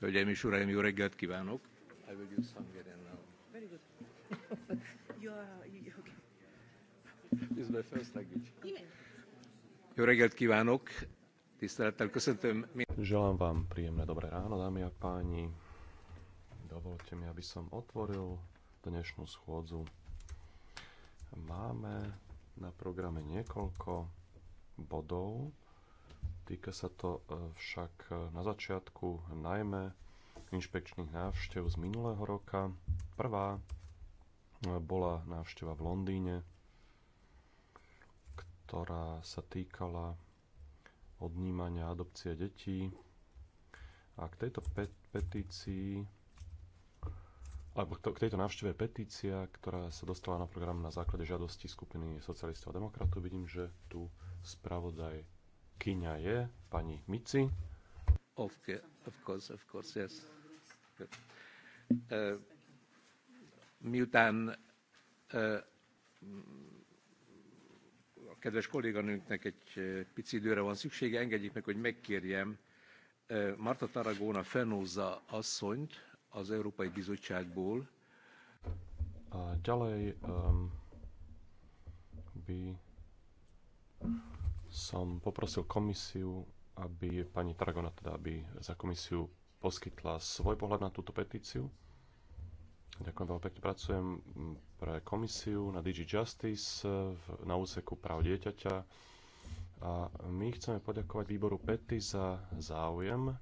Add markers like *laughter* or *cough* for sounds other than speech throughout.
Hölgyeim és Uraim, jó reggelt kívánok! I will use Hungarian now. Very good. *laughs* you are, you, okay. my first language. Jó reggelt kívánok! Tisztelettel köszöntöm. Želám vám príjemné dobré ráno, dámy a páni. Dovolte mi, aby som otvoril dnešnú schôdzu. Máme na programe niekoľko bodov, Týka sa to e, však e, na začiatku najmä inšpekčných návštev z minulého roka. Prvá e, bola návšteva v Londýne, ktorá sa týkala odnímania adopcie detí. A k tejto pet- petícii alebo k tejto návšteve petícia, ktorá sa dostala na program na základe žiadosti skupiny socialistov a demokratov. Vidím, že tu spravodaj. Kyňa je pani Mici. of course, of course, yes. Uh, miután uh, a kedves kolléganőnknek egy pici időre van szüksége, engedjék meg, hogy megkérjem uh, Marta Taragóna Fenóza asszonyt az Európai Bizottságból. A ďalej um, by som poprosil komisiu, aby pani Tragona teda, aby za komisiu poskytla svoj pohľad na túto petíciu. Ďakujem veľmi pekne. Pracujem pre komisiu na DG Justice na úseku práv dieťaťa. A my chceme poďakovať výboru PETI za záujem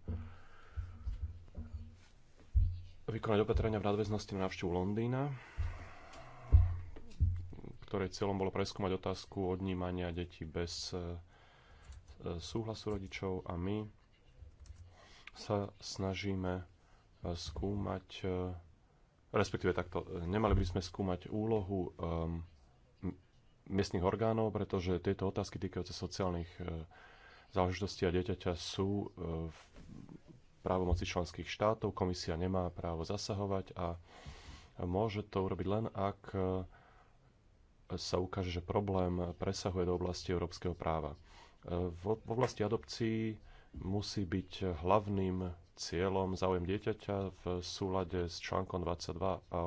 vykonať opatrenia v nadväznosti na návštevu Londýna ktorej cieľom bolo preskúmať otázku odnímania detí bez e, e, súhlasu rodičov a my sa snažíme e, skúmať, respektíve takto, nemali by sme skúmať úlohu um, miestnych orgánov, pretože tieto otázky týkajúce sociálnych záležitostí a dieťaťa sú uh, v právomoci členských štátov, komisia nemá právo zasahovať a môže to urobiť len, ak sa ukáže, že problém presahuje do oblasti európskeho práva. V oblasti adopcií musí byť hlavným cieľom záujem dieťaťa v súlade s článkom 22 a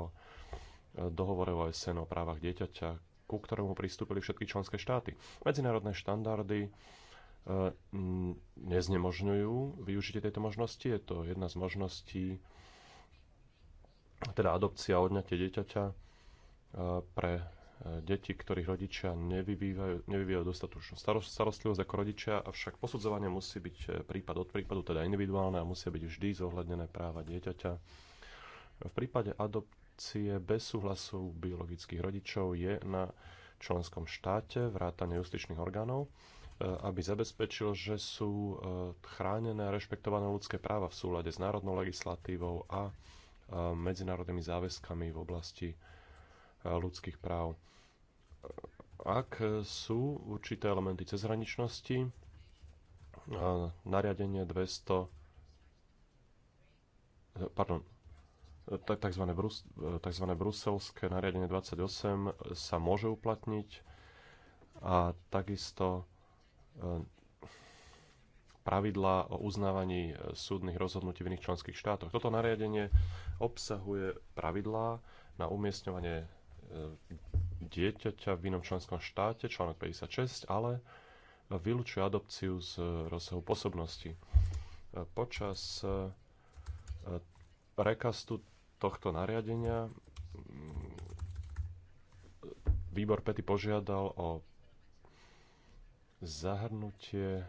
dohovore OSN o právach dieťaťa, ku ktorému pristúpili všetky členské štáty. Medzinárodné štandardy e, neznemožňujú využitie tejto možnosti. Je to jedna z možností, teda adopcia odňatie dieťaťa e, pre deti, ktorých rodičia nevyvíjajú, nevyvíjajú dostatočnú starostlivosť ako rodičia, avšak posudzovanie musí byť e, prípad od prípadu, teda individuálne a musia byť vždy zohľadnené práva dieťaťa. V prípade adopcie bez súhlasu biologických rodičov je na členskom štáte vrátane justičných orgánov, e, aby zabezpečil, že sú e, chránené a rešpektované ľudské práva v súlade s národnou legislatívou a medzinárodnými záväzkami v oblasti ľudských práv ak sú určité elementy cezhraničnosti, nariadenie 200, pardon, tzv. bruselské nariadenie 28 sa môže uplatniť a takisto e, pravidlá o uznávaní súdnych rozhodnutí v iných členských štátoch. Toto nariadenie obsahuje pravidlá na umiestňovanie e, dieťaťa v inom členskom štáte, článok 56, ale vylúčuje adopciu z rozsahu posobnosti. Počas eh, prekastu tohto nariadenia mm, výbor Pety požiadal o zahrnutie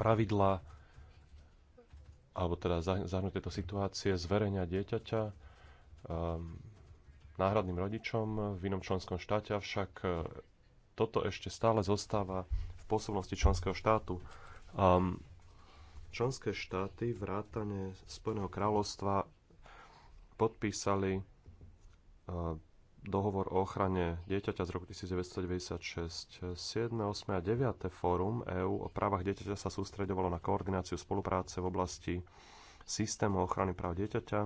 pravidla alebo teda zahrnutie tejto situácie zverenia dieťaťa ehm, náhradným rodičom v inom členskom štáte, avšak e, toto ešte stále zostáva v pôsobnosti členského štátu. Um, členské štáty vrátane Spojeného kráľovstva podpísali uh, dohovor o ochrane dieťaťa z roku 1996. 7., 8. a 9. fórum EÚ o právach dieťaťa sa sústredovalo na koordináciu spolupráce v oblasti systému ochrany práv dieťaťa,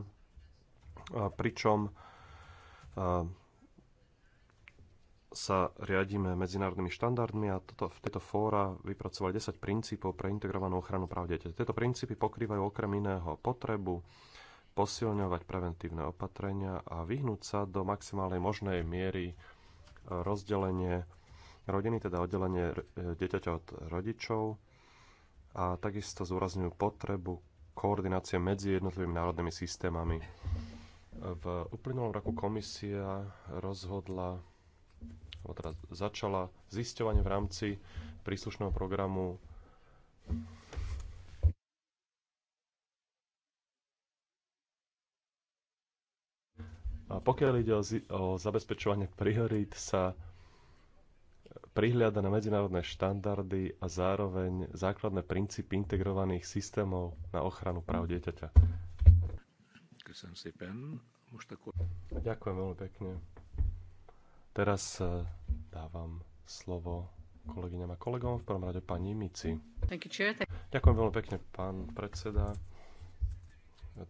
pričom sa riadíme medzinárodnými štandardmi a toto, v tejto fóra vypracovali 10 princípov pre integrovanú ochranu práv dieťaťa. Tieto princípy pokrývajú okrem iného potrebu posilňovať preventívne opatrenia a vyhnúť sa do maximálnej možnej miery rozdelenie rodiny, teda oddelenie dieťaťa od rodičov a takisto zúrazňujú potrebu koordinácie medzi jednotlivými národnými systémami v uplynulom roku komisia rozhodla, alebo teda začala zisťovanie v rámci príslušného programu A pokiaľ ide o, o zabezpečovanie priorít, sa prihliada na medzinárodné štandardy a zároveň základné princípy integrovaných systémov na ochranu práv dieťaťa. Ďakujem veľmi pekne. Teraz eh, dávam slovo kolegyňam a kolegom, v prvom rade pani Mici. Ďakujem veľmi pekne, pán predseda.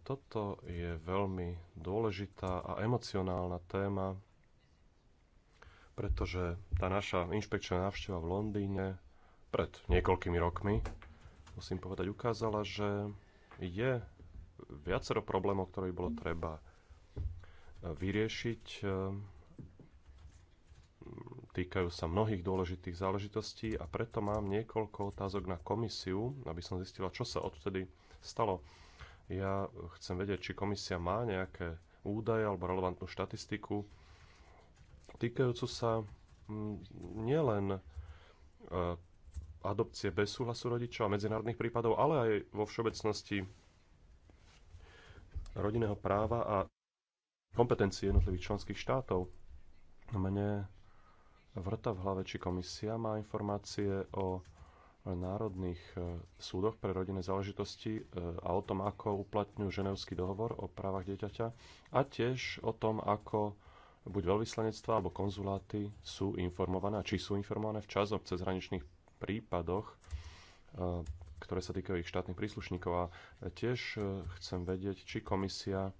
Toto je veľmi dôležitá a emocionálna téma, pretože tá naša inšpekčná návšteva v Londýne pred niekoľkými rokmi, musím povedať, ukázala, že je viacero problémov, ktoré by bolo treba vyriešiť. Týkajú sa mnohých dôležitých záležitostí a preto mám niekoľko otázok na komisiu, aby som zistila, čo sa odtedy stalo. Ja chcem vedieť, či komisia má nejaké údaje alebo relevantnú štatistiku týkajúcu sa mm, nielen e, adopcie bez súhlasu rodičov a medzinárodných prípadov, ale aj vo všeobecnosti rodinného práva a kompetencie jednotlivých členských štátov. Mne vrta v hlave, či komisia má informácie o národných e, súdoch pre rodinné záležitosti e, a o tom, ako uplatňujú Ženevský dohovor o právach dieťaťa a tiež o tom, ako buď veľvyslanectvá alebo konzuláty sú informované, či sú informované včas o cezhraničných prípadoch e, ktoré sa týkajú ich štátnych príslušníkov. A tiež e, chcem vedieť, či komisia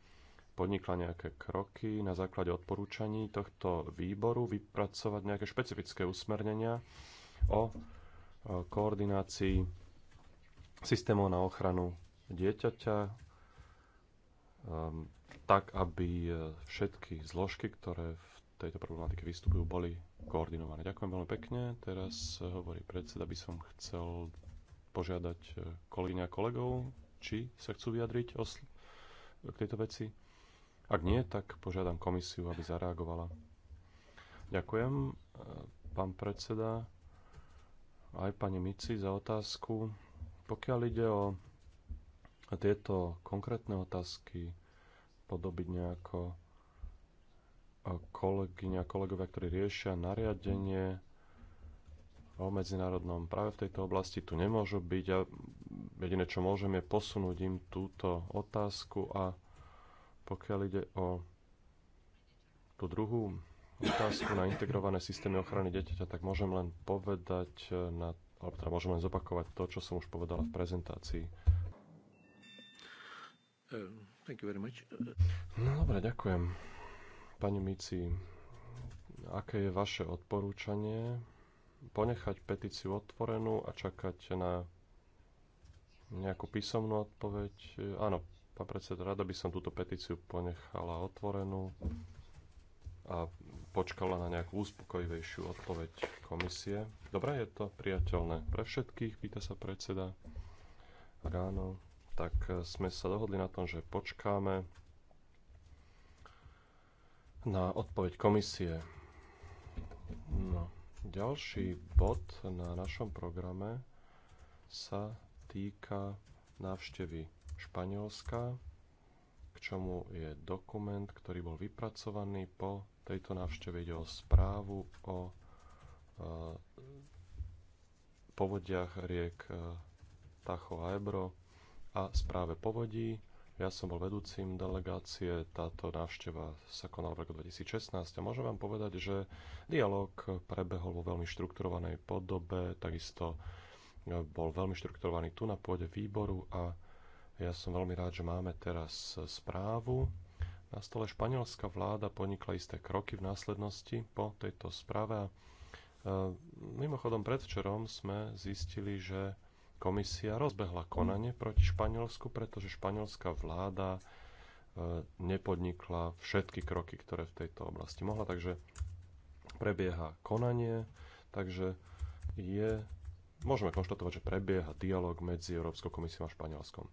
podnikla nejaké kroky na základe odporúčaní tohto výboru vypracovať nejaké špecifické usmernenia o e, koordinácii systémov na ochranu dieťaťa, e, tak aby všetky zložky, ktoré v tejto problematike vystupujú, boli koordinované. Ďakujem veľmi pekne. Teraz hovorí predseda, by som chcel požiadať e, kolíňa kolegov, či sa chcú vyjadriť o k tejto veci. Ak nie, tak požiadam komisiu, aby zareagovala. Ďakujem, e, pán predseda, aj pani Mici za otázku. Pokiaľ ide o tieto konkrétne otázky, podobiť nejako e, kolegyňa, kolegovia, ktorí riešia nariadenie, o medzinárodnom práve v tejto oblasti tu nemôžu byť a jediné, čo môžem, je posunúť im túto otázku a pokiaľ ide o tú druhú otázku na integrované systémy ochrany dieťaťa, tak môžem len povedať, e, na, alebo teda môžem len zopakovať to, čo som už povedala v prezentácii. E, thank you very much. No dobre, ďakujem. Pani Mici, aké je vaše odporúčanie? ponechať petíciu otvorenú a čakať na nejakú písomnú odpoveď. Áno, pán predseda, rada by som túto petíciu ponechala otvorenú a počkala na nejakú uspokojivejšiu odpoveď komisie. Dobre, je to priateľné pre všetkých, pýta sa predseda ráno. Tak sme sa dohodli na tom, že počkáme na odpoveď komisie. No. Ďalší bod na našom programe sa týka návštevy Španielska, k čomu je dokument, ktorý bol vypracovaný po tejto návšteve. Ide o správu o e, povodiach riek e, Tacho a Ebro a správe povodí. Ja som bol vedúcim delegácie, táto návšteva sa konala v roku 2016 a môžem vám povedať, že dialog prebehol vo veľmi štrukturovanej podobe, takisto e, bol veľmi štrukturovaný tu na pôde výboru a ja som veľmi rád, že máme teraz správu. Na stole španielská vláda ponikla isté kroky v následnosti po tejto správe e, mimochodom predvčerom sme zistili, že komisia rozbehla konanie proti Španielsku, pretože španielská vláda e, nepodnikla všetky kroky, ktoré v tejto oblasti mohla. Takže prebieha konanie, takže je môžeme konštatovať, že prebieha dialog medzi Európskou komisiou a Španielskom. E,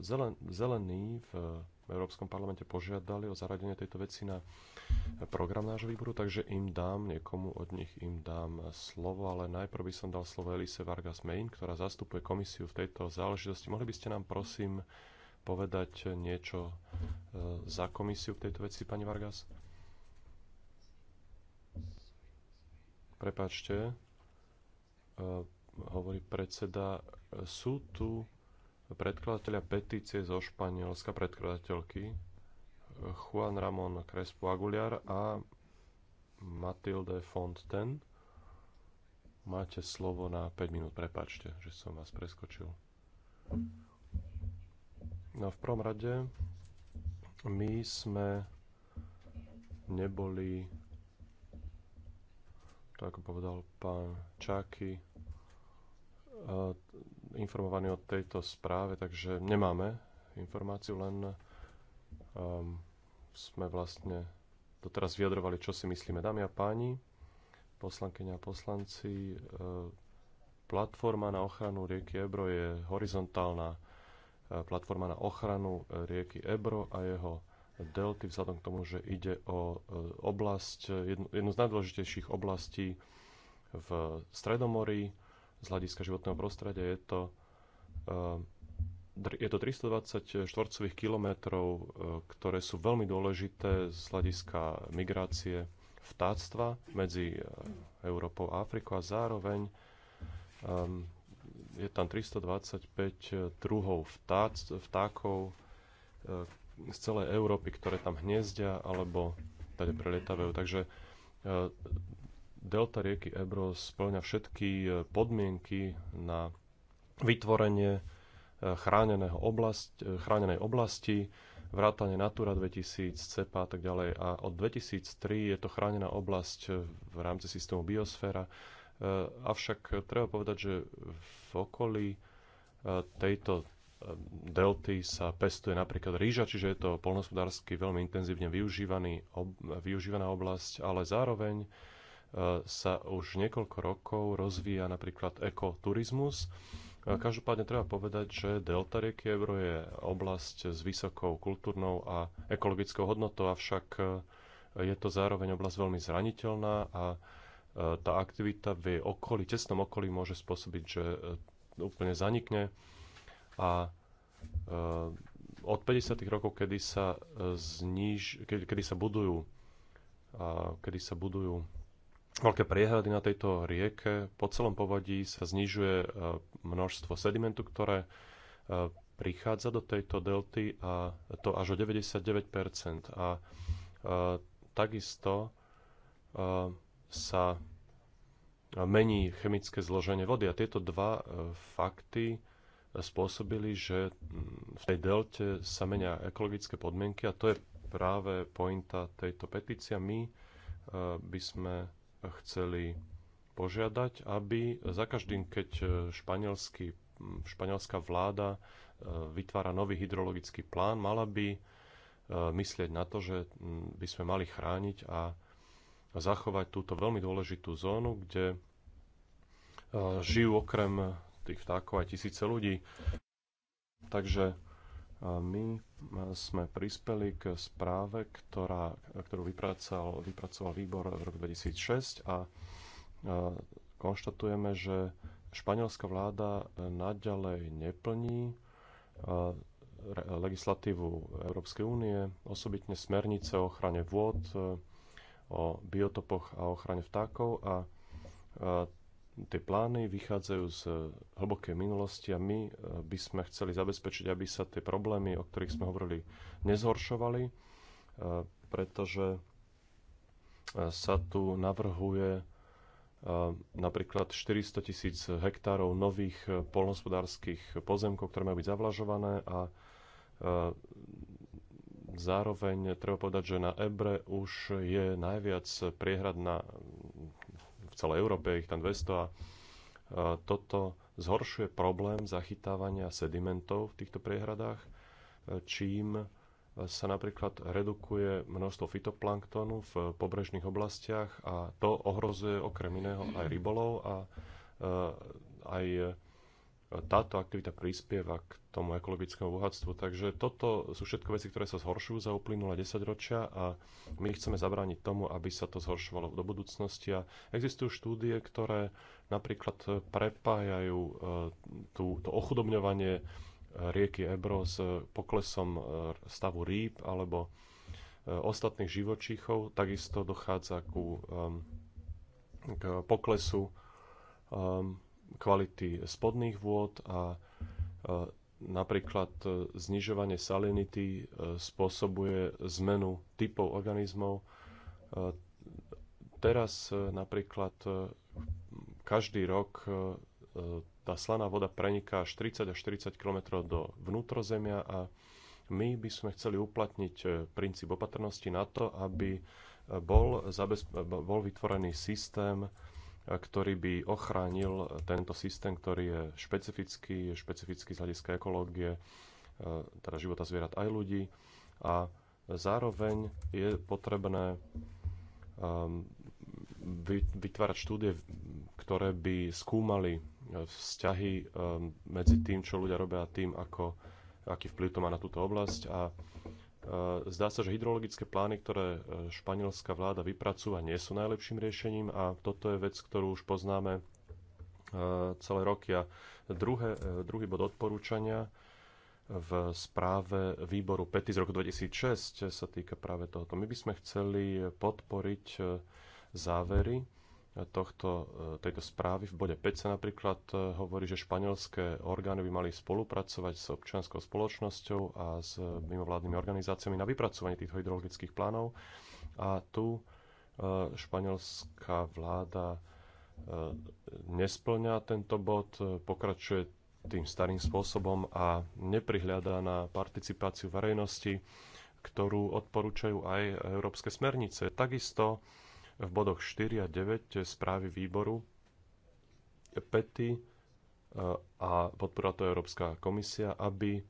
zelen, zelení v Európskom parlamente požiadali o zaradenie tejto veci na program nášho výboru, takže im dám, niekomu od nich im dám slovo, ale najprv by som dal slovo Elise Vargas Main, ktorá zastupuje komisiu v tejto záležitosti. Mohli by ste nám prosím povedať niečo e, za komisiu v tejto veci, pani Vargas? Prepačte, e, hovorí predseda, sú tu predkladateľa petície zo Španielska, predkladateľky Juan Ramón Crespo Aguilar a Matilde Fonten. Máte slovo na 5 minút, prepačte, že som vás preskočil. No v prvom rade my sme neboli, tak ako povedal pán Čaky, Eh, informovaní o tejto správe, takže nemáme informáciu, len um, sme vlastne doteraz vyjadrovali, čo si myslíme. Dámy a páni, poslankyňa a poslanci, eh, platforma na ochranu rieky Ebro je horizontálna eh, platforma na ochranu rieky Ebro a jeho delty, vzhľadom k tomu, že ide o oblasť, jednu, jednu z najdôležitejších oblastí v Stredomorí, z hľadiska životného prostredia. Je to, eh, je to 320 štvorcových kilometrov, eh, ktoré sú veľmi dôležité z hľadiska migrácie vtáctva medzi eh, Európou a Afrikou a zároveň je tam 325 druhov vtác, vtákov z celej Európy, ktoré tam hniezdia alebo tady prelietavajú. Takže delta rieky Ebro splňa všetky e, podmienky na vytvorenie e, chráneného oblast, e, chránenej oblasti, vrátane Natura 2000, CEPA a tak ďalej. A od 2003 je to chránená oblasť v rámci systému biosféra. Avšak treba povedať, že v okolí tejto delty sa pestuje napríklad rýža, čiže je to polnospodársky veľmi intenzívne využívaný, ob, využívaná oblasť, ale zároveň E, sa už niekoľko rokov rozvíja napríklad ekoturizmus. E, každopádne treba povedať, že delta rieky Ebro je oblasť s vysokou kultúrnou a ekologickou hodnotou, avšak e, je to zároveň oblasť veľmi zraniteľná a tá aktivita v jej okolí, tesnom okolí môže spôsobiť, že úplne zanikne a od 50. rokov, kedy sa, zniž, kedy, kedy sa budujú kedy sa budujú veľké priehrady na tejto rieke. Po celom povodí sa znižuje e, množstvo sedimentu, ktoré e, prichádza do tejto delty a to až o 99 A e, takisto sa mení chemické zloženie vody. A tieto dva fakty spôsobili, že mm, v tej delte sa menia ekologické podmienky a to je práve pointa tejto petícia. My by sme chceli požiadať, aby za každým, keď e, španielský, španielská vláda e, vytvára nový hydrologický plán, mala by e, myslieť na to, že by sme mali chrániť a zachovať túto veľmi dôležitú zónu, kde žijú okrem tých vtákov aj tisíce ľudí. Takže my sme prispeli k správe, ktorá, ktorú vypracoval, vypracoval výbor v roku 2006 a konštatujeme, že španielská vláda naďalej neplní legislatívu Európskej únie, osobitne smernice o ochrane vôd, e, o biotopoch a ochrane vtákov a tie plány vychádzajú z eh, hlbokej minulosti a my eh, by sme chceli zabezpečiť, aby sa tie problémy, o ktorých sme hovorili, nezhoršovali, eh, pretože sa tu navrhuje napríklad 400 tisíc hektárov nových polnospodárských pozemkov, ktoré majú byť zavlažované a zároveň treba povedať, že na Ebre už je najviac priehrad na v celej Európe, ich tam 200 a toto zhoršuje problém zachytávania sedimentov v týchto priehradách, e, čím e, sa napríklad redukuje množstvo fitoplanktonu v pobrežných oblastiach a to ohrozuje okrem iného aj rybolov a e, aj táto aktivita prispieva k tomu ekologickému bohatstvu. Takže toto sú všetko veci, ktoré sa zhoršujú za uplynulé 10 ročia a my chceme zabrániť tomu, aby sa to zhoršovalo do budúcnosti. A existujú štúdie, ktoré napríklad prepájajú e, tú, to ochudobňovanie e, rieky Ebro s poklesom e, stavu rýb alebo ostatných živočíchov. Takisto dochádza ku, k poklesu kvality spodných vôd a e, napríklad e, znižovanie salinity e, spôsobuje zmenu typov organizmov. Teraz napríklad každý rok tá slaná voda preniká až 30 až 40 km do vnútrozemia a my by sme chceli uplatniť princíp opatrnosti na to, aby bol, bol vytvorený systém ktorý by ochránil tento systém, ktorý je špecifický, je špecifický z hľadiska ekológie, e, teda života zvierat aj ľudí. A zároveň je potrebné ehm, vytvárať štúdie, ktoré by skúmali e, vzťahy e, medzi tým, čo ľudia robia a tým, ako, aký vplyv to má na túto oblasť. A Eh, zdá sa, že hydrologické plány, ktoré eh, španielská vláda vypracúva, nie sú najlepším riešením a toto je vec, ktorú už poznáme eh, celé roky. A druhé, druhý bod odporúčania v správe výboru PETI z roku 2006 sa týka práve tohoto. My by sme chceli podporiť závery tohto, e, tejto správy. V bode 5 sa napríklad e, hovorí, že španielské orgány by mali spolupracovať s občianskou spoločnosťou a s mimovládnymi organizáciami na vypracovanie týchto hydrologických plánov. A tu e, španielská vláda nesplňa tento bod, pokračuje tým starým spôsobom a neprihľadá na participáciu verejnosti, ktorú odporúčajú aj európske smernice. Takisto v bodoch 4 a 9 správy výboru PETI e, a podporila to Európska komisia, aby e,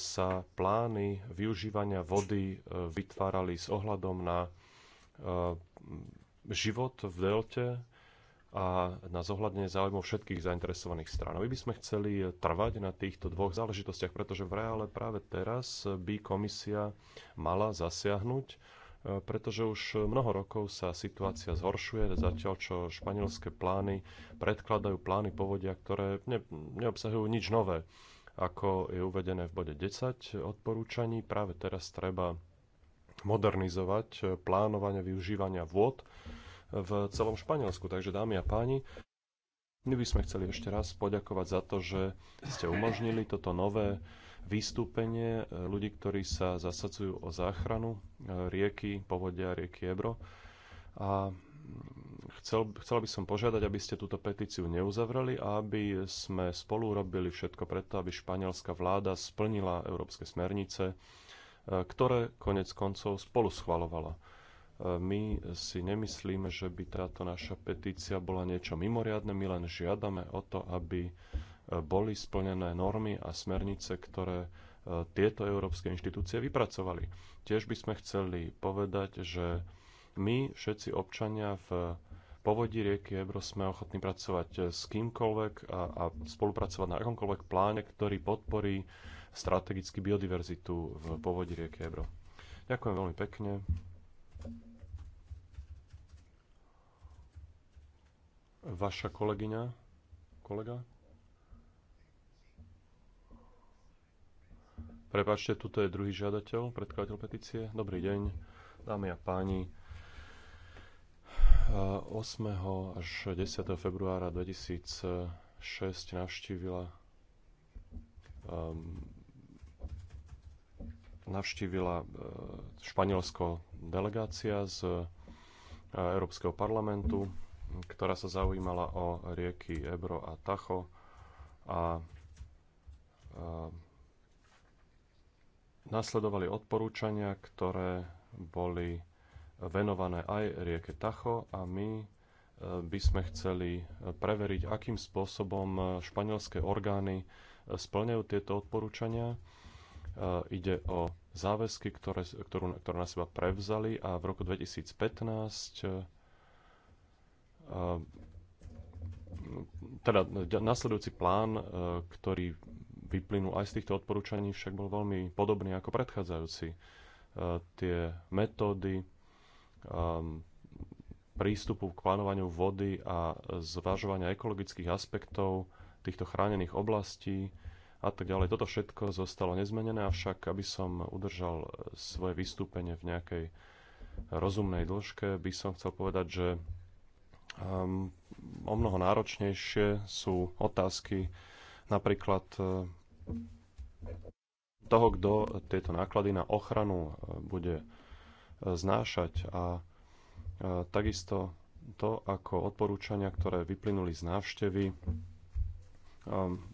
sa plány využívania vody e, vytvárali s ohľadom na život v delte a na zohľadne záujmov všetkých zainteresovaných strán. My by sme chceli trvať na týchto dvoch záležitostiach, pretože v reále práve teraz by komisia mala zasiahnuť pretože už mnoho rokov sa situácia zhoršuje, zatiaľ čo španielské plány predkladajú plány povodia, ktoré ne, neobsahujú nič nové. Ako je uvedené v bode 10 odporúčaní, práve teraz treba modernizovať plánovanie využívania vôd v celom Španielsku. Takže dámy a páni, my by sme chceli ešte raz poďakovať za to, že ste umožnili toto nové vystúpenie e, ľudí, ktorí sa zasadzujú o záchranu e, rieky, povodia rieky Ebro. A mm, chcel, chcel by som požiadať, aby ste túto petíciu neuzavreli a aby sme spolu robili všetko preto, aby španielská vláda splnila európske smernice, e, ktoré konec koncov spolu schvalovala. My si nemyslíme, že by táto naša petícia bola niečo mimoriadne, my len žiadame o to, aby boli splnené normy a smernice, ktoré e, tieto európske inštitúcie vypracovali. Tiež by sme chceli povedať, že my všetci občania v povodí rieky Ebro sme ochotní pracovať e, s kýmkoľvek a, a spolupracovať na akomkoľvek pláne, ktorý podporí strategicky biodiverzitu v povodí rieky Ebro. Ďakujem veľmi pekne. Vaša kolegyňa, kolega? Prepačte, tuto je druhý žiadateľ, predkladateľ petície. Dobrý deň, dámy a páni. 8. až 10. februára 2006 navštívila um, navštívila e, Španielsko delegácia z e, Európskeho parlamentu, ktorá sa zaujímala o rieky Ebro a Tacho a, a ehm, Nasledovali odporúčania, ktoré boli venované aj rieke Tacho a my e, by sme chceli preveriť, akým spôsobom španielské orgány e, splňajú tieto odporúčania. E, ide o záväzky, ktoré, ktorú, ktoré na seba prevzali a v roku 2015 teda nasledujúci plán, ktorý vyplynul aj z týchto odporúčaní, však bol veľmi podobný ako predchádzajúci. E, tie metódy e, prístupu k plánovaniu vody a zvažovania ekologických aspektov týchto chránených oblastí a tak ďalej. Toto všetko zostalo nezmenené, avšak aby som udržal svoje vystúpenie v nejakej rozumnej dĺžke, by som chcel povedať, že um, o mnoho náročnejšie sú otázky napríklad e, toho, kto tieto náklady na ochranu eh, bude eh, znášať a eh, takisto to, ako odporúčania, ktoré vyplynuli z návštevy,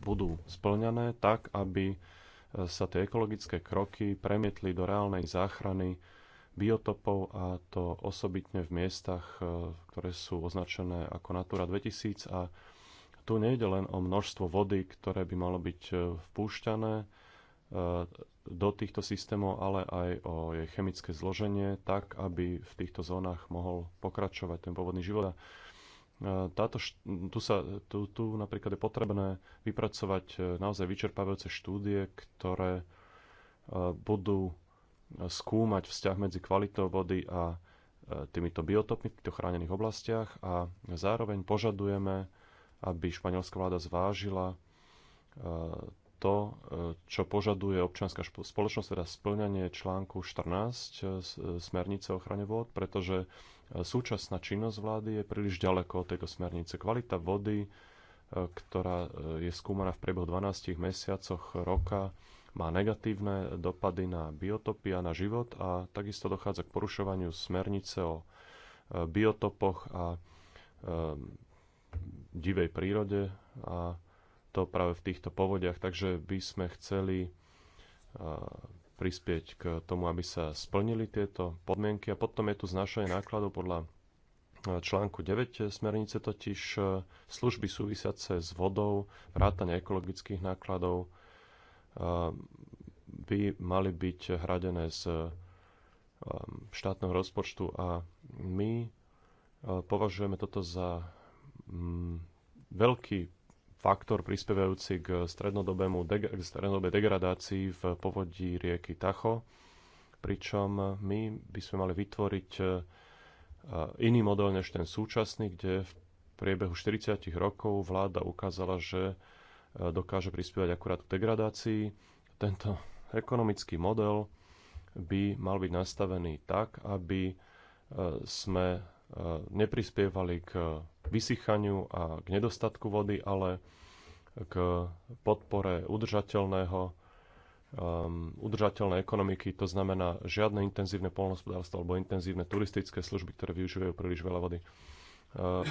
budú splňané tak, aby sa tie ekologické kroky premietli do reálnej záchrany biotopov a to osobitne v miestach, ktoré sú označené ako Natura 2000 a tu nejde len o množstvo vody, ktoré by malo byť e, vpúšťané e, do týchto systémov, ale aj o jej chemické zloženie, tak aby v týchto zónach mohol pokračovať ten pôvodný život. E, táto, tu, sa, tu, tu napríklad je potrebné vypracovať naozaj vyčerpávajúce štúdie, ktoré budú skúmať vzťah medzi kvalitou vody a týmito biotopmi v týchto chránených oblastiach a zároveň požadujeme aby španielská vláda zvážila e, to, e, čo požaduje občianská spoločnosť, teda splňanie článku 14 e, smernice ochrane vôd, pretože súčasná činnosť vlády je príliš ďaleko od tejto smernice. Kvalita vody, ktorá je skúmaná v priebehu 12 mesiacoch roka, má negatívne dopady na biotopy a na život a takisto dochádza k porušovaniu smernice o biotopoch a divej prírode a to práve v týchto povodiach. Takže by sme chceli prispieť k tomu, aby sa splnili tieto podmienky. A potom je tu znašanie nákladov podľa článku 9 smernice, totiž služby súvisiace s vodou, vrátanie ekologických nákladov by mali byť hradené z štátneho rozpočtu a my považujeme toto za Mm, veľký faktor prispievajúci k, strednodobému, deg- strednodobej degradácii v povodí rieky Tacho, pričom my by sme mali vytvoriť e, e, iný model než ten súčasný, kde v priebehu 40 rokov vláda ukázala, že e, dokáže prispievať akurát k degradácii. Tento ekonomický model by mal byť nastavený tak, aby sme neprispievali k vysychaniu a k nedostatku vody, ale k podpore udržateľného um, udržateľnej ekonomiky, to znamená žiadne intenzívne polnohospodárstvo alebo intenzívne turistické služby, ktoré využívajú príliš veľa vody. Uh,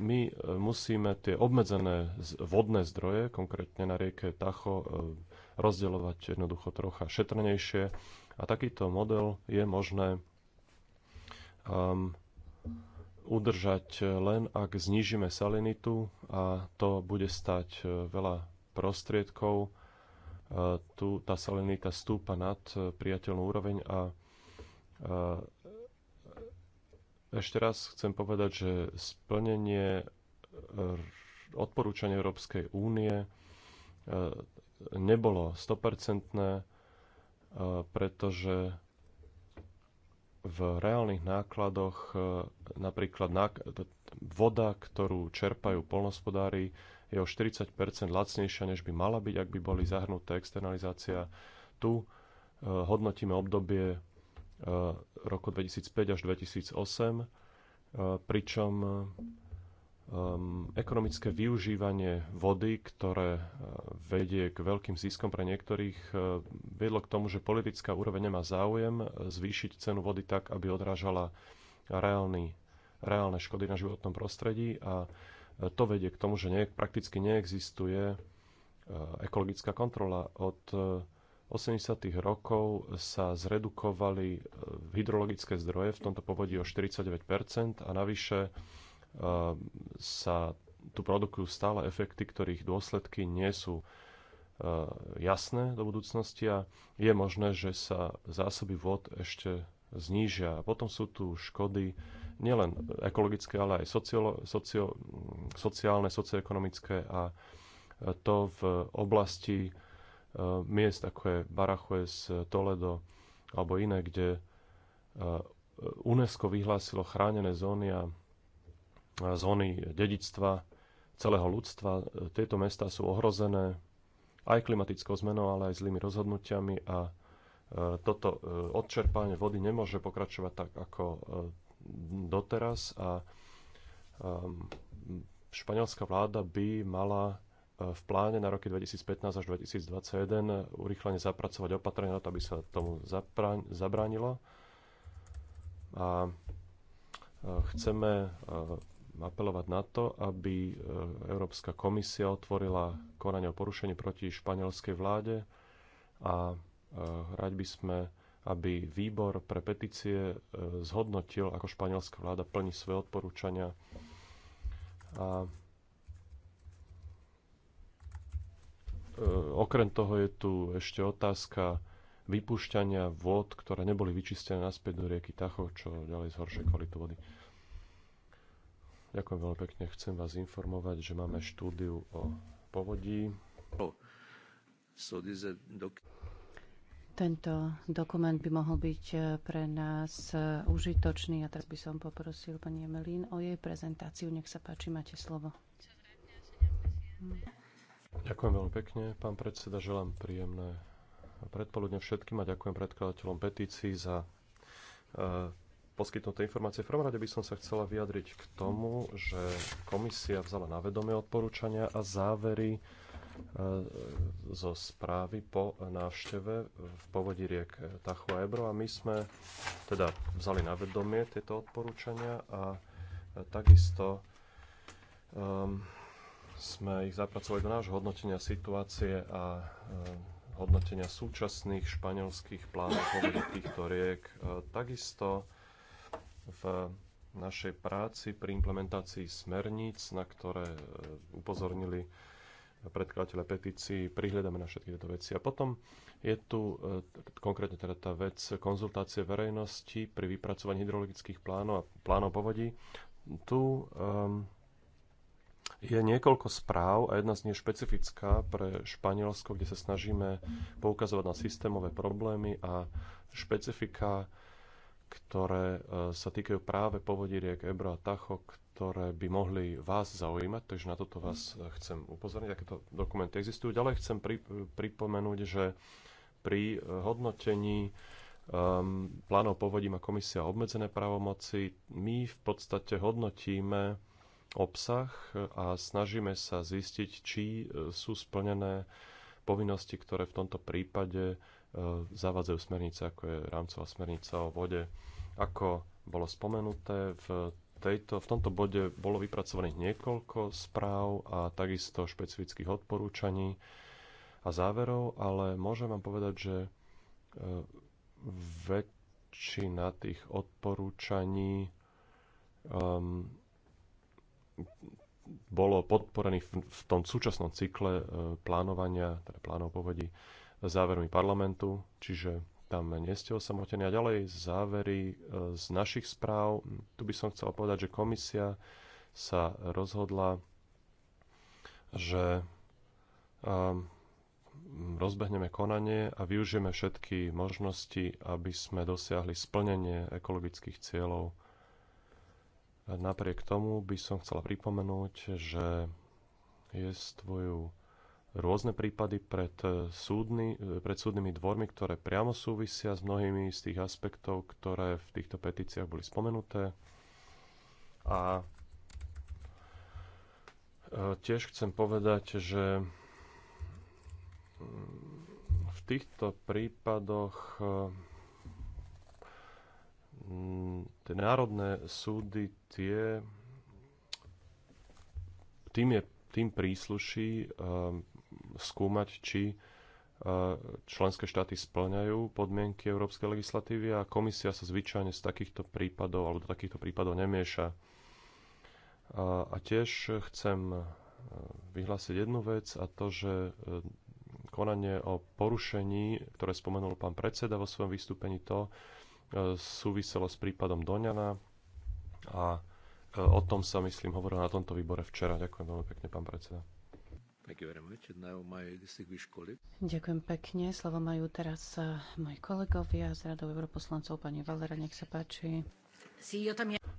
my uh, musíme tie obmedzené vodné zdroje, konkrétne na rieke Tacho, uh, rozdeľovať jednoducho trocha šetrnejšie a takýto model je možné um, udržať e, len, ak znížime salinitu a to bude stať e, veľa prostriedkov. E, tu tá salinita stúpa nad priateľnú úroveň a ešte raz chcem povedať, že splnenie odporúčania Európskej únie nebolo 100%, pretože v reálnych nákladoch e, napríklad voda, ktorú čerpajú polnospodári, je o 40 lacnejšia, než by mala byť, ak by boli zahrnuté externalizácia. Tu e, hodnotíme obdobie e, roku 2005 až 2008, pričom um, ekonomické využívanie vody, ktoré eh, vedie k veľkým ziskom pre niektorých, eh, viedlo k tomu, že politická úroveň nemá záujem eh, zvýšiť cenu vody tak, aby odrážala reálny, reálne škody na životnom prostredí a to vedie k tomu, že ne, prakticky neexistuje ekologická kontrola. Od 80. rokov sa zredukovali hydrologické zdroje v tomto povodí o 49 a navyše sa tu produkujú stále efekty, ktorých dôsledky nie sú e, jasné do budúcnosti a je možné, že sa zásoby vod ešte znížia. Potom sú tu škody nielen ekologické, ale aj sociolo, socio, mm, sociálne, socioekonomické a to v oblasti e, miest, ako je Barachues, Toledo alebo iné, kde e, UNESCO vyhlásilo chránené zóny a zóny dedictva celého ľudstva. Tieto mestá sú ohrozené aj klimatickou zmenou, ale aj zlými rozhodnutiami a e, toto e, odčerpanie vody nemôže pokračovať tak ako e, doteraz a španielská vláda by mala v pláne na roky 2015 až 2021 urychlene zapracovať opatrenia, aby sa tomu zabránilo. A chceme apelovať na to, aby e, Európska komisia otvorila konanie o porušení proti španielskej vláde a hrať e, by sme, aby výbor pre petície e, zhodnotil, ako španielská vláda plní svoje odporúčania. A okrem toho je tu ešte otázka vypúšťania vôd, ktoré neboli vyčistené naspäť do rieky Tacho, čo ďalej zhoršuje kvalitu vody. Ďakujem veľmi pekne. Chcem vás informovať, že máme štúdiu o povodí. Tento dokument by mohol byť eh, pre nás eh, užitočný a teraz by som poprosil pani Emelín o jej prezentáciu. Nech sa páči, máte slovo. Ďakujem veľmi pekne, pán predseda. Želám príjemné predpoludne všetkým a ďakujem predkladateľom petícií za eh, poskytnuté informácie. V prvom rade by som sa chcela vyjadriť k tomu, že komisia vzala na vedomie odporúčania a závery e, zo správy po návšteve v povodí riek Tachu a Ebro a my sme teda vzali na vedomie tieto odporúčania a e, takisto um, sme ich zapracovali do nášho hodnotenia situácie a e, hodnotenia súčasných španielských plánov povodí týchto riek. Takisto v našej práci pri implementácii smerníc, na ktoré e, upozornili predkladateľe petícií, prihľadáme na všetky tieto veci. A potom je tu e, konkrétne teda tá vec konzultácie verejnosti pri vypracovaní hydrologických plánov a plánov povodí. Tu um, je niekoľko správ a jedna z nich je špecifická pre Španielsko, kde sa snažíme poukazovať na systémové problémy a špecifika ktoré e, sa týkajú práve povodí riek Ebro a Tacho, ktoré by mohli vás zaujímať, takže na toto vás e, chcem upozorniť, akéto dokumenty existujú. Ďalej chcem e, pripomenúť, že pri hodnotení um, plánov povodí má komisia obmedzené právomoci. My v podstate hodnotíme obsah a snažíme sa zistiť, či sú splnené povinnosti, ktoré v tomto prípade E, zavádzajú smernice, ako je rámcová smernica o vode. Ako bolo spomenuté, v, tejto, v tomto bode bolo vypracovaných niekoľko správ a takisto špecifických odporúčaní a záverov, ale môžem vám povedať, že e, väčšina tých odporúčaní um, bolo podporených v, v tom súčasnom cykle e, plánovania, teda plánov povedí závermi parlamentu, čiže tam nie ste osamotení. A ďalej závery e, z našich správ. Tu by som chcel povedať, že komisia sa rozhodla, že e, rozbehneme konanie a využijeme všetky možnosti, aby sme dosiahli splnenie ekologických cieľov. Napriek tomu by som chcela pripomenúť, že je tvojou rôzne prípady pred, eh, súdny, eh, pred súdnymi dvormi, ktoré priamo súvisia s mnohými z tých aspektov, ktoré v týchto petíciách boli spomenuté. A eh, tiež chcem povedať, že mm, v týchto prípadoch mm, tie národné súdy tie tým je tým prísluší skúmať, či e, členské štáty splňajú podmienky európskej legislatívy a komisia sa zvyčajne z takýchto prípadov alebo do takýchto prípadov nemieša. E, a tiež chcem e, vyhlásiť jednu vec a to, že konanie o porušení, ktoré spomenul pán predseda vo svojom vystúpení, to súviselo s prípadom Doňana a o tom sa, myslím, hovorilo na tomto výbore včera. Ďakujem veľmi pekne, pán predseda. Ďakujem pekne. Slovo majú teraz eh, moji kolegovia z radov europoslancov. Pani Valera, nech sa páči.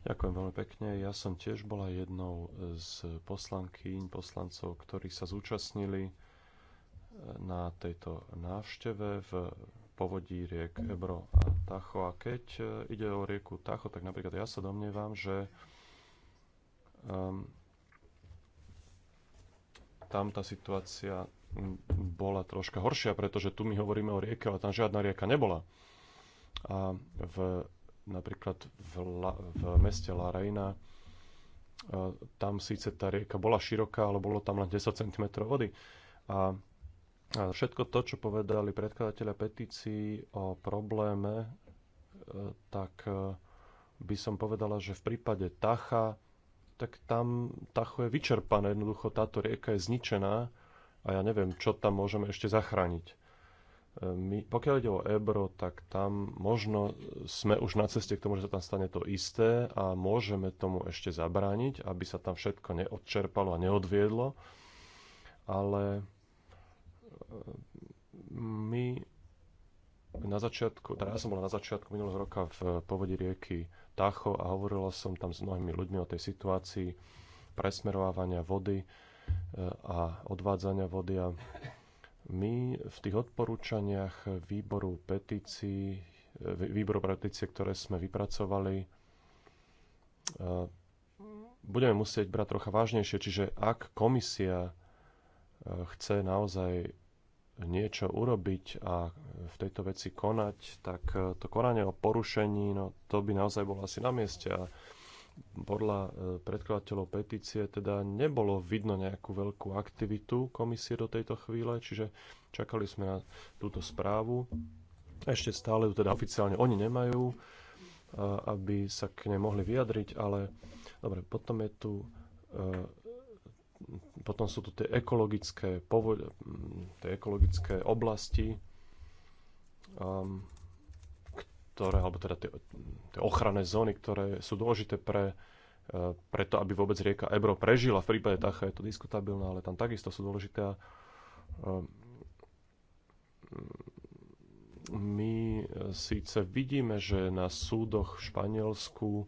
Ďakujem veľmi pekne. Ja som tiež bola jednou z poslankyň, poslancov, ktorí sa zúčastnili eh, na tejto návšteve v povodí riek Ebro a Tacho. A keď eh, ide o rieku Tacho, tak napríklad ja sa domnievam, že ehm, tam tá situácia bola troška horšia, pretože tu my hovoríme o rieke, ale tam žiadna rieka nebola. A v, napríklad v, La, v meste La e, tam síce tá rieka bola široká, ale bolo tam len 10 cm vody. A všetko to, čo povedali predkladateľe petícií o probléme, e, tak e, by som povedala, že v prípade Tacha tak tam Tacho je vyčerpané. Jednoducho táto rieka je zničená a ja neviem, čo tam môžeme ešte zachrániť. E, my, pokiaľ ide o Ebro, tak tam možno sme už na ceste k tomu, že sa tam stane to isté a môžeme tomu ešte zabrániť, aby sa tam všetko neodčerpalo a neodviedlo. Ale e, my na začiatku, teda ja som bol na začiatku minulého roka v povodi rieky Tacho a hovorila som tam s mnohými ľuďmi o tej situácii presmerovávania vody e, a odvádzania vody. A my v tých odporúčaniach výboru petícií, e, výboru petície, ktoré sme vypracovali, e, budeme musieť brať trocha vážnejšie. Čiže ak komisia chce naozaj niečo urobiť a v tejto veci konať, tak e, to konanie o porušení, no to by naozaj bolo asi na mieste. A podľa e, predkladateľov petície teda nebolo vidno nejakú veľkú aktivitu komisie do tejto chvíle, čiže čakali sme na túto správu. Ešte stále ju teda oficiálne oni nemajú, e, aby sa k nej mohli vyjadriť, ale dobre, potom je tu potom sú tu tie ekologické, povo- tie ekologické oblasti, um, ktoré, alebo teda tie, tie ochranné zóny, ktoré sú dôležité pre, uh, preto, aby vôbec rieka Ebro prežila. V prípade Tacha je to diskutabilné, ale tam takisto sú dôležité. Um, my síce vidíme, že na súdoch v Španielsku uh,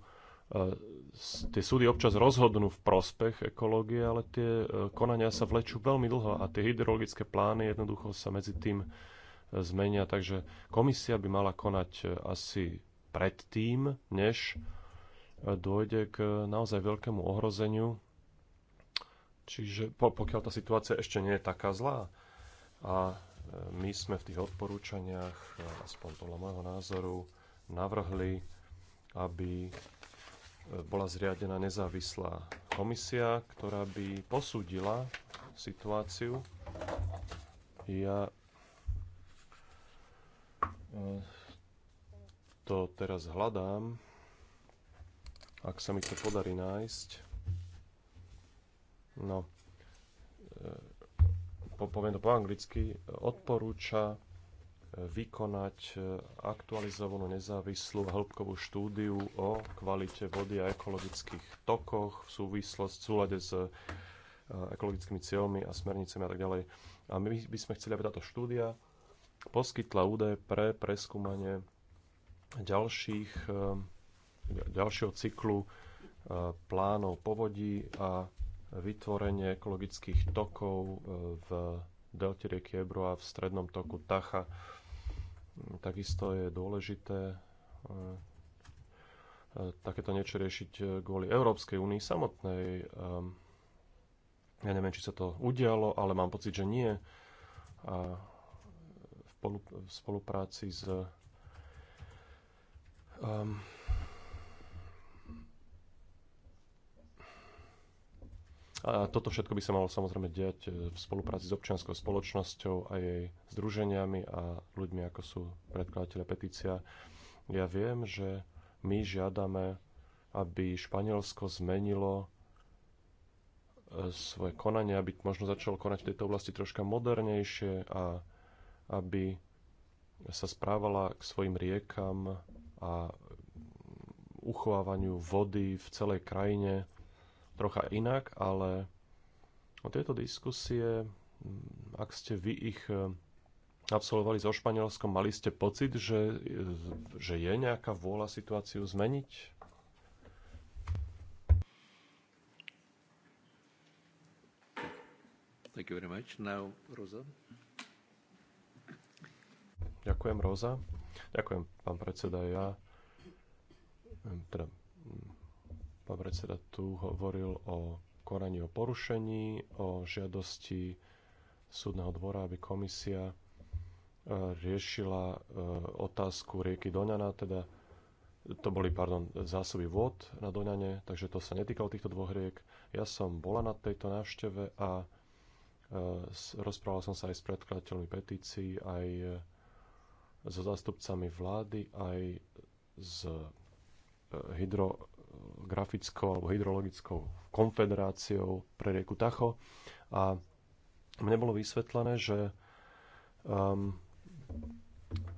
tie súdy občas rozhodnú v prospech ekológie, ale tie e, konania sa vlečú veľmi dlho a tie hydrologické plány jednoducho sa medzi tým e, zmenia. Takže komisia by mala konať e, asi predtým, než dôjde k naozaj veľkému ohrozeniu. Čiže pokiaľ tá situácia ešte nie je taká zlá a my sme v tých odporúčaniach, aspoň podľa môjho názoru, navrhli, aby bola zriadená nezávislá komisia, ktorá by posúdila situáciu. Ja eh, to teraz hľadám, ak sa mi to podarí nájsť. No, eh, poviem to po anglicky, odporúča vykonať e, aktualizovanú nezávislú a hĺbkovú štúdiu o kvalite vody a ekologických tokoch v súvislosti v súlade s e, ekologickými cieľmi a smernicami a tak ďalej. A my by sme chceli, aby táto štúdia poskytla údaje pre preskúmanie ďalších, e, ďalšieho cyklu plánov povodí a vytvorenie ekologických tokov v delte rieky Ebro a v strednom toku Tacha. Takisto je dôležité e, e, takéto niečo riešiť e, kvôli Európskej únii samotnej. Ja neviem, či sa to udialo, ale mám pocit, že nie. A v spolupráci s um, A toto všetko by sa malo samozrejme diať e, v spolupráci s občianskou spoločnosťou a jej združeniami a ľuďmi, ako sú predkladateľe petícia. Ja viem, že my žiadame, aby Španielsko zmenilo e, svoje konanie, aby možno začalo konať v tejto oblasti troška modernejšie a aby sa správala k svojim riekam a uchovávaniu vody v celej krajine trocha inak, ale o tieto diskusie, mm, ak ste vy ich e, absolvovali so Španielskom, mali ste pocit, že, e, že je nejaká vôľa situáciu zmeniť? Thank you very much. Now, Rosa. Ďakujem, Roza. Ďakujem, pán predseda. Ja e, teda Pán predseda tu hovoril o konaní o porušení, o žiadosti súdneho dvora, aby komisia e, riešila e, otázku rieky Doňana, teda to boli, pardon, zásoby vôd na Doňane, takže to sa netýkalo týchto dvoch riek. Ja som bola na tejto návšteve a e, rozprával som sa aj s predkladateľmi petícií, aj so zástupcami vlády, aj s hydro, grafickou alebo hydrologickou konfederáciou pre rieku Tacho a mne bolo vysvetlené, že um,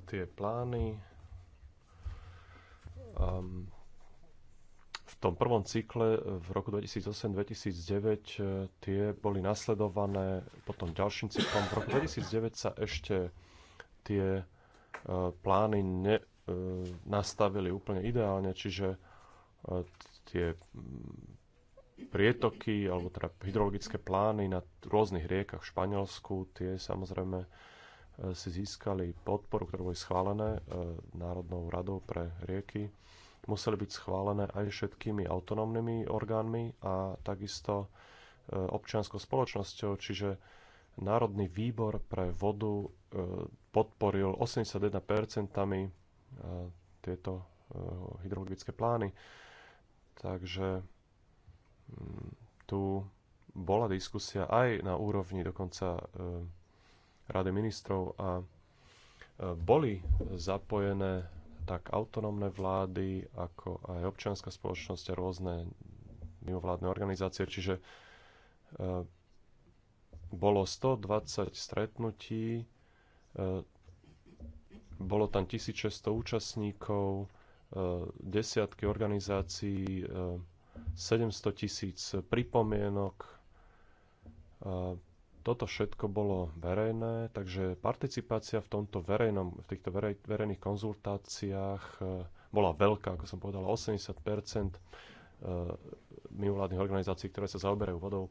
tie plány um, v tom prvom cykle v roku 2008-2009 eh, tie boli nasledované potom ďalším cyklom. V roku 2009 sa ešte tie uh, plány ne, eh, nastavili úplne ideálne, čiže E, tie mm, prietoky alebo teda hydrologické plány na rôznych riekach v Španielsku, tie samozrejme e, si získali podporu, ktoré boli schválené e, Národnou radou pre rieky. Museli byť schválené aj všetkými autonómnymi orgánmi a takisto občianskou spoločnosťou, čiže Národný výbor pre vodu podporil 81% tieto hydrologické plány. Takže mm, tu bola diskusia aj na úrovni dokonca e, Rady ministrov a e, boli zapojené tak autonómne vlády, ako aj občianská spoločnosť a rôzne mimovládne organizácie. Čiže e, bolo 120 stretnutí, bolo tam 1600 účastníkov, desiatky organizácií, 700 tisíc pripomienok. Toto všetko bolo verejné, takže participácia v, tomto verejnom, v týchto verej, verejných konzultáciách e, bola veľká, ako som povedal, 80 e, mimovládnych organizácií, ktoré sa zaoberajú vodou,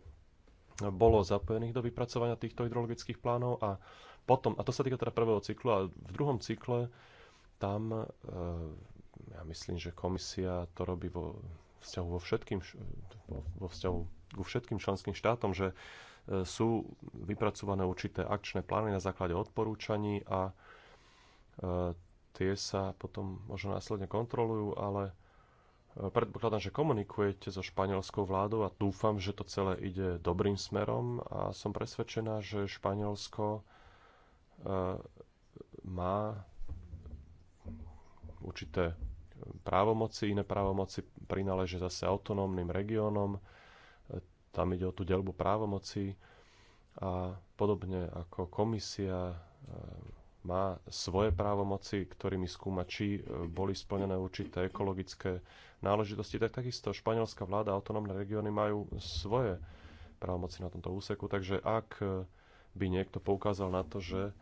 bolo zapojených do vypracovania týchto hydrologických plánov a potom, a to sa týka teda prvého cyklu, a v druhom cykle tam e, ja myslím, že komisia to robí vo vzťahu, vo všetkým, vo vzťahu ku všetkým členským štátom, že e, sú vypracované určité akčné plány na základe odporúčaní a e, tie sa potom možno následne kontrolujú, ale e, predpokladám, že komunikujete so španielskou vládou a dúfam, že to celé ide dobrým smerom a som presvedčená, že Španielsko má určité právomoci. Iné právomoci prináležia zase autonómnym regiónom. Tam ide o tú delbu právomoci a podobne ako komisia e, má svoje právomoci, ktorými skúma, či e, boli splnené určité ekologické náležitosti, tak takisto španielská vláda a autonómne regióny majú svoje právomoci na tomto úseku. Takže ak e, by niekto poukázal na to, že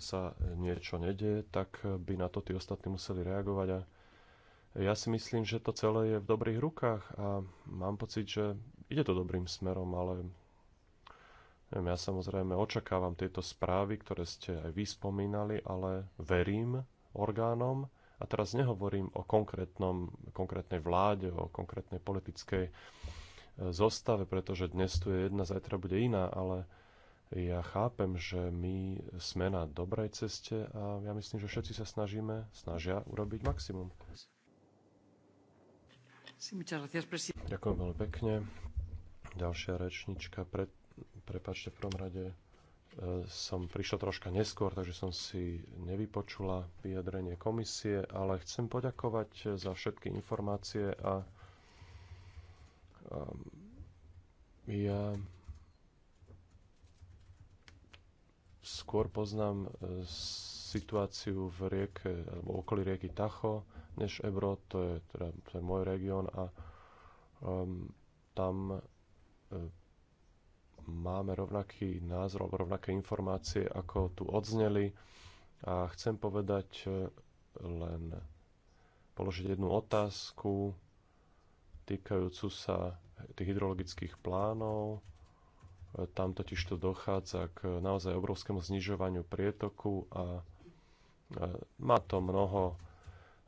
sa niečo nedie, tak by na to tí ostatní museli reagovať a ja si myslím, že to celé je v dobrých rukách a mám pocit, že ide to dobrým smerom, ale neviem, ja samozrejme očakávam tieto správy, ktoré ste aj vy spomínali, ale verím orgánom a teraz nehovorím o konkrétnom, konkrétnej vláde, o konkrétnej politickej e, zostave, pretože dnes tu je jedna, zajtra bude iná, ale ja chápem, že my sme na dobrej ceste a ja myslím, že všetci sa snažíme, snažia urobiť maximum. Ďakujem veľmi pekne. Ďalšia rečnička, pre, prepačte v prvom rade, e, som prišla troška neskôr, takže som si nevypočula vyjadrenie komisie, ale chcem poďakovať za všetky informácie a, a e, ja skôr poznám e, situáciu v rieke, alebo okolí rieky Tacho, než euro, to je teda to je môj región a um, tam um, máme rovnaký názor, rovnaké informácie, ako tu odzneli a chcem povedať e, len položiť jednu otázku týkajúcu sa tých hydrologických plánov. E, tam totiž to dochádza k naozaj obrovskému znižovaniu prietoku a má to mnoho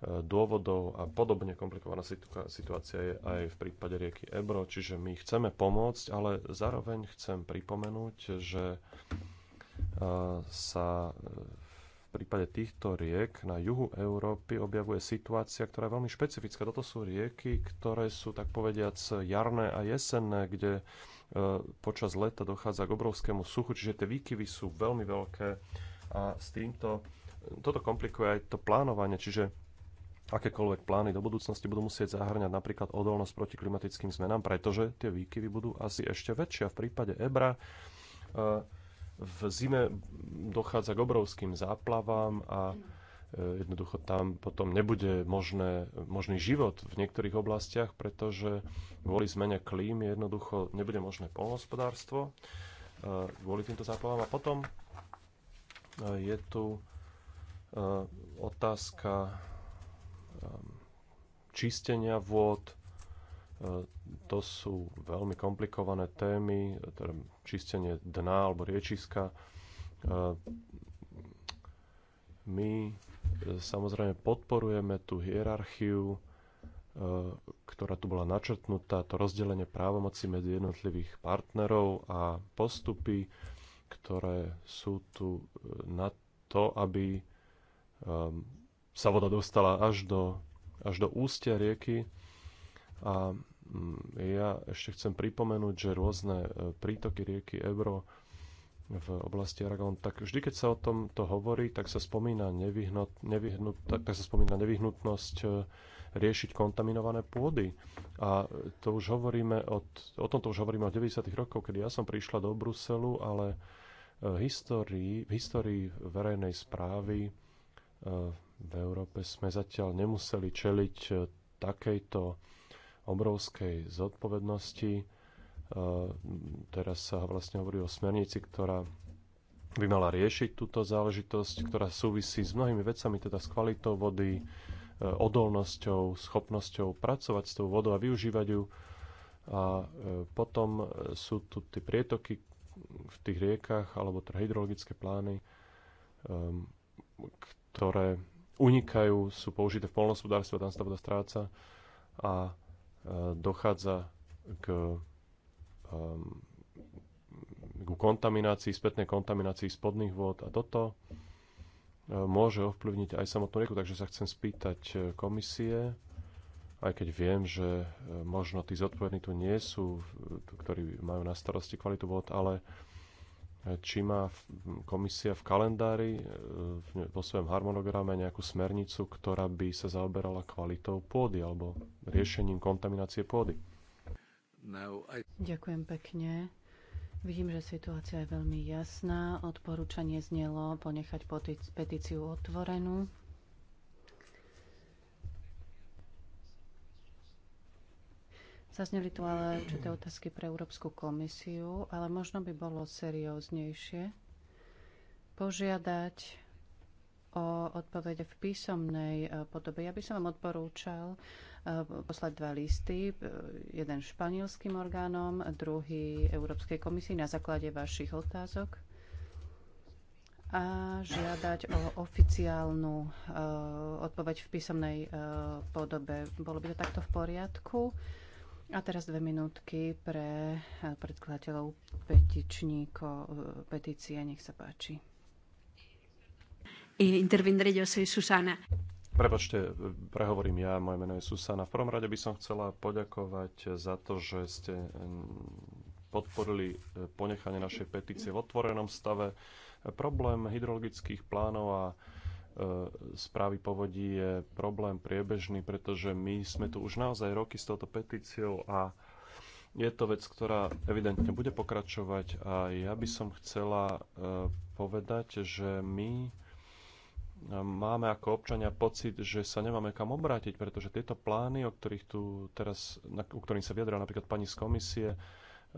dôvodov a podobne komplikovaná situácia je aj v prípade rieky Ebro, čiže my chceme pomôcť, ale zároveň chcem pripomenúť, že e, sa e, v prípade týchto riek na juhu Európy objavuje situácia, ktorá je veľmi špecifická. Toto sú rieky, ktoré sú tak povediac jarné a jesenné, kde e, počas leta dochádza k obrovskému suchu, čiže tie výkyvy sú veľmi veľké a s týmto toto komplikuje aj to plánovanie, čiže akékoľvek plány do budúcnosti budú musieť zahrňať napríklad odolnosť proti klimatickým zmenám, pretože tie výkyvy budú asi ešte väčšie. V prípade Ebra e, v zime dochádza k obrovským záplavám a e, jednoducho tam potom nebude možné, možný život v niektorých oblastiach, pretože kvôli zmene klímy jednoducho nebude možné polnohospodárstvo e, kvôli týmto záplavám. A potom je tu otázka Ehm, čistenia vôd. E, to sú veľmi komplikované témy, teda čistenie dna alebo riečiska. Ehm, my e, samozrejme podporujeme tú hierarchiu, e, ktorá tu bola načrtnutá, to rozdelenie právomoci medzi jednotlivých partnerov a postupy, ktoré sú tu na to, aby ehm, sa voda dostala až do, až do ústia rieky. A mm, ja ešte chcem pripomenúť, že rôzne e, prítoky rieky Ebro v oblasti Aragón, tak vždy, keď sa o tom to hovorí, tak sa spomína, nevyhnut, nevyhnut, tak, tak sa spomína nevyhnutnosť e, riešiť kontaminované pôdy. A to už hovoríme od, o tomto už hovoríme od 90. rokov, kedy ja som prišla do Bruselu, ale e, histórii, v histórii verejnej správy v Európe sme zatiaľ nemuseli čeliť e, takejto obrovskej zodpovednosti. E, teraz sa vlastne hovorí o smernici, ktorá by mala riešiť túto záležitosť, ktorá súvisí s mnohými vecami, teda s kvalitou vody, e, odolnosťou, schopnosťou pracovať s tou vodou a využívať ju. A potom sú tu tie prietoky v tých riekach alebo teda hydrologické plány, ktoré unikajú, sú použité v polnospodárstve, tam sa tá voda stráca a e, dochádza k, e, k kontaminácii, spätnej kontaminácii spodných vôd a toto e, môže ovplyvniť aj samotnú rieku. Takže sa chcem spýtať komisie, aj keď viem, že možno tí zodpovední tu nie sú, ktorí majú na starosti kvalitu vod, ale či má komisia v kalendári, e, vo svojom harmonograme nejakú smernicu, ktorá by sa zaoberala kvalitou pôdy alebo riešením kontaminácie pôdy. Ďakujem pekne. Vidím, že situácia je veľmi jasná. Odporúčanie znelo ponechať petíciu otvorenú. Zazneli tu ale určité otázky pre Európsku komisiu, ale možno by bolo serióznejšie požiadať o odpovede v písomnej e, podobe. Ja by som vám odporúčal e, poslať dva listy, e, jeden španielským orgánom, druhý Európskej komisii na základe vašich otázok a žiadať o oficiálnu odpoveď v písomnej podobe. Bolo by to takto v poriadku? A teraz dve minútky pre eh, predkladateľov petičníko eh, petície. Nech sa páči. Intervindre, yo Susana. Prepačte, eh, prehovorím ja, moje meno je Susana. V prvom rade by som chcela poďakovať za to, že ste podporili ponechanie našej petície v otvorenom stave. Problém hydrologických plánov a E, správy povodí je problém priebežný, pretože my sme tu už naozaj roky s touto petíciou a je to vec, ktorá evidentne bude pokračovať a ja by som chcela e, povedať, že my e, máme ako občania pocit, že sa nemáme kam obrátiť, pretože tieto plány, o ktorých tu teraz, na, ktorým sa vyjadrila napríklad pani z komisie, E,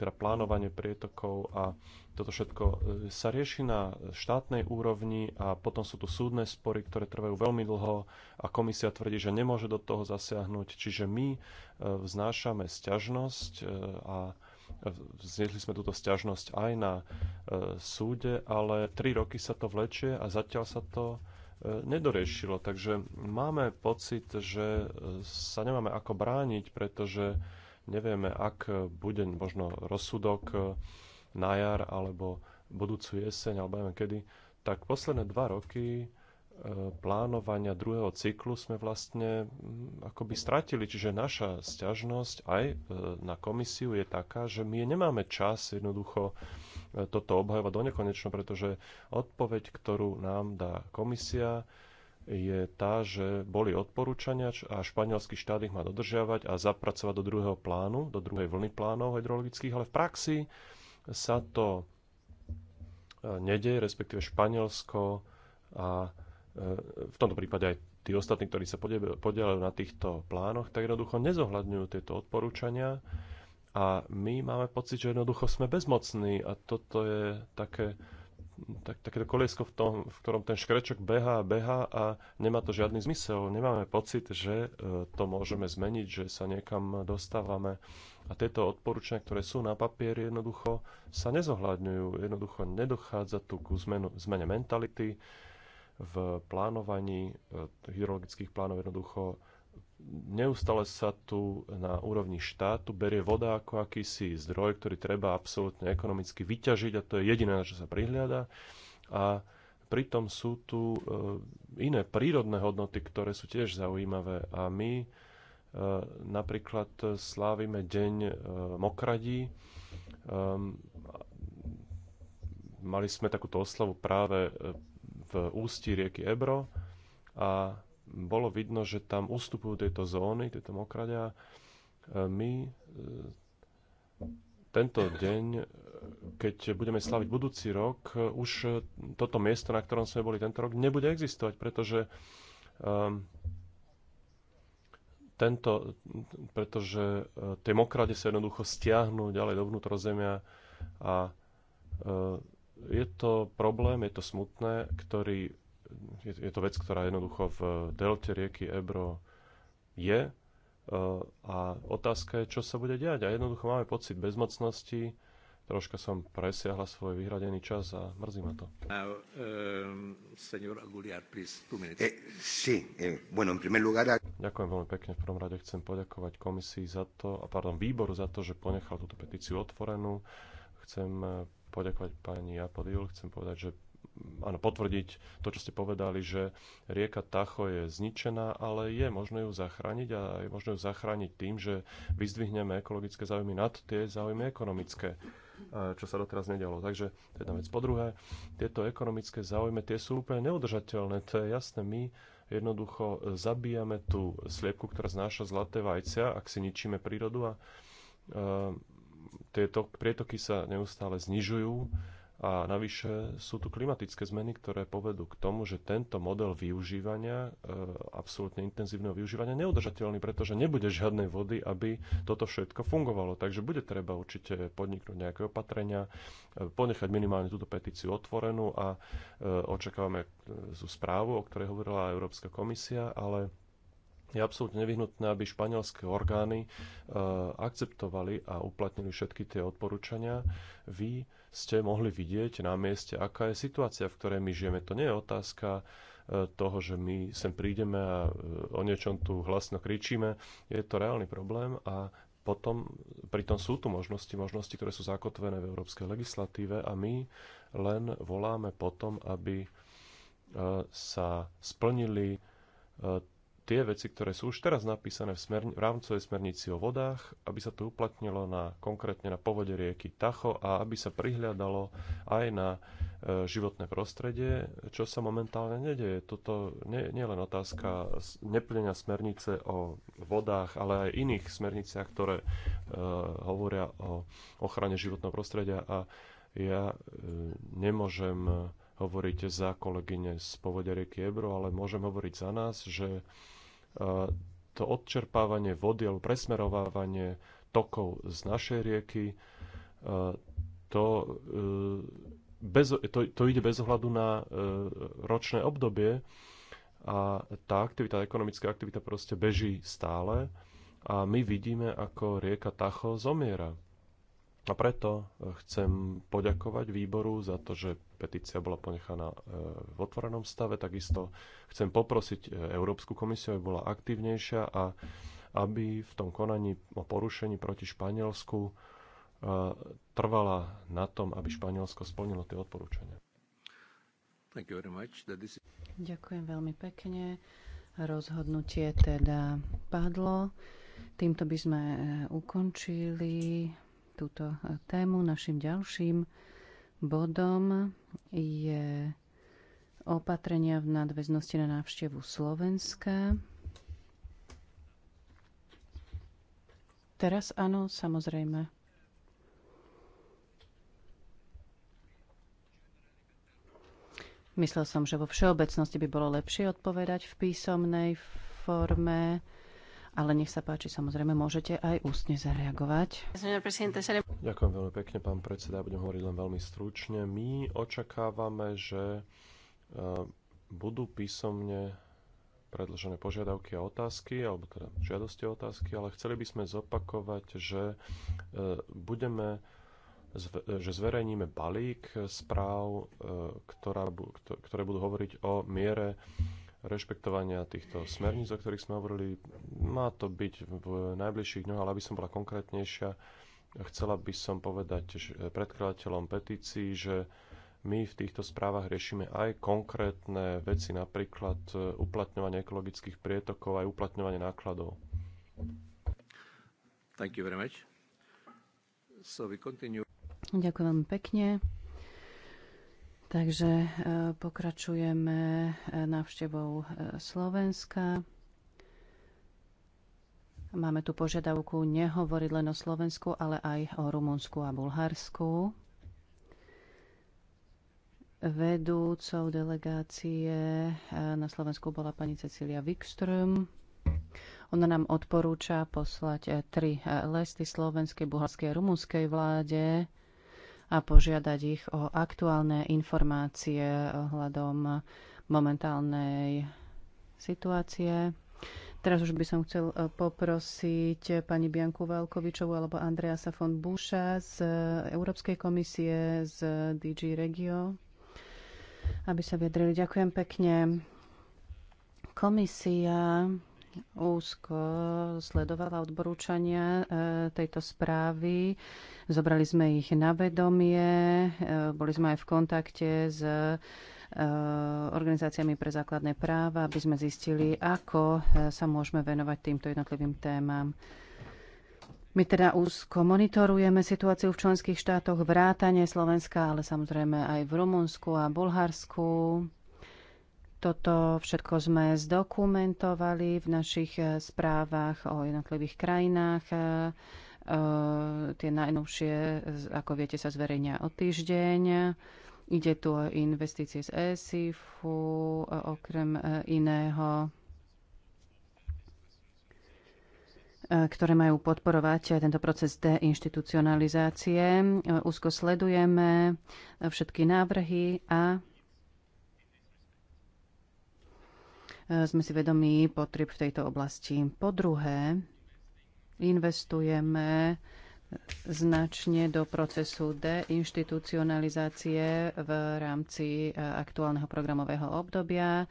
teda plánovanie prietokov a toto všetko e, sa rieši na štátnej úrovni a potom sú tu súdne spory, ktoré trvajú veľmi dlho a komisia tvrdí, že nemôže do toho zasiahnuť. Čiže my e, vznášame sťažnosť a vznesli sme túto sťažnosť aj na súde, ale tri roky sa to vlečie a zatiaľ sa to nedoriešilo. Takže máme pocit, že sa nemáme ako brániť, pretože Nevieme, ak bude možno rozsudok na jar alebo budúcu jeseň, alebo neviem kedy, tak posledné dva roky e, plánovania druhého cyklu sme vlastne mm, akoby stratili. Čiže naša sťažnosť aj e, na komisiu je taká, že my nemáme čas jednoducho e, toto obhajovať do nekonečno, pretože odpoveď, ktorú nám dá komisia, je tá, že boli odporúčania a španielský štát ich má dodržiavať a zapracovať do druhého plánu, do druhej vlny plánov hydrologických, ale v praxi sa to e, nedeje, respektíve Španielsko a e, v tomto prípade aj tí ostatní, ktorí sa podielajú na týchto plánoch, tak jednoducho nezohľadňujú tieto odporúčania a my máme pocit, že jednoducho sme bezmocní a toto je také tak, takéto koliesko, v, tom, v ktorom ten škrečok beha a beha a nemá to žiadny zmysel. Nemáme pocit, že e, to môžeme zmeniť, že sa niekam dostávame. A tieto odporúčania, ktoré sú na papieri, jednoducho sa nezohľadňujú. Jednoducho nedochádza tu ku zmenu, zmene mentality v plánovaní e, hydrologických plánov. Jednoducho neustále sa tu na úrovni štátu berie voda ako akýsi zdroj, ktorý treba absolútne ekonomicky vyťažiť a to je jediné, na čo sa prihliada. A pritom sú tu e, iné prírodné hodnoty, ktoré sú tiež zaujímavé a my e, napríklad slávime Deň e, mokradí. Ehm, mali sme takúto oslavu práve v ústí rieky Ebro a bolo vidno, že tam ustupujú tieto zóny, tieto mokraďa. E, my e, tento deň, e, keď budeme slaviť budúci rok, už toto miesto, na ktorom sme boli tento rok, nebude existovať, pretože um, tento, pretože tie mokrade sa jednoducho stiahnu ďalej do vnútrozemia a uh, je to problém, je to smutné, ktorý je, je to vec, ktorá jednoducho v eh, delte rieky Ebro je eh, a otázka je, čo sa bude diať. A jednoducho máme pocit bezmocnosti, troška som presiahla svoj vyhradený čas a mrzí ma to. Now, um, Aguliar, please, eh, sí, eh, bueno, lugar... Ďakujem veľmi pekne. V prvom rade chcem poďakovať komisii za to, a pardon, výboru za to, že ponechal túto petíciu otvorenú. Chcem eh, poďakovať pani Apodil, Chcem povedať, že áno, potvrdiť to, čo ste povedali, že rieka Tacho je zničená, ale je možné ju zachrániť a je možné ju zachrániť tým, že vyzdvihneme ekologické záujmy nad tie záujmy ekonomické, eh, čo sa doteraz nedialo. Takže to je jedna vec. Po druhé, tieto ekonomické záujmy, tie sú úplne neudržateľné, to je jasné. My jednoducho zabíjame tú sliepku, ktorá znáša zlaté vajcia, ak si ničíme prírodu a uh, tieto prietoky sa neustále znižujú a navyše sú tu klimatické zmeny, ktoré povedú k tomu, že tento model využívania, e, absolútne intenzívneho využívania, neudržateľný, pretože nebude žiadnej vody, aby toto všetko fungovalo. Takže bude treba určite podniknúť nejaké opatrenia, e, ponechať minimálne túto petíciu otvorenú a e, očakávame tú správu, o ktorej hovorila Európska komisia, ale je absolútne nevyhnutné, aby španielské orgány akceptovali a uplatnili všetky tie odporúčania. Vy ste mohli vidieť na mieste, aká je situácia, v ktorej my žijeme. To nie je otázka e, toho, že my sem prídeme a e, o niečom tu hlasno kričíme. Je to reálny problém a potom, pritom sú tu možnosti, možnosti, ktoré sú zakotvené v európskej legislatíve a my len voláme potom, aby e, sa splnili tie veci, ktoré sú už teraz napísané v, smerni- v rámcovej smernici o vodách, aby sa to uplatnilo na, konkrétne na povode rieky Tacho a aby sa prihľadalo aj na e, životné prostredie, čo sa momentálne nedeje. Toto nie, nie je len otázka neplnenia smernice o vodách, ale aj iných smerniciach, ktoré e, hovoria o ochrane životného prostredia a ja e, nemôžem e, hovoriť za kolegyne z povodia rieky Ebro, ale môžem hovoriť za nás, že Eh, to odčerpávanie vody alebo presmerovávanie tokov z našej rieky, eh, to, eh, bez, to, to ide bez ohľadu na ročné obdobie a tá aktivita, ekonomická aktivita proste beží stále a my vidíme, ako rieka Tacho zomiera. A preto e, chcem poďakovať výboru za to, že petícia bola ponechaná e, v otvorenom stave. Takisto chcem poprosiť e, Európsku komisiu, aby bola aktívnejšia a aby v tom konaní o porušení proti Španielsku trvala na tom, aby Španielsko splnilo tie odporúčania. Is... Ďakujem veľmi pekne. Rozhodnutie teda padlo. Týmto by sme ukončili túto e, tému. Našim ďalším bodom je opatrenia v nadväznosti na návštevu Slovenska. Teraz áno, samozrejme. Myslel som, že vo všeobecnosti by bolo lepšie odpovedať v písomnej forme. Ale nech sa páči, samozrejme môžete aj ústne zareagovať. Ďakujem veľmi pekne, pán predseda. Ja budem hovoriť len veľmi stručne. My očakávame, že e, budú písomne predložené požiadavky a otázky, alebo teda žiadosti a otázky, ale chceli by sme zopakovať, že e, budeme že zverejníme balík správ, e, ktorá, ktoré budú hovoriť o miere rešpektovania týchto smerníc, o ktorých sme hovorili. Má to byť v najbližších dňoch, ale aby som bola konkrétnejšia, chcela by som povedať predkladateľom petícií, že my v týchto správach riešime aj konkrétne veci, napríklad uplatňovanie ekologických prietokov, aj uplatňovanie nákladov. Thank you very much. So we continue. Ďakujem veľmi pekne. Takže e, pokračujeme e, návštevou e, Slovenska. Máme tu požiadavku nehovoriť len o Slovensku, ale aj o Rumunsku a Bulharsku. Vedúcou delegácie na Slovensku bola pani Cecília Wikström. Ona nám odporúča poslať tri listy slovenskej, bulharskej a rumunskej vláde a požiadať ich o aktuálne informácie ohľadom momentálnej situácie. Teraz už by som chcel e, poprosiť pani Bianku Valkovičovú alebo Andreasa von Buša z Európskej komisie z DG Regio, aby sa vyjadrili. Ďakujem pekne. Komisia úzko sledovala odporúčania e, tejto správy. Zobrali sme ich na vedomie, e, boli sme aj v kontakte s e, organizáciami pre základné práva, aby sme zistili, ako sa môžeme venovať týmto jednotlivým témam. My teda úzko monitorujeme situáciu v členských štátoch vrátane Slovenska, ale samozrejme aj v Rumunsku a Bulharsku. Toto všetko sme zdokumentovali v našich eh, správach o jednotlivých krajinách. Eh, eh, tie najnovšie, ako viete, sa zverejnia o týždeň. Ide tu o investície z ESIFu, okrem iného ktoré majú podporovať tento proces deinstitucionalizácie. Úzko sledujeme všetky návrhy a sme si vedomí potrieb v tejto oblasti. Po druhé, investujeme značne do procesu deinstitucionalizácie v rámci e, aktuálneho programového obdobia.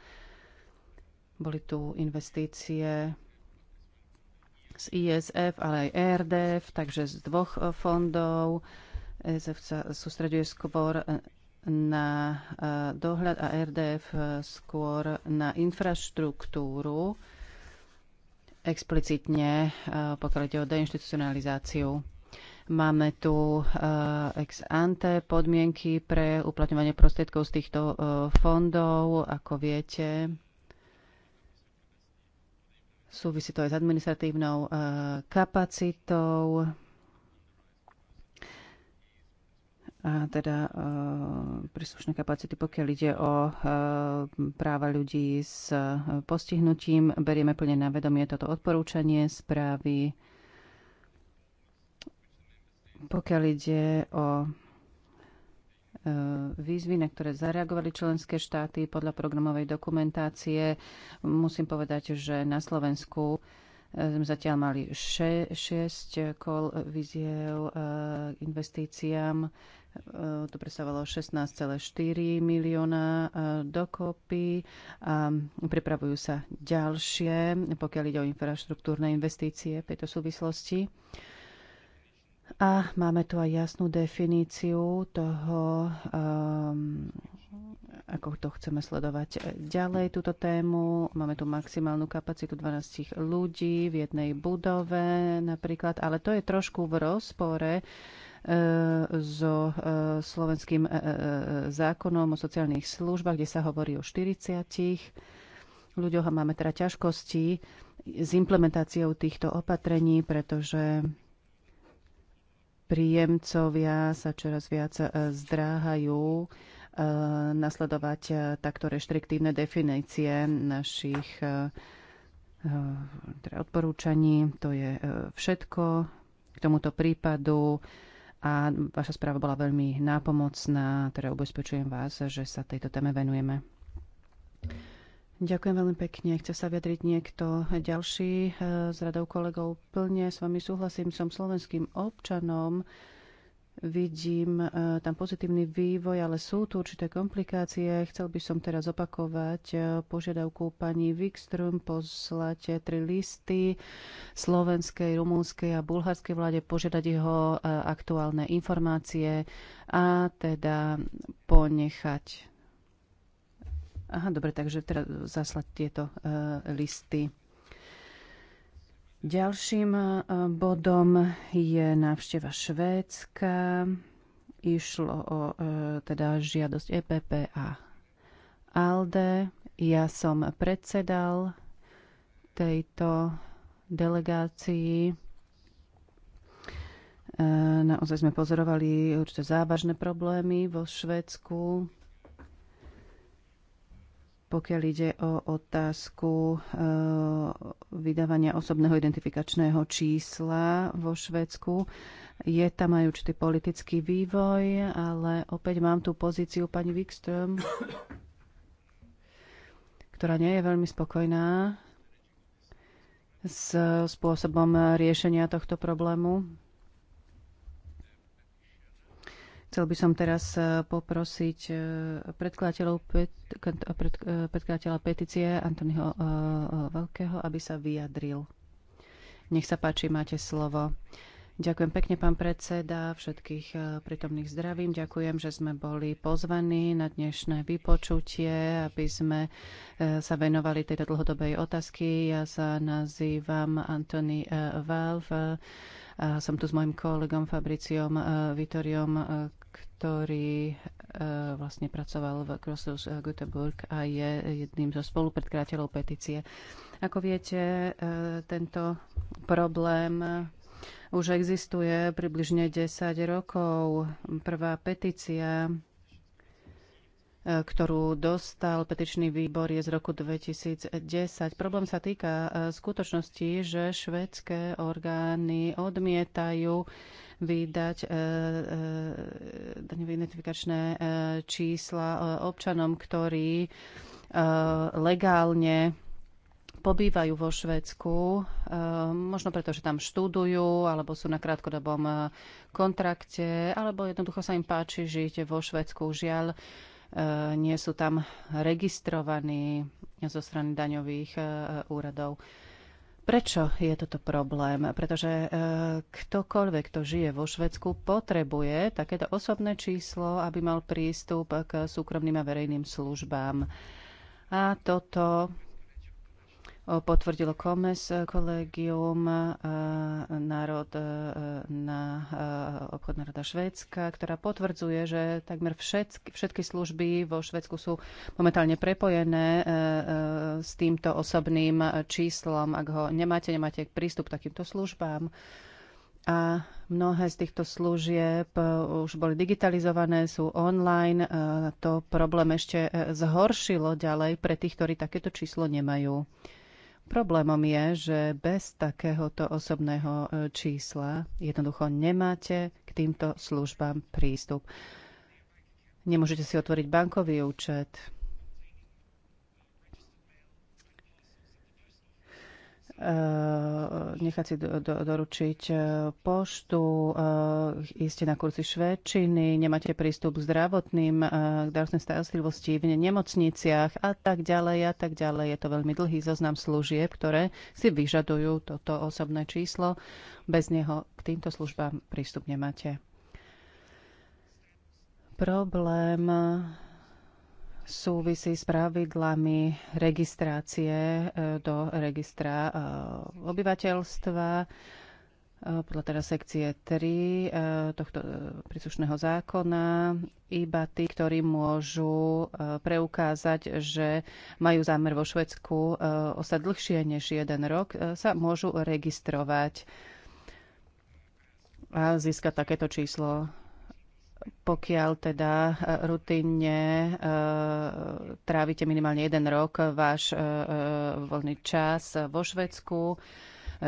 Boli tu investície z ISF, ale aj ERDF, takže z dvoch e, fondov. ESF sa sústreduje skôr e, na e, dohľad a RDF e, skôr na infraštruktúru, explicitne e, pokiaľ ide o deinstitucionalizáciu. Máme tu ex ante podmienky pre uplatňovanie prostriedkov z týchto fondov, ako viete. Súvisí to aj s administratívnou kapacitou. a teda e, príslušné kapacity, pokiaľ ide o e, práva ľudí s e, postihnutím. Berieme plne na vedomie toto odporúčanie správy. Pokiaľ ide o výzvy, na ktoré zareagovali členské štáty podľa programovej dokumentácie, musím povedať, že na Slovensku sme zatiaľ mali 6 kol víziev k investíciám. Eh, to predstavovalo 16,4 milióna eh, dokopy a pripravujú sa ďalšie, pokiaľ ide o infraštruktúrne investície v tejto súvislosti. A máme tu aj jasnú definíciu toho, um, ako to chceme sledovať ďalej, túto tému. Máme tu maximálnu kapacitu 12 ľudí v jednej budove napríklad, ale to je trošku v rozpore uh, E, so e, slovenským e, zákonom o sociálnych službách, kde sa hovorí o 40 ľuďoch a máme teda ťažkosti s implementáciou týchto opatrení, pretože príjemcovia sa čoraz viac zdráhajú nasledovať takto reštriktívne definície našich teda odporúčaní. To je všetko k tomuto prípadu a vaša správa bola veľmi nápomocná, teda ubezpečujem vás, že sa tejto téme venujeme. Ďakujem veľmi pekne. Chce sa vyjadriť niekto ďalší eh, z radou kolegov. Plne s vami súhlasím, som slovenským občanom Vidím e, tam pozitívny vývoj, ale sú tu určité komplikácie. Chcel by som teraz opakovať e, požiadavku pani Wikström poslať tri listy slovenskej, rumúnskej a bulharskej vláde, požiadať jeho e, aktuálne informácie a teda ponechať. Aha, dobre, takže teda zaslať tieto listy. Ďalším e, bodom je návšteva Švédska. Išlo o e, teda žiadosť EPP a ALDE. Ja som predsedal tejto delegácii. E, naozaj sme pozorovali určite závažné problémy vo Švedsku pokiaľ ide o otázku eh, vydávania osobného identifikačného čísla vo Švedsku. Je tam aj určitý politický vývoj, ale opäť mám tu pozíciu pani Wikström, ktorá nie je veľmi spokojná s spôsobom riešenia tohto problému. Chcel by som teraz e, poprosiť e, predkladateľov, e, predkladateľa petície Antonyho Veľkého, aby sa vyjadril. Nech sa páči, máte slovo. Ďakujem pekne, pán predseda, všetkých prítomných zdravím. Ďakujem, že sme boli pozvaní na dnešné vypočutie, aby sme sa venovali tejto dlhodobej otázky. Ja sa nazývam Antony Valv som tu s mojim kolegom Fabriciom e, Vitoriom, e, ktorý e, vlastne pracoval v Krosus Göteborg a je jedným zo spolupredkrátelov petície. Ako viete, tento problém už existuje približne 10 rokov. Prvá petícia ktorú dostal petičný výbor, je z roku 2010. Problém sa týka e, skutočnosti, že švedské orgány odmietajú vydať e, e, daňové identifikačné čísla občanom, ktorí legálne pobývajú vo Švedsku, možno preto, že tam študujú, alebo sú na krátkodobom kontrakte, alebo jednoducho sa im páči žiť vo Švedsku. Žiaľ, E, nie sú tam registrovaní zo strany daňových e, úradov. Prečo je toto problém? Pretože e, ktokoľvek, kto žije vo Švedsku, potrebuje takéto osobné číslo, aby mal prístup k súkromným a verejným službám. A toto potvrdilo Komes e, kolegium e, národ e, na obchodná rada Švédska, ktorá potvrdzuje, že takmer všetky, všetky služby vo Švédsku sú momentálne prepojené s týmto osobným číslom. Ak ho nemáte, nemáte prístup k takýmto službám. A mnohé z týchto služieb už boli digitalizované, sú online. To problém ešte zhoršilo ďalej pre tých, ktorí takéto číslo nemajú. Problémom je, že bez takéhoto osobného e, čísla jednoducho nemáte k týmto službám prístup. Nemôžete si otvoriť bankový účet, Eh, nechať si do, do, doručiť eh, poštu, eh, ísť na kurzy švedčiny, nemáte prístup k zdravotným, k zdravotnej starostlivosti v nemocniciach a tak ďalej a tak ďalej. Je to veľmi dlhý zoznam služieb, ktoré si vyžadujú toto osobné číslo. Bez neho k týmto službám prístup nemáte. Problém súvisí s pravidlami registrácie e, do registra e, obyvateľstva e, podľa teda sekcie 3 tohto príslušného zákona iba tí, ktorí môžu preukázať, že majú zámer vo Švedsku ostať dlhšie než jeden rok, sa môžu registrovať a získať takéto číslo pokiaľ teda e, rutinne e, trávite minimálne jeden rok e, váš voľný čas vo Švedsku,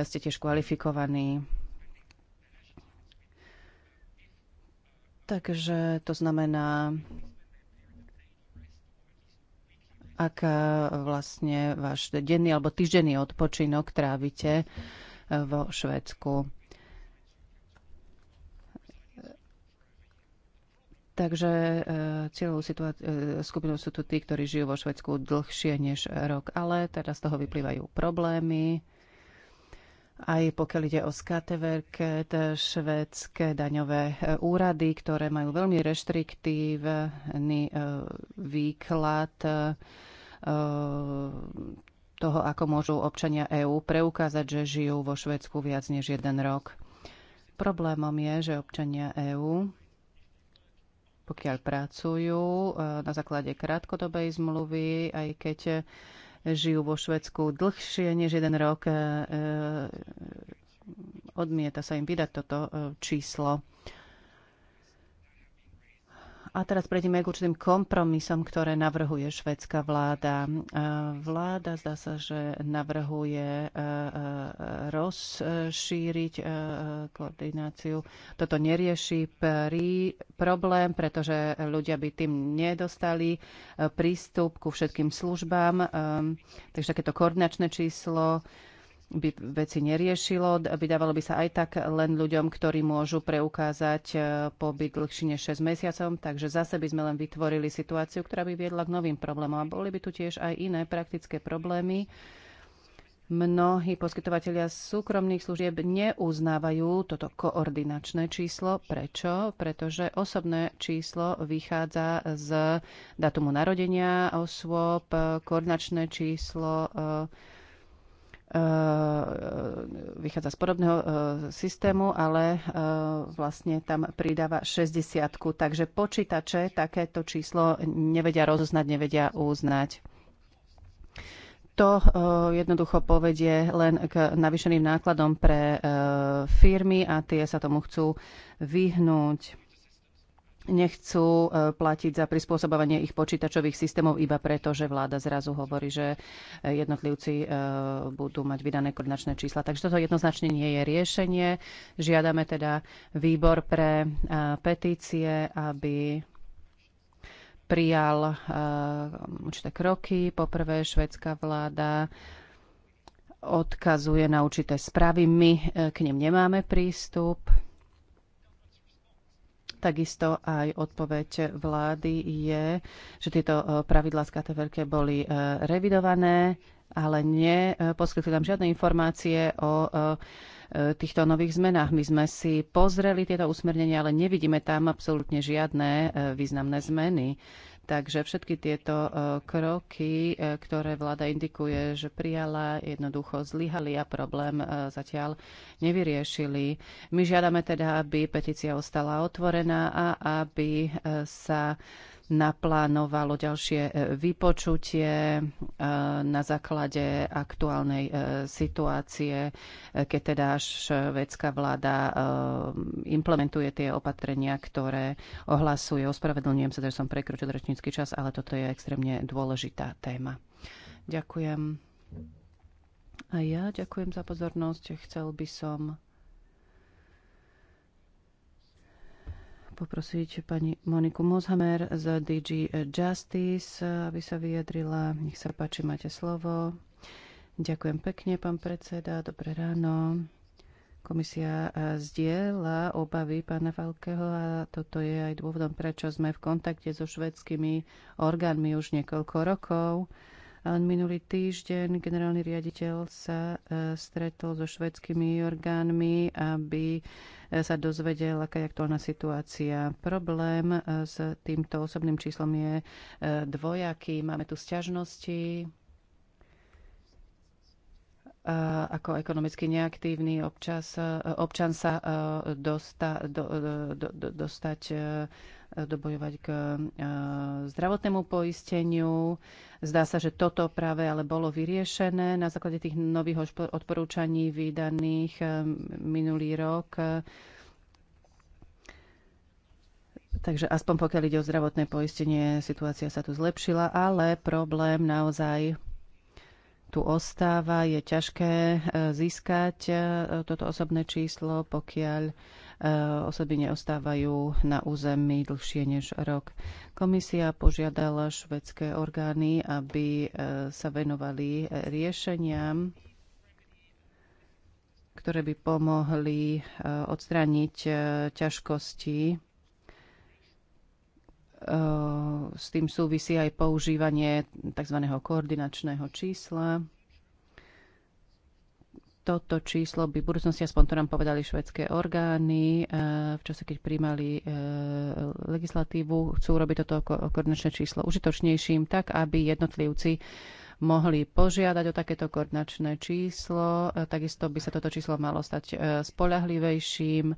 ste tiež kvalifikovaní. Takže to znamená, ak vlastne váš denný alebo týždenný odpočinok trávite vo Švedsku. Takže e, cieľovou e, skupinou sú tu tí, ktorí žijú vo Švedsku dlhšie než rok, ale teda z toho vyplývajú problémy. Aj pokiaľ ide o skateverket, švedské daňové e, úrady, ktoré majú veľmi reštriktívny e, výklad e, toho, ako môžu občania EÚ preukázať, že žijú vo Švedsku viac než jeden rok. Problémom je, že občania EÚ pokiaľ pracujú e, na základe krátkodobej zmluvy, aj keď žijú vo Švedsku dlhšie než jeden rok, e, e, odmieta sa im vydať toto číslo a teraz prejdeme k určitým kompromisom, ktoré navrhuje švedská vláda. E, vláda zdá sa, že navrhuje e, e, rozšíriť koordináciu. Toto nerieši prí problém, pretože ľudia by tým nedostali prístup ku všetkým službám. Takže takéto koordinačné číslo by veci neriešilo. Vydávalo by sa aj tak len ľuďom, ktorí môžu preukázať e, pobyt dlhší než 6 mesiacov. Takže zase by sme len vytvorili situáciu, ktorá by viedla k novým problémom. A boli by tu tiež aj iné praktické problémy. Mnohí poskytovateľia súkromných služieb neuznávajú toto koordinačné číslo. Prečo? Pretože osobné číslo vychádza z datumu narodenia osôb, koordinačné číslo e, E, vychádza z podobného e, systému, ale e, vlastne tam pridáva 60. Takže počítače takéto číslo nevedia rozoznať, nevedia uznať. To jednoducho povedie len k navýšeným nákladom pre firmy a tie sa tomu chcú vyhnúť nechcú e, platiť za prispôsobovanie ich počítačových systémov iba preto, že vláda zrazu hovorí, že e, jednotlivci e, budú mať vydané koordinačné čísla. Takže toto jednoznačne nie je riešenie. Žiadame teda výbor pre petície, aby prijal určité kroky. Poprvé, švedská vláda odkazuje na určité správy. My k nim nemáme prístup Takisto aj odpoveď vlády je, že tieto e, pravidlá z KTVK boli e, revidované, ale neposkytli e, nám žiadne informácie o týchto nových zmenách. My sme si pozreli tieto usmernenia, ale nevidíme tam absolútne žiadne významné zmeny. Takže všetky tieto e, kroky, e, ktoré vláda indikuje, že prijala, jednoducho zlyhali a problém e, zatiaľ nevyriešili. My žiadame teda, aby petícia ostala otvorená a aby sa naplánovalo ďalšie e, vypočutie e, na základe aktuálnej e, situácie, keď teda švedská vláda implementuje tie opatrenia, ktoré ohlasuje. Ospravedlňujem sa, že som prekročil rečnícky čas, ale toto je extrémne dôležitá téma. Ďakujem. A ja ďakujem za pozornosť. Chcel by som poprosiť pani Moniku Mozhamer z DG Justice, aby sa vyjadrila. Nech sa páči, máte slovo. Ďakujem pekne, pán predseda. Dobré ráno. Komisia e, zdieľa obavy pána Falkeho a toto je aj dôvodom, prečo sme v kontakte so švedskými orgánmi už niekoľko rokov. Minulý týždeň generálny riaditeľ sa e, stretol so švedskými orgánmi, aby e, sa dozvedel, aká je aktuálna situácia. Problém e, s týmto osobným číslom je dvojaký. Máme tu sťažnosti, ako ekonomicky neaktívny občas, občan sa dosta, do, do, do, dostať dobojovať k zdravotnému poisteniu. Zdá sa, že toto práve ale bolo vyriešené na základe tých nových odporúčaní vydaných minulý rok. Takže aspoň pokiaľ ide o zdravotné poistenie, situácia sa tu zlepšila, ale problém naozaj tu ostáva, je ťažké e, získať e, toto osobné číslo, pokiaľ e, osoby neostávajú na území dlhšie než rok. Komisia požiadala švedské orgány, aby sa venovali riešeniam, ktoré by pomohli odstrániť ťažkosti s tým súvisí aj používanie tzv. koordinačného čísla. Toto číslo by v budúcnosti, aspoň to nám povedali švedské orgány, eh, v čase, keď príjmali eh, legislatívu, chcú robiť toto koordinačné číslo užitočnejším, tak aby jednotlivci mohli požiadať o takéto koordinačné číslo. Eh, takisto by sa toto číslo malo stať spolahlivejším,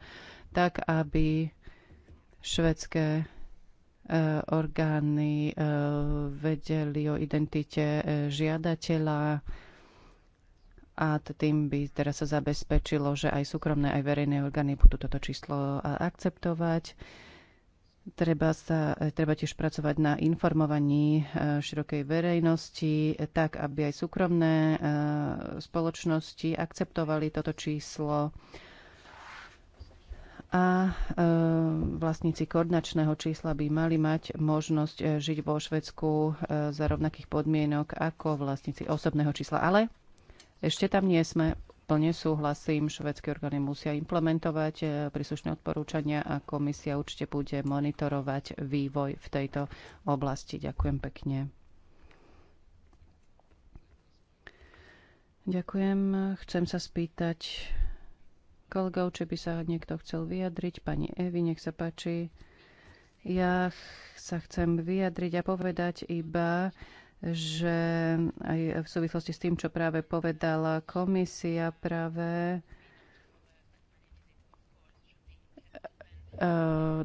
tak aby švedské E, orgány e, vedeli o identite e, žiadateľa a tým by teraz sa zabezpečilo, že aj súkromné, aj verejné orgány budú toto číslo akceptovať. Treba, sa, treba tiež pracovať na informovaní širokej verejnosti, tak aby aj súkromné spoločnosti akceptovali toto číslo a e, vlastníci koordinačného čísla by mali mať možnosť e, žiť vo Švedsku e, za rovnakých podmienok ako vlastníci osobného čísla. Ale ešte tam nie sme. Plne súhlasím, švedské orgány musia implementovať príslušné odporúčania a komisia určite bude monitorovať vývoj v tejto oblasti. Ďakujem pekne. Ďakujem. Chcem sa spýtať kolegov, či by sa niekto chcel vyjadriť. Pani Evi, nech sa páči. Ja sa chcem vyjadriť a povedať iba, že aj v súvislosti s tým, čo práve povedala komisia, práve eh,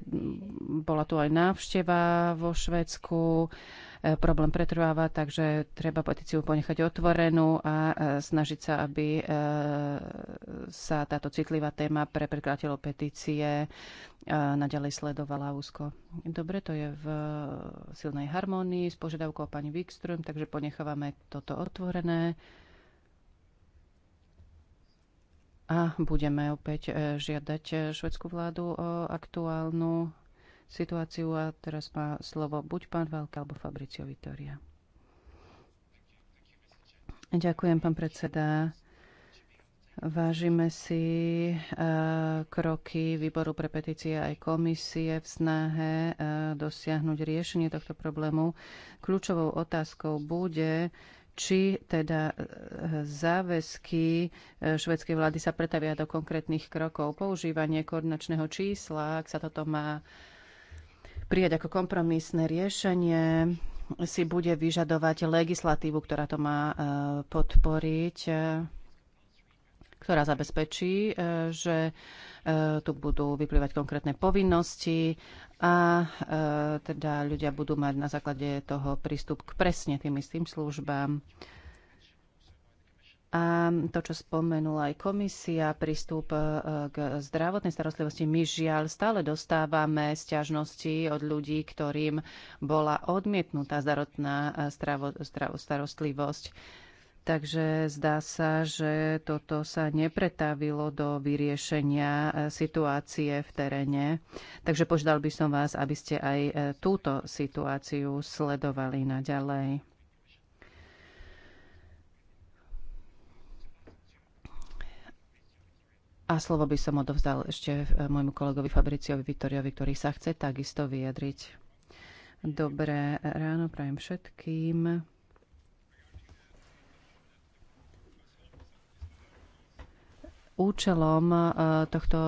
bola tu aj návšteva vo Švedsku E, problém pretrváva, takže treba petíciu ponechať otvorenú a e, snažiť sa, aby e, sa táto citlivá téma pre prekladateľov petície naďalej sledovala úzko. Dobre, to je v silnej harmonii s požiadavkou pani Wikström, takže ponechávame toto otvorené a budeme opäť žiadať švedskú vládu o aktuálnu situáciu a teraz má slovo buď pán Valka alebo Fabricio Vitoria. Ďakujem, pán predseda. Vážime si eh, kroky Výboru pre petície aj komisie v snahe eh, dosiahnuť riešenie tohto problému. Kľúčovou otázkou bude, či teda eh, záväzky švedskej vlády sa pretavia do konkrétnych krokov. Používanie koordinačného čísla, ak sa toto má prijať ako kompromisné riešenie, si bude vyžadovať legislatívu, ktorá to má e, podporiť e, ktorá zabezpečí, e, že tu budú vyplývať konkrétne povinnosti a teda ľudia budú mať na základe toho prístup k presne tým istým službám. A to, čo spomenula aj komisia, prístup e, k zdravotnej starostlivosti, my žiaľ stále dostávame sťažnosti od ľudí, ktorým bola odmietnutá zdravotná e, starostlivosť. Takže zdá sa, že toto sa nepretavilo do vyriešenia e, situácie v teréne. Takže požiadal by som vás, aby ste aj túto situáciu sledovali naďalej. A slovo by som odovzdal ešte eh, môjmu kolegovi Fabriciovi Vitoriovi, ktorý sa chce takisto vyjadriť. Dobré ráno prajem všetkým. Účelom eh, tohto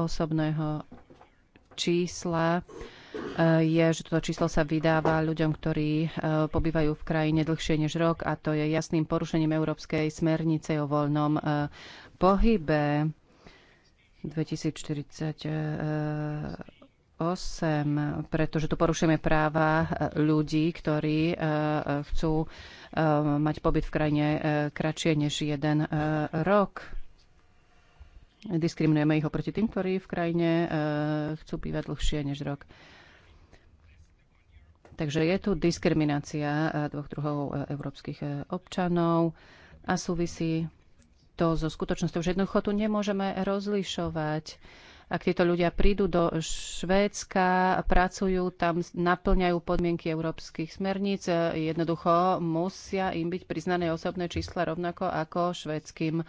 osobného čísla eh, je, že toto číslo sa vydáva ľuďom, ktorí pobývajú v krajine dlhšie než rok a to je jasným porušením Európskej smernice o voľnom pohybe 2040 8, pretože tu porušujeme práva eh, ľudí, ktorí eh, eh, chcú mať pobyt v krajine kratšie než jeden rok. Diskriminujeme ich oproti tým, ktorí v krajine chcú bývať dlhšie než rok. Takže je tu diskriminácia dvoch druhov európskych občanov a súvisí to so skutočnosťou, že jednoducho tu nemôžeme rozlišovať. Ak títo ľudia prídu do Švédska, pracujú tam, naplňajú podmienky európskych smerníc, jednoducho musia im byť priznané osobné čísla rovnako ako švédským e,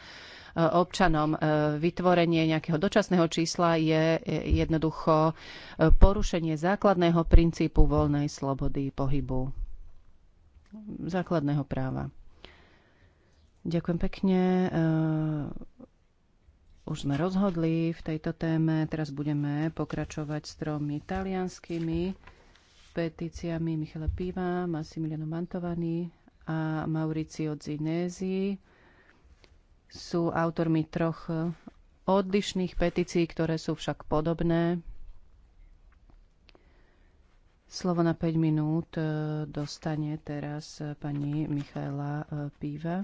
občanom. E, vytvorenie nejakého dočasného čísla je e, jednoducho porušenie základného princípu voľnej slobody pohybu základného práva. Ďakujem pekne. Eh, už sme rozhodli v tejto téme. Teraz budeme pokračovať s tromi talianskými petíciami Michele Piva, Massimiliano Mantovani a Maurizio Zinesi. Sú autormi troch odlišných petícií, ktoré sú však podobné. Slovo na 5 minút eh, dostane teraz pani Michaela eh, Píva.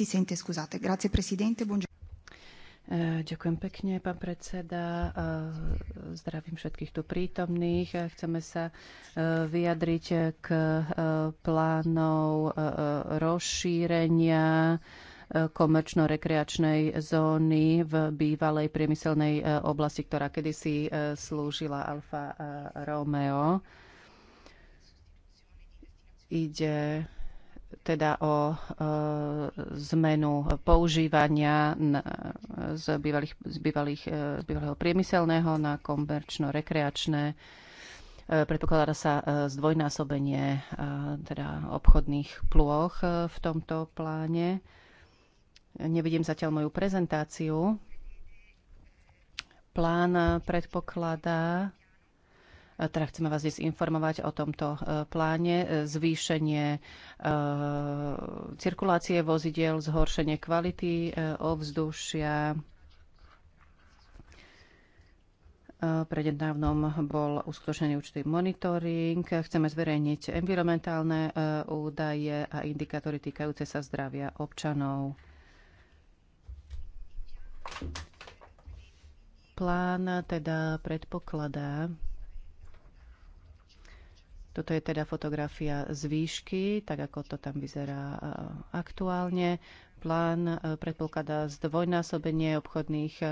Si sente, scusate. Grazie, presidente. Buongiorno. Eh, ďakujem pekne, pán predseda. Eh, zdravím všetkých tu prítomných. Eh, chceme sa vyjadriť k plánov rozšírenia komerčno-rekreačnej zóny v bývalej priemyselnej oblasti, ktorá kedysi slúžila Alfa Romeo. Ide teda o e, zmenu používania na, z, bývalých, z, bývalých, e, z bývalého priemyselného na komerčno-rekreačné. E, predpokladá sa e, zdvojnásobenie e, teda obchodných plôch e, v tomto pláne. Nevidím zatiaľ moju prezentáciu. Plán predpokladá teda chceme vás dnes informovať o tomto e, pláne. E, zvýšenie e, cirkulácie vozidiel, zhoršenie kvality ovzdušia, Prednedávnom bol uskutočnený určitý monitoring. Chceme zverejniť environmentálne údaje a indikátory týkajúce sa zdravia občanov. Plán teda predpokladá toto je teda fotografia z výšky, tak ako to tam vyzerá e, aktuálne. Plán e, predpokladá zdvojnásobenie obchodných e,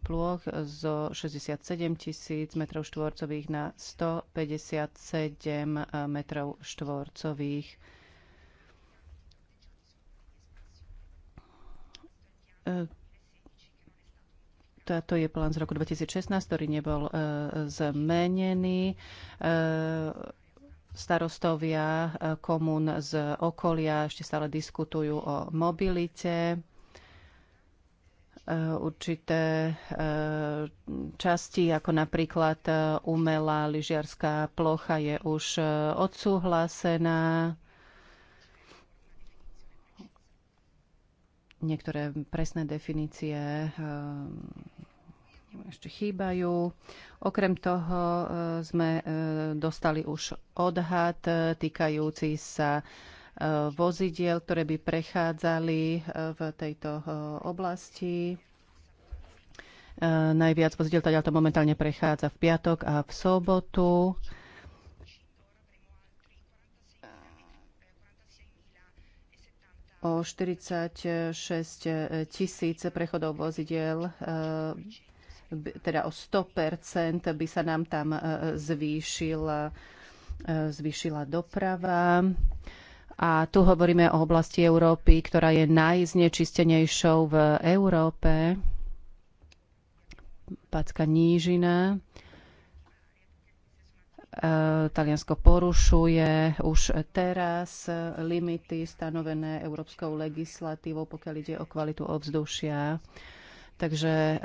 plôch zo 67 tisíc m štvorcových na 157 m štvorcových. Táto je plán z roku 2016, ktorý nebol zmenený starostovia e, komún z okolia ešte stále diskutujú o mobilite. E, určité e, časti, ako napríklad umelá lyžiarská plocha, je už odsúhlasená. Niektoré presné definície ešte chýbajú. Okrem toho e, sme e, dostali už odhad e, týkajúci sa vozidiel, ktoré by prechádzali v tejto oblasti. Najviac vozidiel teda to momentálne prechádza v piatok a v sobotu. O 46 tisíc prechodov vozidiel teda o 100% by sa nám tam e, e, zvýšila, e, zvýšila doprava. A tu hovoríme o oblasti Európy, ktorá je najznečistenejšou v Európe. Packa Nížina. Taliansko porušuje už teraz limity stanovené európskou legislatívou, pokiaľ ide o kvalitu ovzdušia. Takže e,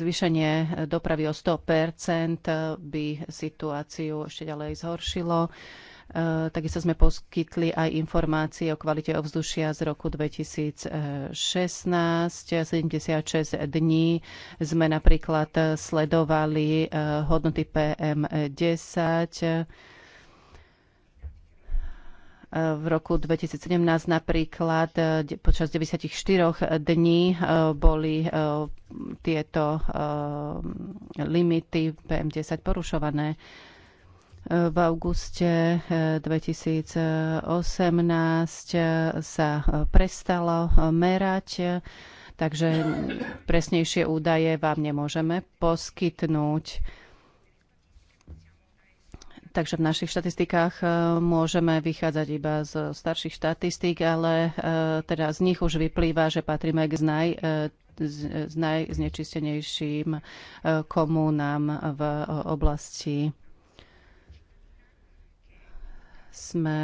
zvýšenie dopravy o 100 by situáciu ešte ďalej zhoršilo. E, takisto sme poskytli aj informácie o kvalite ovzdušia z roku 2016. 76 dní sme napríklad sledovali e, hodnoty PM10 v roku 2017 napríklad počas 94 dní e, boli e, tieto e, limity PM10 porušované. V auguste 2018 sa prestalo merať, takže presnejšie údaje vám nemôžeme poskytnúť. Takže v našich štatistikách e, môžeme vychádzať iba z starších štatistík, ale e, teda z nich už vyplýva, že patríme k znaj s e, najznečistenejším komunám v oblasti. Sme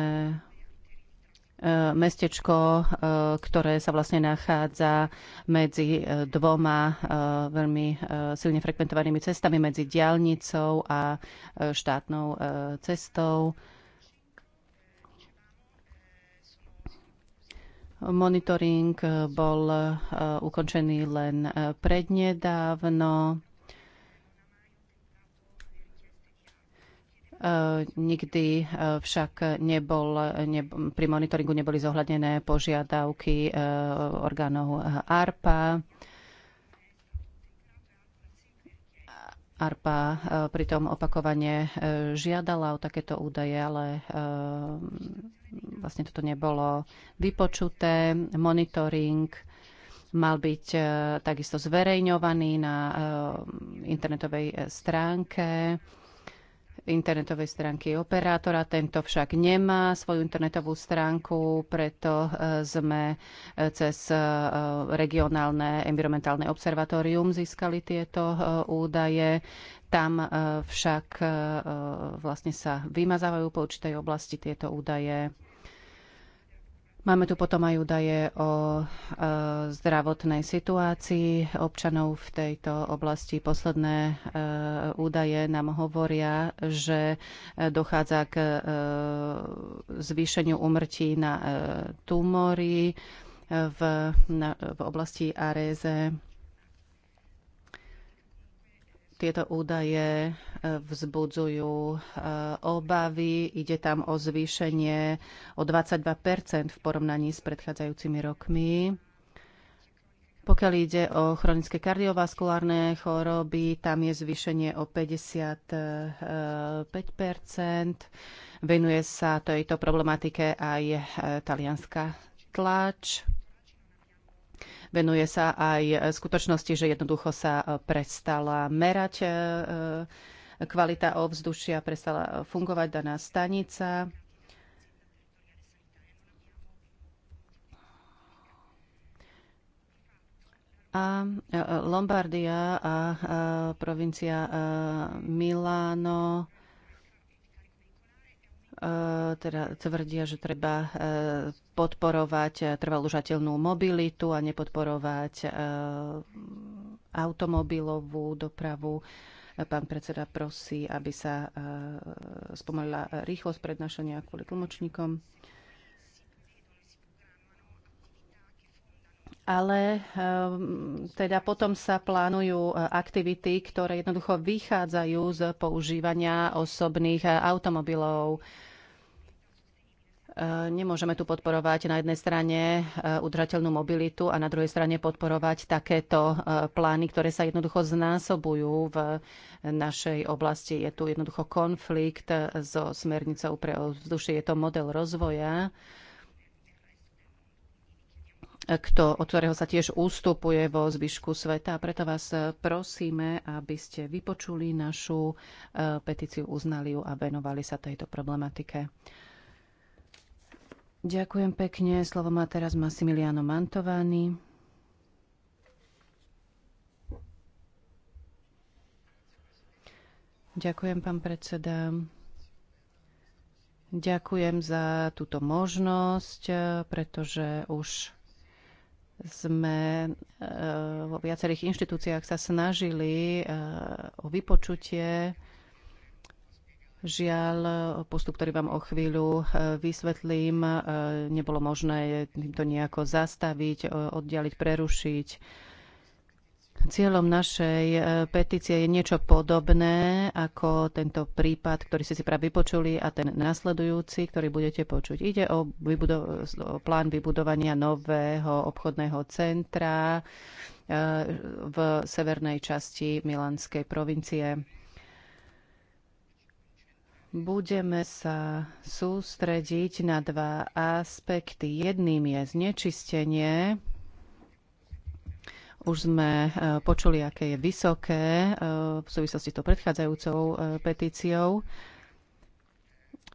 Eh, mestečko, eh, ktoré sa vlastne nachádza medzi eh, dvoma veľmi silne frekventovanými cestami, medzi diálnicou a štátnou cestou. Monitoring bol ukončený len prednedávno Eh, nikdy eh, však nebol, eh, ne, pri monitoringu neboli zohľadené požiadavky orgánov ARPA. ARPA pritom opakovane žiadala o takéto údaje, ale vlastne toto nebolo vypočuté. Monitoring mal byť takisto zverejňovaný na internetovej stránke internetovej stránky operátora. Tento však nemá svoju internetovú stránku, preto e, sme e, cez e, regionálne environmentálne observatórium získali tieto údaje. Tam však vlastne sa vymazávajú po určitej oblasti tieto údaje Máme tu potom aj údaje o e, zdravotnej situácii občanov v tejto oblasti. Posledné e, údaje nám hovoria, že e, dochádza k zvýšeniu umrtí na tumory v, na, v oblasti aréze tieto údaje e, vzbudzujú e, obavy. Ide tam o zvýšenie o 22 v porovnaní s predchádzajúcimi rokmi. Pokiaľ ide o chronické kardiovaskulárne choroby, tam je zvýšenie o 55 Venuje sa tejto problematike aj e, talianská tlač. Venuje sa aj skutočnosti, že jednoducho sa e, prestala merať e, e, kvalita ovzdušia, prestala fungovať daná stanica. A Lombardia a, provincia Milano E, teda tvrdia, že treba e, podporovať e, trvalúžateľnú mobilitu a nepodporovať automobilovú dopravu. Pán predseda prosí, aby sa spomalila rýchlosť prednášania kvôli tlmočníkom. ale teda potom sa plánujú aktivity, ktoré jednoducho vychádzajú z používania osobných automobilov. E, nemôžeme tu podporovať na jednej strane e, udržateľnú mobilitu a na druhej strane podporovať takéto e, plány, ktoré sa jednoducho znásobujú v našej oblasti. Je tu jednoducho konflikt so smernicou pre ovzdušie. Je to model rozvoja, kto, od ktorého sa tiež ústupuje vo zvyšku sveta. A preto vás prosíme, aby ste vypočuli našu petíciu, uznali ju a venovali sa tejto problematike. Ďakujem pekne. Slovo má teraz Massimiliano Mantovani. Ďakujem, pán predseda. Ďakujem za túto možnosť, pretože už sme eh, vo viacerých inštitúciách sa snažili eh, o vypočutie Žiaľ, postup, ktorý vám o chvíľu e, vysvetlím, e, nebolo možné to nejako zastaviť, e, oddialiť, prerušiť. Cieľom našej petície je niečo podobné ako tento prípad, ktorý ste si práve vypočuli a ten nasledujúci, ktorý budete počuť. Ide o, vybudo- o plán vybudovania nového obchodného centra v severnej časti Milanskej provincie budeme sa sústrediť na dva aspekty. Jedným je znečistenie. Už sme e, počuli, aké je vysoké e, v súvislosti s tou predchádzajúcou e, petíciou.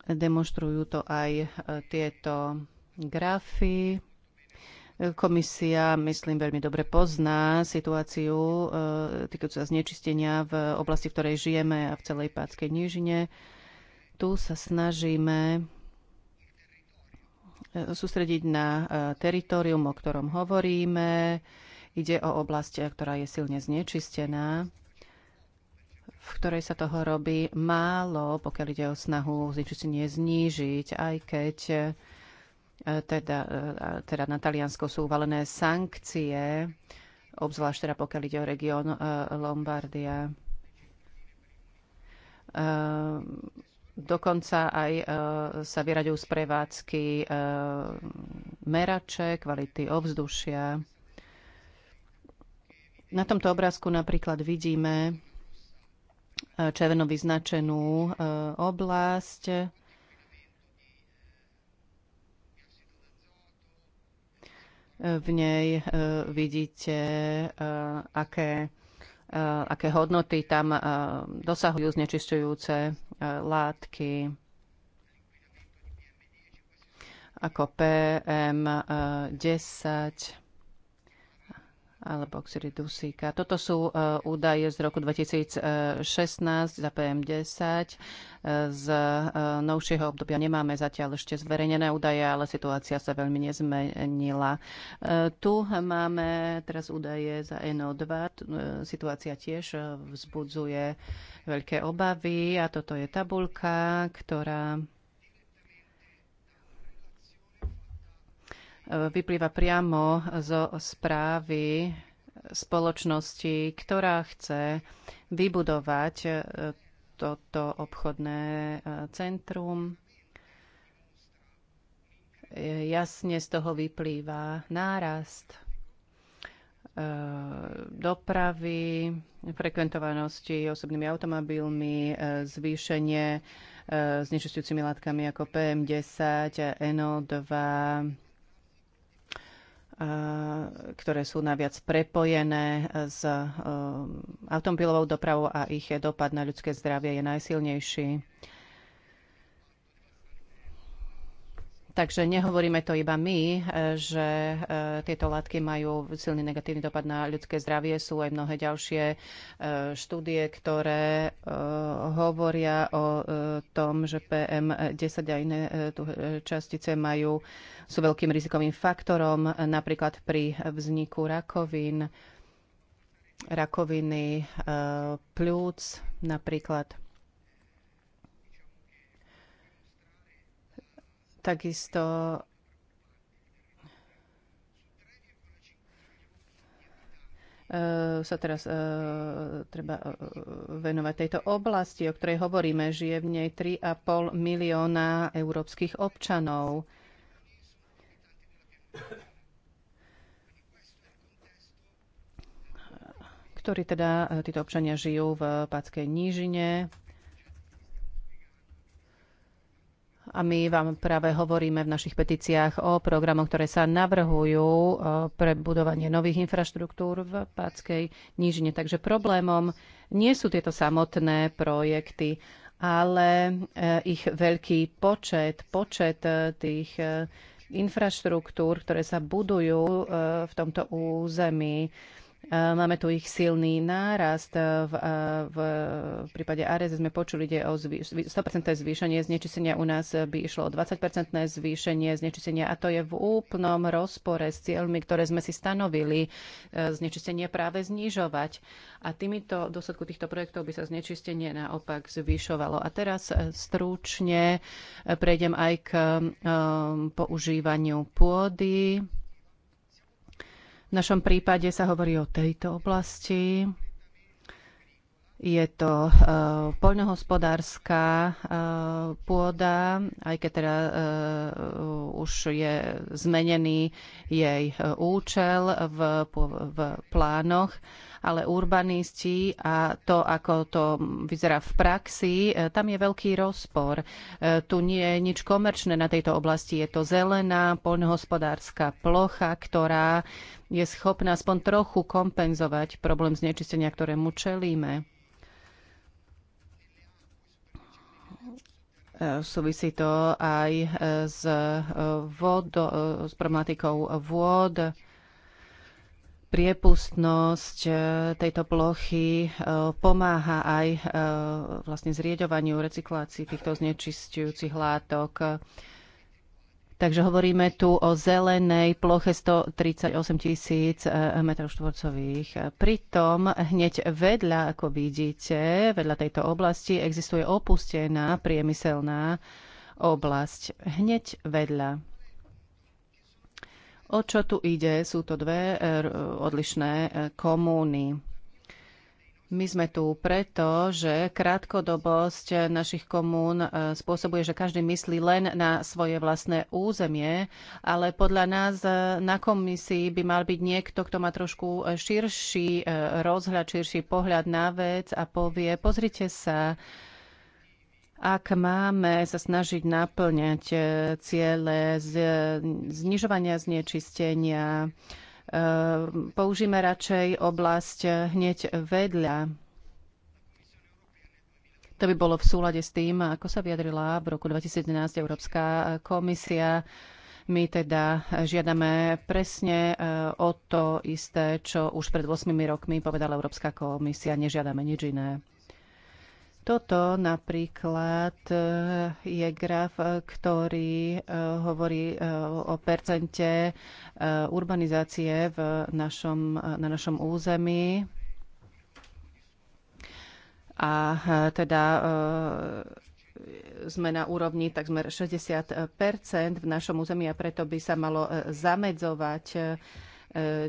Demonstrujú to aj tieto grafy. Komisia, myslím, veľmi dobre pozná situáciu týkajúcu sa znečistenia v oblasti, v ktorej žijeme a v celej Pátskej nížine. Tu sa snažíme e, sústrediť na e, teritorium, o ktorom hovoríme. Ide o oblasť, e, ktorá je silne znečistená, v ktorej sa toho robí málo, pokiaľ ide o snahu znečistenie znížiť, aj keď teda, teda na Taliansko sú uvalené sankcie, obzvlášť teda pokiaľ ide o región Lombardia. Dokonca aj e, sa vyraďujú z prevádzky e, merače, kvality ovzdušia. Na tomto obrázku napríklad vidíme e, červeno vyznačenú oblasť, V nej vidíte, aké Eh, aké hodnoty tam eh, dosahujú znečisťujúce eh, látky ako PM10 alebo oxidy dusíka. Toto sú e, údaje z roku 2016 za PM10. E, z e, novšieho obdobia nemáme zatiaľ ešte zverejnené údaje, ale situácia sa veľmi nezmenila. Tu máme teraz údaje za NO2. Situácia tiež vzbudzuje veľké obavy a toto je tabulka, ktorá vyplýva priamo zo správy spoločnosti, ktorá chce vybudovať e, toto obchodné e, centrum. E, jasne z toho vyplýva nárast dopravy, frekventovanosti osobnými automobilmi, zvýšenie znečistujúcimi látkami ako PM10, NO2, Eh, ktoré sú naviac prepojené s eh, automobilovou dopravou a ich dopad na ľudské zdravie je najsilnejší. Takže nehovoríme to iba my, e, že e, tieto látky majú silný negatívny dopad na ľudské zdravie. Sú aj mnohé ďalšie e, štúdie, ktoré hovoria o tom, že PM10 a iné častice majú, sú veľkým rizikovým faktorom, napríklad pri vzniku rakovín, rakoviny plúc napríklad. Takisto e, sa teraz uh, treba uh, venovať tejto oblasti, o ktorej hovoríme. Žije v nej 3,5 milióna európskych občanov. ktorí teda, títo občania žijú v Packej nížine, A my vám práve hovoríme v našich petíciách o programoch, ktoré sa navrhujú e, pre budovanie nových infraštruktúr v Páckej nížine. Takže problémom nie sú tieto samotné projekty, ale e, ich veľký počet, počet e, tých infraštruktúr, ktoré sa budujú v tomto území Eh, máme tu ich silný nárast. Eh, v, eh, v prípade Ares sme počuli, ide o zvýš- 100% zvýšenie znečistenia. U nás by išlo o 20% zvýšenie znečistenia a to je v úplnom rozpore s cieľmi, ktoré sme si stanovili znečistenie práve znižovať. A týmito, dosadku dôsledku týchto projektov by sa znečistenie naopak zvyšovalo. A teraz stručne prejdem aj k používaniu pôdy v našom prípade sa hovorí o tejto oblasti je to e, poľnohospodárska e, pôda, aj keď teda e, už je zmenený jej účel v, v plánoch, ale urbanisti a to, ako to vyzerá v praxi, tam je veľký rozpor. Tu nie je nič komerčné na tejto oblasti. Je to zelená poľnohospodárska plocha, ktorá je schopná aspoň trochu kompenzovať problém znečistenia, ktorému čelíme. Súvisí to aj e, s, e, vodo, e, s problematikou vôd. Priepustnosť tejto plochy pomáha aj vlastne zrieďovaniu, recyklácii týchto znečistujúcich látok. Takže hovoríme tu o zelenej ploche 138 tisíc e, m štvorcových. Pritom hneď vedľa, ako vidíte, vedľa tejto oblasti existuje opustená priemyselná oblasť. Hneď vedľa. O čo tu ide? Sú to dve e, odlišné e, komúny. My sme tu preto, že krátkodobosť našich komún e, spôsobuje, že každý myslí len na svoje vlastné územie, ale podľa nás e, na komisii by mal byť niekto, kto má trošku e, širší rozhľad, širší pohľad na vec a povie, pozrite sa, ak máme sa snažiť naplňať ciele znižovania znečistenia, Ehm, Použíme radšej oblasť hneď vedľa. To by bolo v súlade s tým, ako sa vyjadrila v roku 2011 Európska komisia. My teda žiadame presne eh, o to isté, čo už pred 8 rokmi povedala Európska komisia. Nežiadame nič iné. Toto napríklad e, je graf, e, ktorý e, hovorí o percente urbanizácie v našom, na našom území. A teda sme na úrovni takmer 60 v našom území a preto by sa malo zamedzovať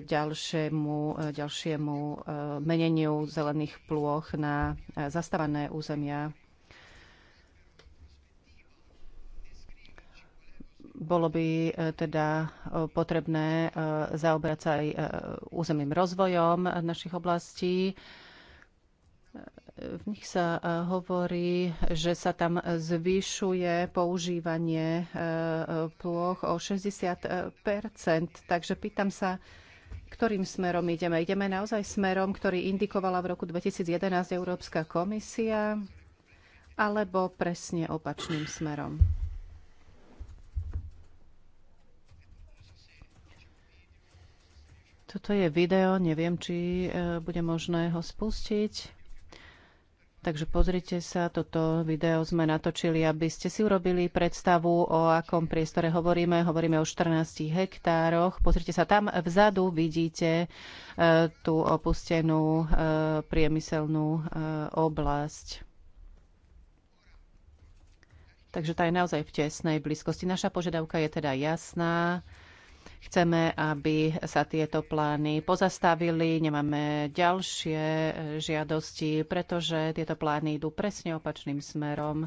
ďalšiemu, ďalšiemu e, meneniu zelených plôch na e, zastavané územia. Bolo by e, teda potrebné zaobrať sa aj územným rozvojom našich oblastí v nich sa e, hovorí, že sa tam zvyšuje používanie e, e, plôch o 60 Takže pýtam sa, ktorým smerom ideme. Ideme naozaj smerom, ktorý indikovala v roku 2011 Európska komisia, alebo presne opačným smerom? Toto je video, neviem, či bude možné ho spustiť. Takže pozrite sa, toto video sme natočili, aby ste si urobili predstavu, o akom priestore hovoríme. Hovoríme o 14 hektároch. Pozrite sa, tam vzadu vidíte e, tú opustenú e, priemyselnú e, oblasť. Takže tá je naozaj v tesnej blízkosti. Naša požiadavka je teda jasná Chceme, aby sa tieto plány pozastavili, nemáme ďalšie eh, žiadosti, pretože tieto plány idú presne opačným smerom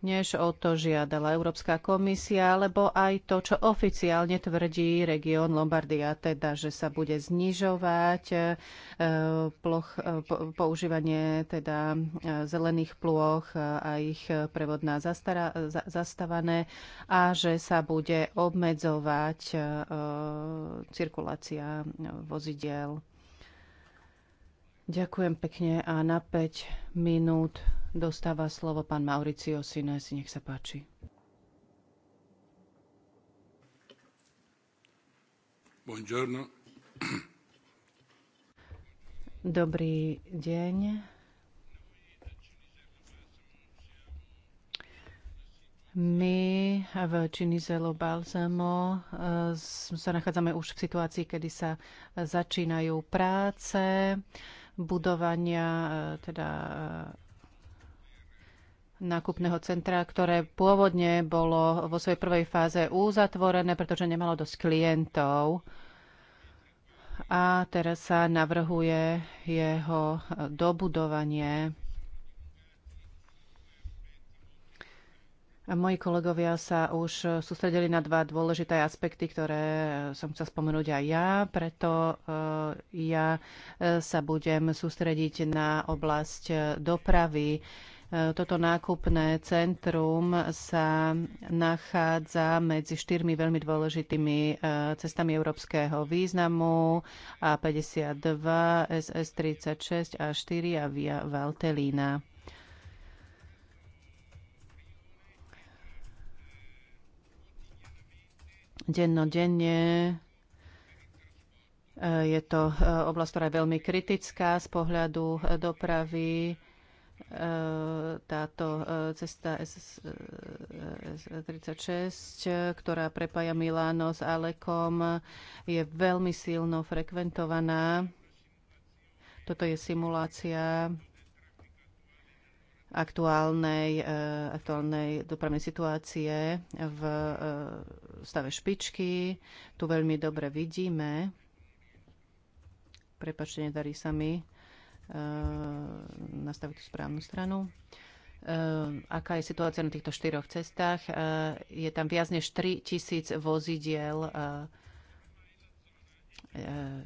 než o to žiadala Európska komisia, alebo aj to, čo oficiálne tvrdí región Lombardia, teda, že sa bude znižovať e, ploch, e, používanie teda e, zelených plôch a ich prevod na zastara, za, zastavané a že sa bude obmedzovať cirkulácia vozidiel Ďakujem pekne a na 5 minút dostáva slovo pán Mauricio Sines. Nech sa páči. Buongiorno. Dobrý deň. My v Činizelo Balsamo eh, sa nachádzame už v situácii, kedy sa začínajú práce budovania e, teda e, nákupného centra, ktoré pôvodne bolo vo svojej prvej fáze uzatvorené, pretože nemalo dosť klientov. A teraz sa navrhuje jeho e, dobudovanie Moji kolegovia sa už sústredili na dva dôležité aspekty, ktoré som chcel spomenúť aj ja, preto eh, ja eh, sa budem sústrediť na oblasť eh, dopravy. Toto nákupné centrum sa nachádza medzi štyrmi veľmi dôležitými cestami európskeho významu A52, SS36 a 4 a Via Valtelína. dennodenne. Eh, je to eh, oblasť, ktorá je veľmi kritická z pohľadu eh, dopravy. Táto cesta S36, ktorá prepája Miláno s Alekom, je veľmi silno frekventovaná. Toto je simulácia aktuálnej, e, aktuálnej dopravnej situácie v e, stave špičky. Tu veľmi dobre vidíme. Prepačte, nedarí sa mi e, nastaviť tú správnu stranu. Aká je situácia na týchto štyroch cestách? Je tam viac než tisíc vozidiel E,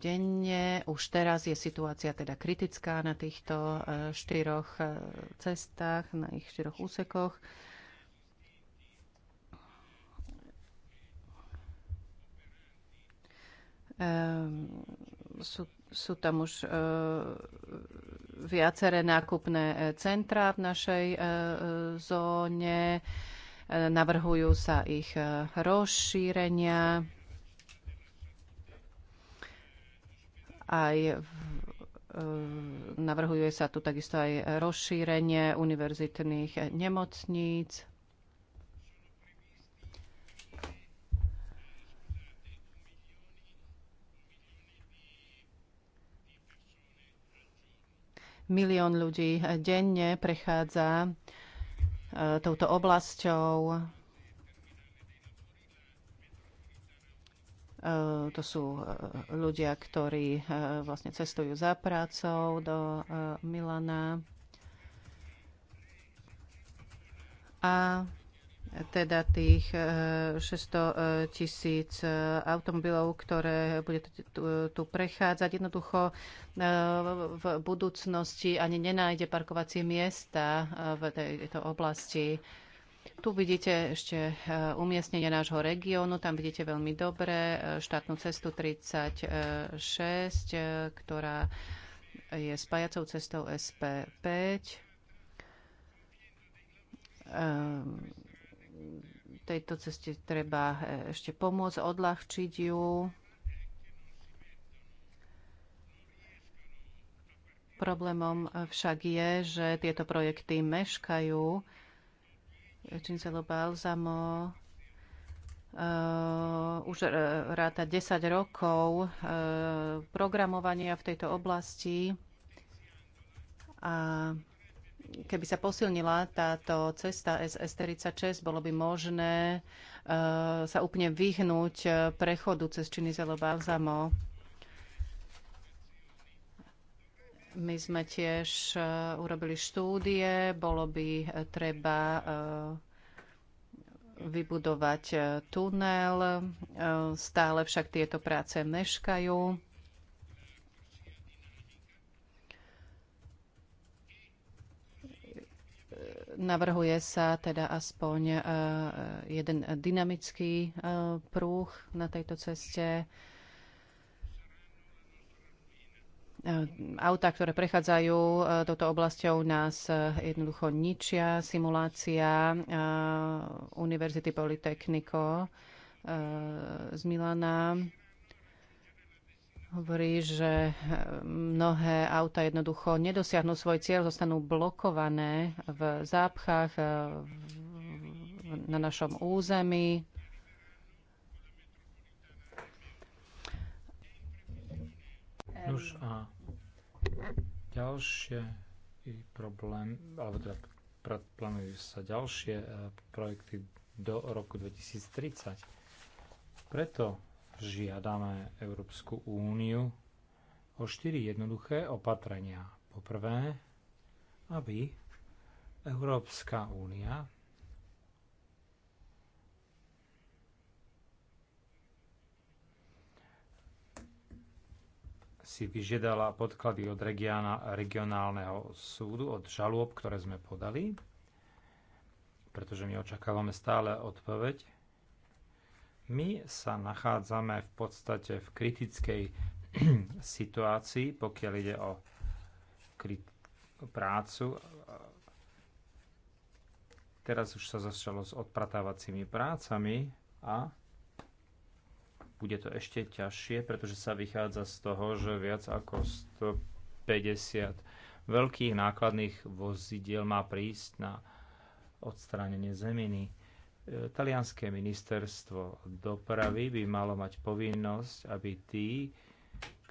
denne. Už teraz je situácia teda kritická na týchto e, štyroch e, cestách, na ich štyroch úsekoch. Ehm, sú, sú tam už viaceré nákupné centrá v našej zóne. Navrhujú sa ich rozšírenia. aj v, eh, navrhuje sa tu takisto aj rozšírenie univerzitných nemocníc. Milión ľudí denne prechádza eh, touto oblasťou. Eh, to sú eh, ľudia, ktorí eh, vlastne cestujú za prácou do Milana. A teda tých 600 tisíc automobilov, ktoré bude tu prechádzať. Jednoducho v budúcnosti ani nenájde parkovacie miesta v tejto oblasti. Tu vidíte ešte e, umiestnenie nášho regiónu, tam vidíte veľmi dobre e, štátnu cestu 36, e, ktorá je spájacou cestou SP5. Ehm, tejto ceste treba ešte pomôcť, odľahčiť ju. Problémom však je, že tieto projekty meškajú Činzelo Balzamo uh, eh, už ráta 10 rokov uh, programovania v tejto oblasti a keby sa posilnila táto cesta SS36, bolo by možné uh, sa úplne vyhnúť prechodu cez Činizelo Balzamo My sme tiež e, urobili štúdie, bolo by e, treba e, vybudovať tunel, stále však tieto práce meškajú. Navrhuje sa teda aspoň jeden dynamický prúh na tejto ceste Ehm, auta, ktoré prechádzajú eh, touto oblasťou, nás eh, jednoducho ničia. Simulácia eh, Univerzity Politecnico z Milana hovorí, že ehm, mnohé auta jednoducho nedosiahnu svoj cieľ, zostanú blokované v zápchách na našom území, Už a ďalšie problém, alebo teda plánujú sa ďalšie e, projekty do roku 2030. Preto žiadame Európsku úniu o štyri jednoduché opatrenia. Poprvé, aby Európska únia si vyžiadala podklady od regiona, regionálneho súdu, od žalôb, ktoré sme podali, pretože my očakávame stále odpoveď. My sa nachádzame v podstate v kritickej *clears throat* situácii, pokiaľ ide o prácu. Teraz už sa začalo s odpratávacími prácami a bude to ešte ťažšie, pretože sa vychádza z toho, že viac ako 150 veľkých nákladných vozidiel má prísť na odstránenie zeminy. E, talianské ministerstvo dopravy by malo mať povinnosť, aby tí,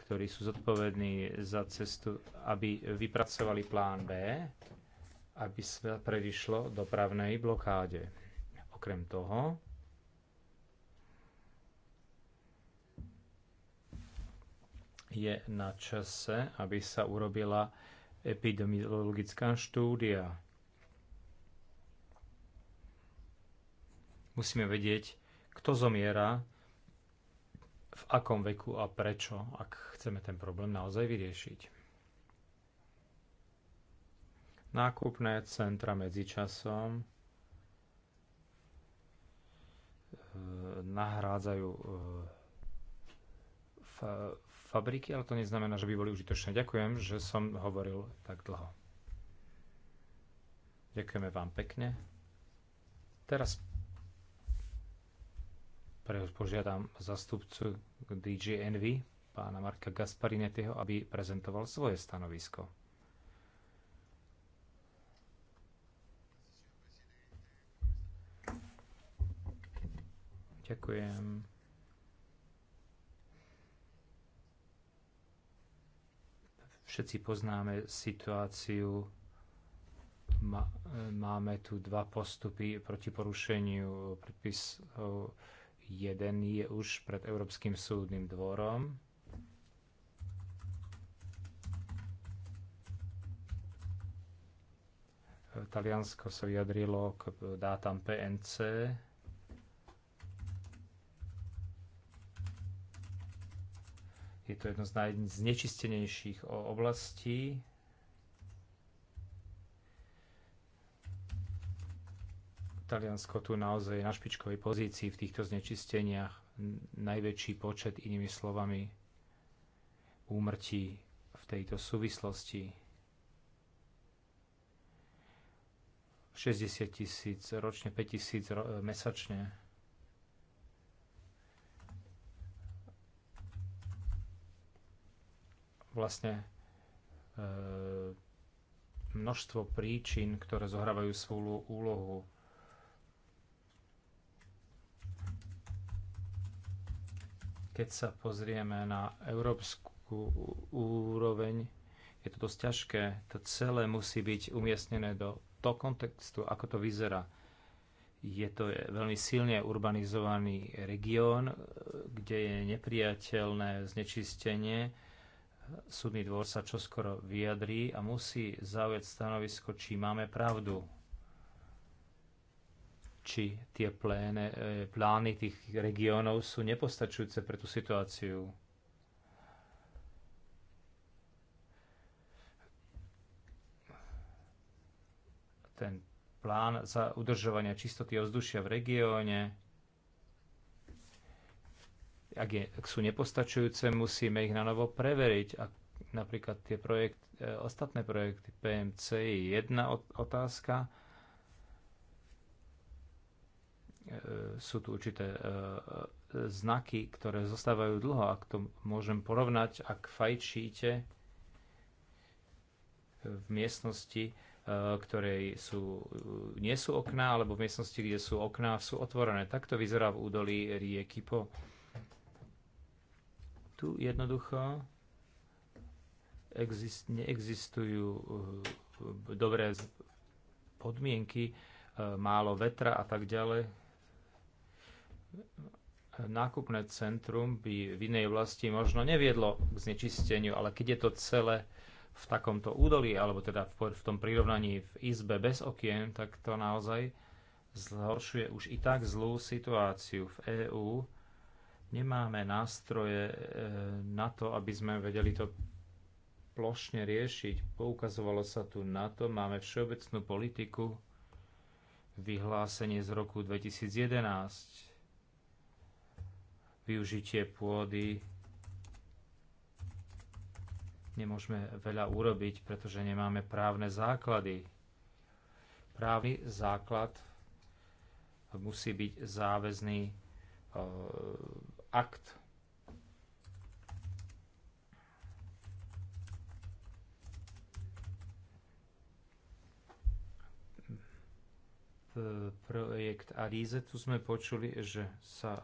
ktorí sú zodpovední za cestu, aby vypracovali plán B, aby sa predišlo dopravnej blokáde. Okrem toho, je na čase, aby sa urobila epidemiologická štúdia. Musíme vedieť, kto zomiera, v akom veku a prečo, ak chceme ten problém naozaj vyriešiť. Nákupné centra medzičasom eh, nahrádzajú eh, fabriky, ale to neznamená, že by boli užitočné. Ďakujem, že som hovoril tak dlho. Ďakujeme vám pekne. Teraz požiadam zastupcu DJ Envy, pána Marka Gasparinetyho, aby prezentoval svoje stanovisko. Ďakujem. Všetci poznáme situáciu. E, máme tu dva postupy proti porušeniu predpisov. E, jeden je už pred Európskym súdnym dvorom. E, Taliansko sa vyjadrilo k dátam PNC Je to jedno z najznečistenejších oblastí. Taliansko tu naozaj je na špičkovej pozícii v týchto znečisteniach. Najväčší počet, inými slovami, úmrtí v tejto súvislosti. 60 tisíc ročne, 5 tisíc mesačne. vlastne e, množstvo príčin, ktoré zohrávajú svoju úlohu. Keď sa pozrieme na európsku úroveň, je to dosť ťažké. To celé musí byť umiestnené do toho kontextu, ako to vyzerá. Je to veľmi silne urbanizovaný región, e, kde je nepriateľné znečistenie, Súdny dvor sa čoskoro vyjadrí a musí zaujať stanovisko, či máme pravdu. Či tie pléne, e, plány tých regiónov sú nepostačujúce pre tú situáciu. Ten plán za udržovanie čistoty ovzdušia v regióne ak, je, ak sú nepostačujúce, musíme ich na novo preveriť. A napríklad tie projekt, e, ostatné projekty PMC je jedna otázka. E, sú tu určité e, e, znaky, ktoré zostávajú dlho. Ak to môžem porovnať, ak fajčíte v miestnosti, e, ktoré sú, e, nie sú okná, alebo v miestnosti, kde sú okná, sú otvorené. Takto vyzerá v údolí rieky Po. Tu jednoducho exist, neexistujú eh, dobré podmienky, eh, málo vetra a tak ďalej. Nákupné centrum by v inej vlasti možno neviedlo k znečisteniu, ale keď je to celé v takomto údolí, alebo teda v, v tom prirovnaní v izbe bez okien, tak to naozaj zhoršuje už i tak zlú situáciu v EÚ Nemáme nástroje e, na to, aby sme vedeli to plošne riešiť. Poukazovalo sa tu na to, máme všeobecnú politiku, vyhlásenie z roku 2011, využitie pôdy. Nemôžeme veľa urobiť, pretože nemáme právne základy. Právny základ musí byť záväzný akt. projekt Arize, tu sme počuli, že sa e,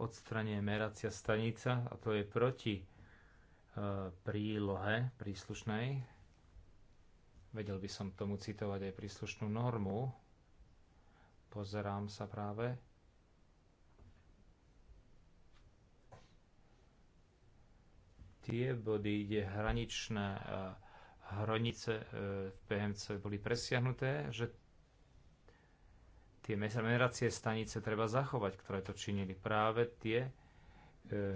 odstranie meracia stanica a to je proti e, prílohe príslušnej. Vedel by som tomu citovať aj príslušnú normu. Pozerám sa práve. tie body, kde hraničné e, hranice e, v PMC boli presiahnuté, že tie meracie stanice treba zachovať, ktoré to činili. Práve tie e,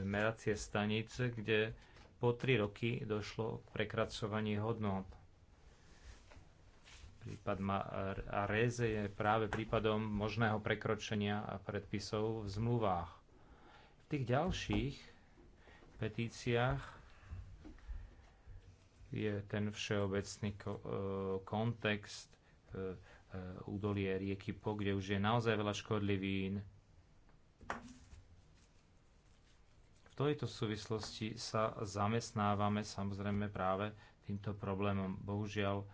meracie stanice, kde po 3 roky došlo k prekracovaní hodnot. Prípad Areze je práve prípadom možného prekročenia a predpisov v zmluvách. V tých ďalších petíciách je ten všeobecný e, kontext e, e, údolie rieky Po, kde už je naozaj veľa škodlivín. V tejto súvislosti sa zamestnávame samozrejme práve týmto problémom. Bohužiaľ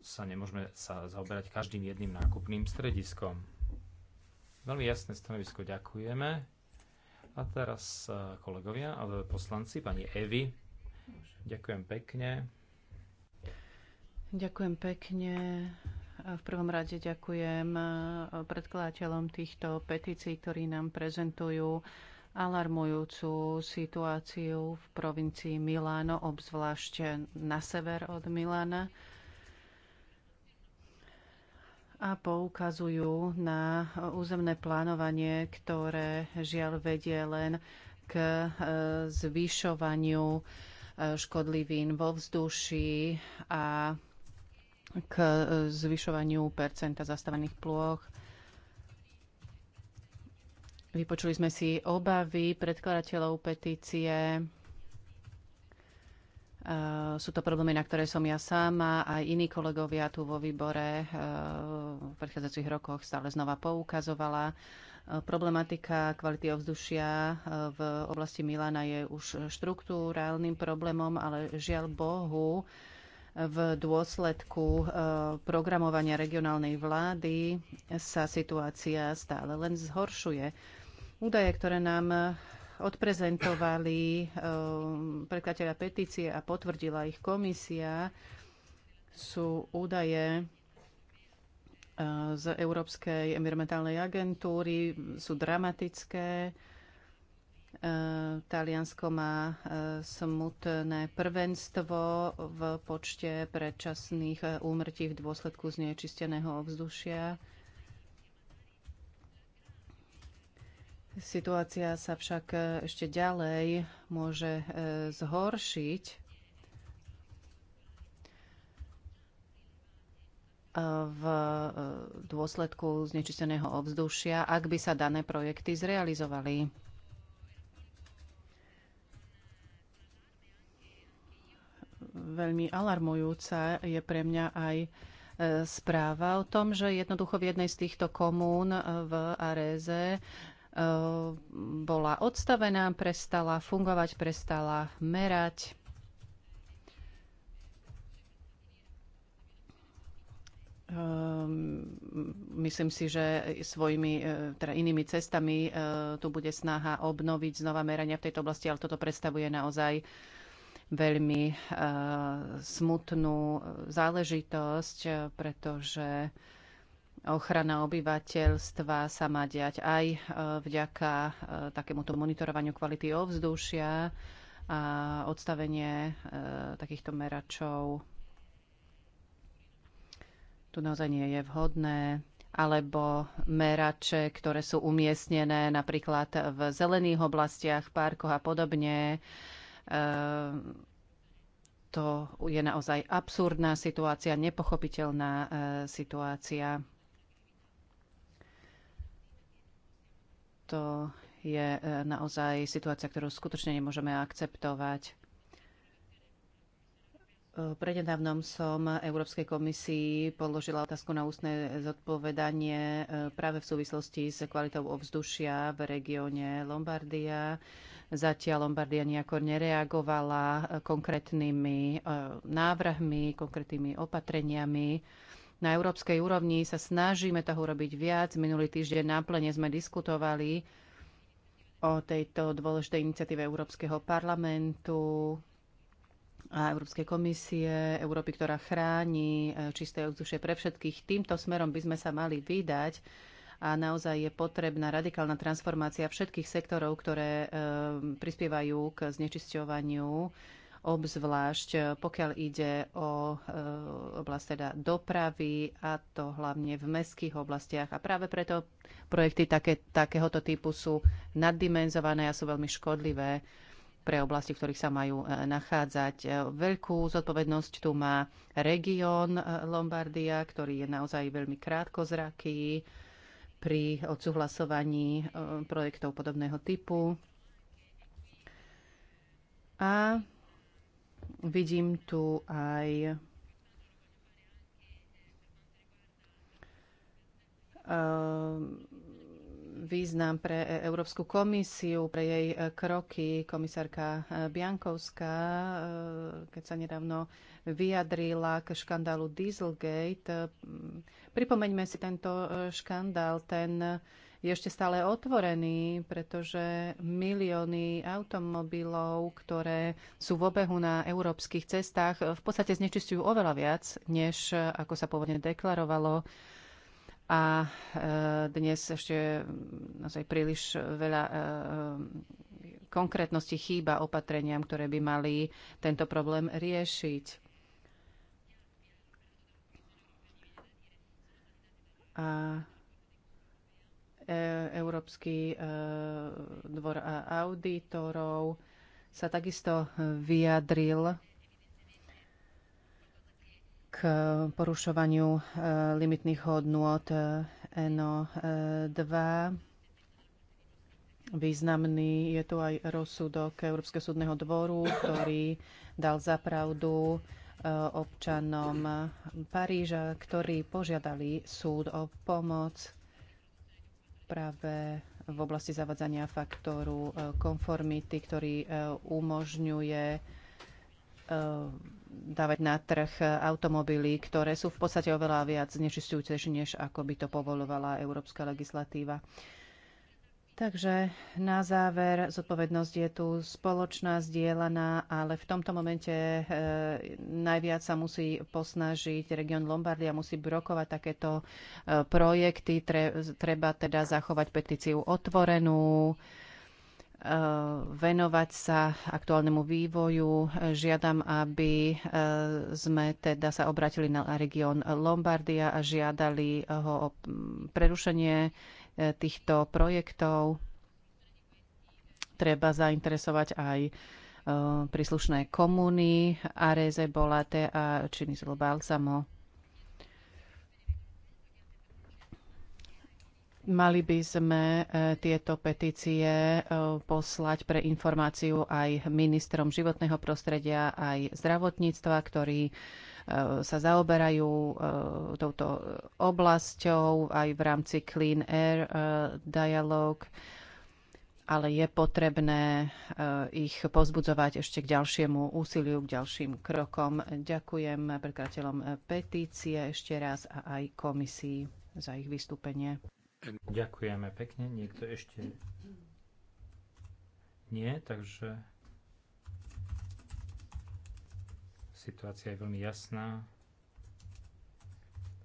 sa nemôžeme sa zaoberať každým jedným nákupným strediskom. Veľmi jasné stanovisko ďakujeme. A teraz kolegovia a poslanci, pani Evi, Ďakujem pekne. Ďakujem pekne. V prvom rade ďakujem e, predkladateľom týchto petícií, ktorí nám prezentujú alarmujúcu situáciu v provincii Miláno, obzvlášť na sever od Milána a poukazujú na územné plánovanie, ktoré žiaľ vedie len k e, zvyšovaniu škodlivín vo vzduši a k zvyšovaniu percenta zastavených plôch. Vypočuli sme si obavy predkladateľov petície Eh, sú to problémy, na ktoré som ja sama a iní kolegovia tu vo výbore eh, v predchádzajúcich rokoch stále znova poukazovala. Eh, problematika kvality ovzdušia v oblasti Milana je už štruktúrálnym problémom, ale žiaľ Bohu, v dôsledku programovania regionálnej vlády sa situácia stále len zhoršuje. Údaje, ktoré nám odprezentovali ehm, prekladateľa petície a potvrdila ich komisia, sú údaje eh, z Európskej environmentálnej agentúry, sú dramatické. Eh, Taliansko má eh, smutné prvenstvo v počte predčasných úmrtí v dôsledku znečisteného ovzdušia. Situácia sa však e, ešte ďalej môže e, zhoršiť. v e, dôsledku znečisteného ovzdušia, ak by sa dané projekty zrealizovali. Veľmi alarmujúca je pre mňa aj správa o tom, že jednoducho v jednej z týchto komún v Areze Ehm, bola odstavená, prestala fungovať, prestala merať. Ehm, myslím si, že svojimi e, teda inými cestami e, tu bude snaha obnoviť znova merania v tejto oblasti, ale toto predstavuje naozaj veľmi e, smutnú záležitosť, pretože ochrana obyvateľstva sa má diať aj e, vďaka e, takémuto monitorovaniu kvality ovzdušia a odstavenie e, takýchto meračov tu naozaj nie je vhodné alebo merače, ktoré sú umiestnené napríklad v zelených oblastiach, parkoch a podobne. To je naozaj absurdná situácia, nepochopiteľná situácia. to je e, naozaj situácia, ktorú skutočne nemôžeme akceptovať. E, prednedávnom som Európskej komisii položila otázku na ústne zodpovedanie e, práve v súvislosti s kvalitou ovzdušia v regióne Lombardia. Zatiaľ Lombardia nejako nereagovala konkrétnymi návrhmi, konkrétnymi opatreniami na európskej úrovni sa snažíme toho robiť viac. Minulý týždeň na plene sme diskutovali o tejto dôležitej iniciatíve Európskeho parlamentu a Európskej komisie, Európy, ktorá chráni e, čisté ovzdušie pre všetkých. Týmto smerom by sme sa mali vydať a naozaj je potrebná radikálna transformácia všetkých sektorov, ktoré e, prispievajú k znečisťovaniu obzvlášť eh, pokiaľ ide o eh, oblasť teda dopravy a to hlavne v mestských oblastiach. A práve preto projekty také, takéhoto typu sú naddimenzované a sú veľmi škodlivé pre oblasti, v ktorých sa majú eh, nachádzať. Veľkú zodpovednosť tu má región Lombardia, ktorý je naozaj veľmi krátkozraký pri odsúhlasovaní projektov podobného typu. A Vidím tu aj eh, význam pre Európsku komisiu, pre jej eh, kroky. Komisárka eh, Biankovská, keď sa nedávno vyjadrila k škandálu Dieselgate, pripomeňme si tento škandál, ten je ešte stále otvorený, pretože milióny automobilov, ktoré sú v obehu na európskych cestách, v podstate znečistujú oveľa viac, než ako sa pôvodne deklarovalo. A e, dnes ešte naozaj príliš veľa e, e, konkrétnosti chýba opatreniam, ktoré by mali tento problém riešiť. A E, Európsky e, dvor auditorov sa takisto vyjadril k porušovaniu e, limitných hodnôt NO2. Významný je tu aj rozsudok Európskeho súdneho dvoru, ktorý dal zapravdu občanom Paríža, ktorí požiadali súd o pomoc práve v oblasti zavadzania faktoru e, konformity, ktorý e, umožňuje e, dávať na trh automobily, ktoré sú v podstate oveľa viac znečistujúce, než ako by to povolovala európska legislatíva. Takže na záver, zodpovednosť je tu spoločná, zdieľaná, ale v tomto momente e, najviac sa musí posnažiť región Lombardia, musí brokovať takéto e, projekty. Tre, treba teda zachovať petíciu otvorenú, e, venovať sa aktuálnemu vývoju. Žiadam, aby e, sme teda sa obratili na región Lombardia a žiadali ho o prerušenie týchto projektov. Treba zainteresovať aj e, príslušné komuny Areze, Bolate a Činizlo Balsamo. Mali by sme e, tieto petície e, poslať pre informáciu aj ministrom životného prostredia, aj zdravotníctva, ktorí E, sa zaoberajú e, touto oblasťou aj v rámci Clean Air e, Dialogue ale je potrebné ich pozbudzovať ešte k ďalšiemu úsiliu, k ďalším krokom. Ďakujem predkladateľom petície ešte raz a aj komisii za ich vystúpenie. Ďakujeme pekne. Niekto ešte nie, takže Situácia je veľmi jasná.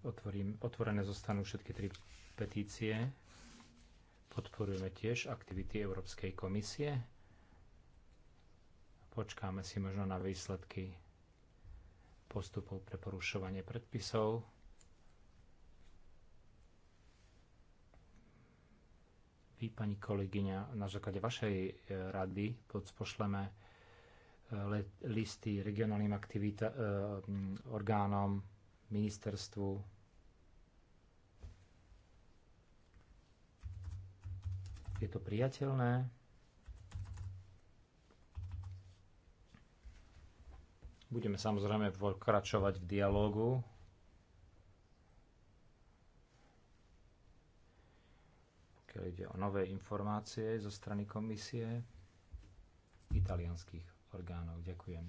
Otvorím, otvorené zostanú všetky tri petície. Podporujeme tiež aktivity Európskej komisie. Počkáme si možno na výsledky postupov pre porušovanie predpisov. Vy, pani kolegyňa, na základe vašej eh, rady pošleme listy regionálnym aktivita, e, orgánom, ministerstvu. Je to priateľné? Budeme samozrejme pokračovať v dialogu. Keď ide o nové informácie zo strany komisie italianských orgánov. Ďakujem.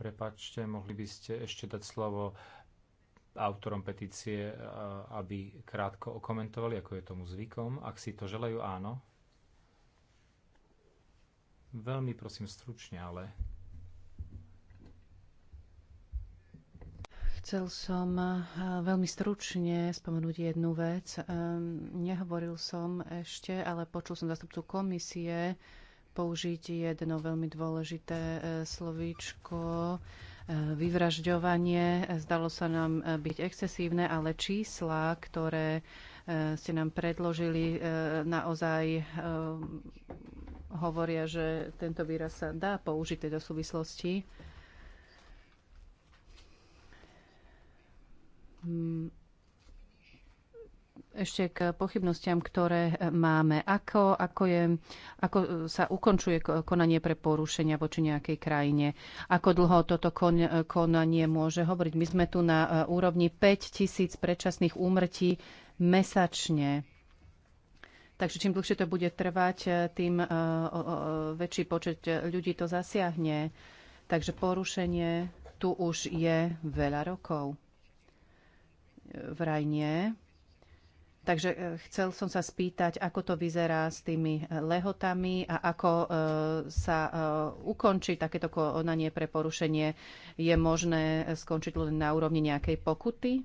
Prepačte, mohli by ste ešte dať slovo autorom petície, aby krátko okomentovali, ako je tomu zvykom. Ak si to želajú, áno. Veľmi prosím stručne, ale Chcel som eh, veľmi stručne spomenúť jednu vec. Ehm, nehovoril som ešte, ale počul som zastupcu komisie použiť jedno veľmi dôležité eh, slovíčko eh, vyvražďovanie. Zdalo sa nám byť excesívne, ale čísla, ktoré ste nám predložili, naozaj hovoria, že tento výraz sa dá použiť v tejto súvislosti. Mm, ešte k pochybnostiam, ktoré máme. Ako, ako, je, ako sa ukončuje konanie pre porušenia voči nejakej krajine? Ako dlho toto kon, konanie môže hovoriť? My sme tu na e, úrovni 5 tisíc predčasných úmrtí mesačne. Takže čím dlhšie to bude trvať, e, tým e, väčší počet ľudí to zasiahne. Takže porušenie tu už je veľa rokov vraj nie. Takže e, chcel som sa spýtať, ako to vyzerá s tými e, lehotami a ako e, sa ukončí takéto konanie pre porušenie. Je možné skončiť len na úrovni nejakej pokuty?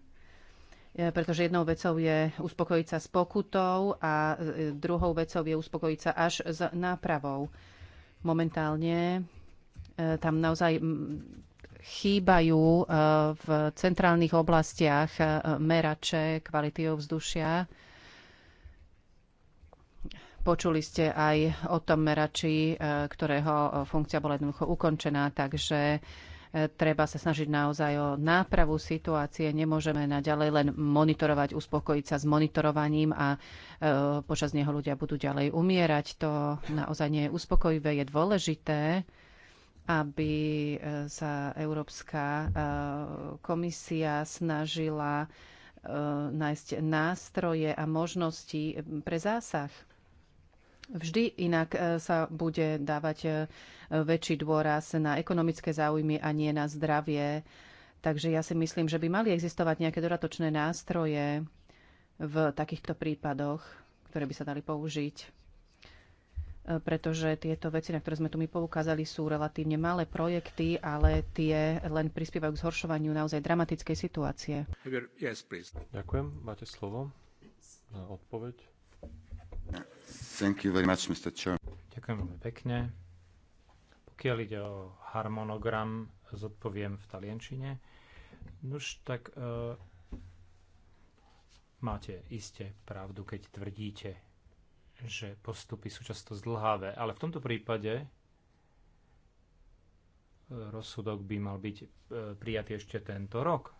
Pretože jednou vecou je uspokojiť sa s pokutou a druhou vecou je uspokojiť sa až s nápravou. Momentálne tam naozaj chýbajú eh, v centrálnych oblastiach eh, merače kvality ovzdušia. Počuli ste aj o tom merači, eh, ktorého funkcia bola jednoducho ukončená, takže treba sa snažiť naozaj o nápravu situácie. Nemôžeme naďalej len monitorovať, uspokojiť sa s monitorovaním a počas neho ľudia budú ďalej umierať. To naozaj nie je uspokojivé. Je dôležité, aby e, sa Európska e, komisia snažila e, nájsť nástroje a možnosti pre zásah. Vždy inak sa bude dávať väčší dôraz na ekonomické záujmy a nie na zdravie. Takže ja si myslím, že by mali existovať nejaké dodatočné nástroje v takýchto prípadoch, ktoré by sa dali použiť pretože tieto veci, na ktoré sme tu my poukázali, sú relatívne malé projekty, ale tie len prispievajú k zhoršovaniu naozaj dramatickej situácie. Yes, Ďakujem. Máte slovo na odpoveď. Thank you very much, Mr. Chair. Ďakujem veľmi pekne. Pokiaľ ide o harmonogram, zodpoviem v taliančine. Nuž, tak eh, máte iste pravdu, keď tvrdíte, že postupy sú často zdlhavé, ale v tomto prípade e, rozsudok by mal byť e, prijatý ešte tento rok.